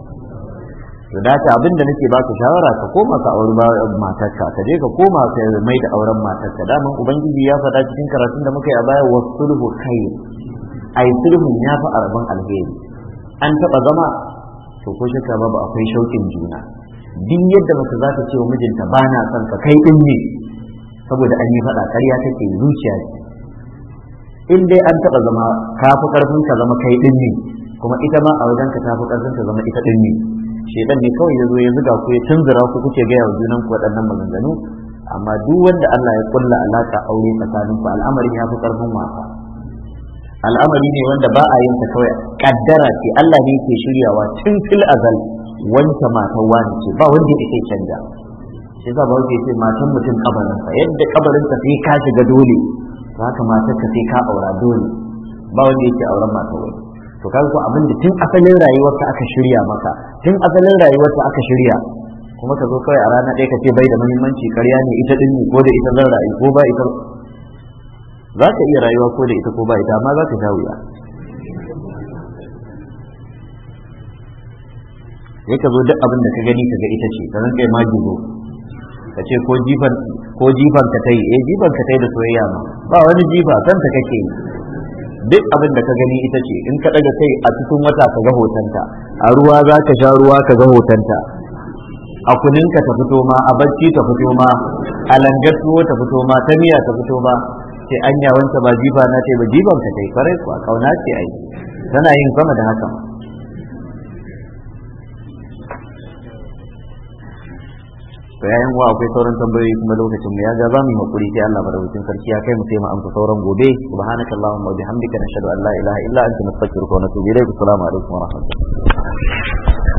[SPEAKER 1] da ta abin da nake baka shawara ka koma ka auri matarka ka je ka koma ka mai da auren matarka Dama ubangiji ya faɗa cikin karatun da muka yi a baya wa sulhu kai ai sulhun ya fi arabin alheri an taɓa zama to ko shakka babu akwai shaukin juna din yadda mace za ta ce wa mijinta ba na son ka kai din ne saboda an yi faɗa karya take zuciya ce in dai an taba zama ka fi ƙarfin ka zama kai din ne kuma ita ma a wajen ka ta fi ƙarfin ka zama ita din ne shaidan ne kawai ya zo ya zuga ku ya tunzura ku kuke gaya wa junan ku waɗannan maganganu amma duk wanda Allah ya kulla alaka aure tsakanin ku al'amarin ya fi karfin wasa al'amari ne wanda ba a yin ta kawai kaddara ce Allah ne yake shiryawa tun fil azal wanda mata wani ce ba wanda yake canja shi za ba wuce ce matan mutum sa, yadda kabarinsa sai ka shiga dole za ka matar ka sai ka aura dole ba wanda yake auren mata wani to kaga ko abin da tun asalin rayuwar ta aka shirya maka tun asalin rayuwar ta aka shirya kuma ka zo kawai a rana ɗaya ka ce bai da muhimmanci karya ne ita din ko da ita zan rayu ko ba ita za ka iya rayuwa ko da ita ko ba ita amma za ka sha wuya sai ka zo duk abin da ka gani ka ga ita ce ka zan kai ma gizo ka ce ko jifan ka ta yi eh jifan ka ta yi da soyayya ma ba wani jifa kanta kake yi duk abin da ka gani ita ce in ka daga kai a cikin wata ka ga hotonta a ruwa za ka sha ruwa ka ga hotonta a kuninka ta fito ma a bacci ta fito ma a langar tuwo ta fito ma ta miya ta fito ma ce anya wanta ba jifa na ce ba jifan ka kai kwarai kuwa kauna ce ai tana yin sama da hakan to yayin wa akwai sauran tambayoyi kuma lokacin mu ya ga zamu yi hakuri sai Allah madaukakin sarki ya kai mu sai mu amsa sauran gobe subhanakallahumma wa bihamdika nashhadu an la ilaha illa anta nastaghfiruka wa natubu ilayk assalamu alaikum wa
[SPEAKER 3] rahmatullahi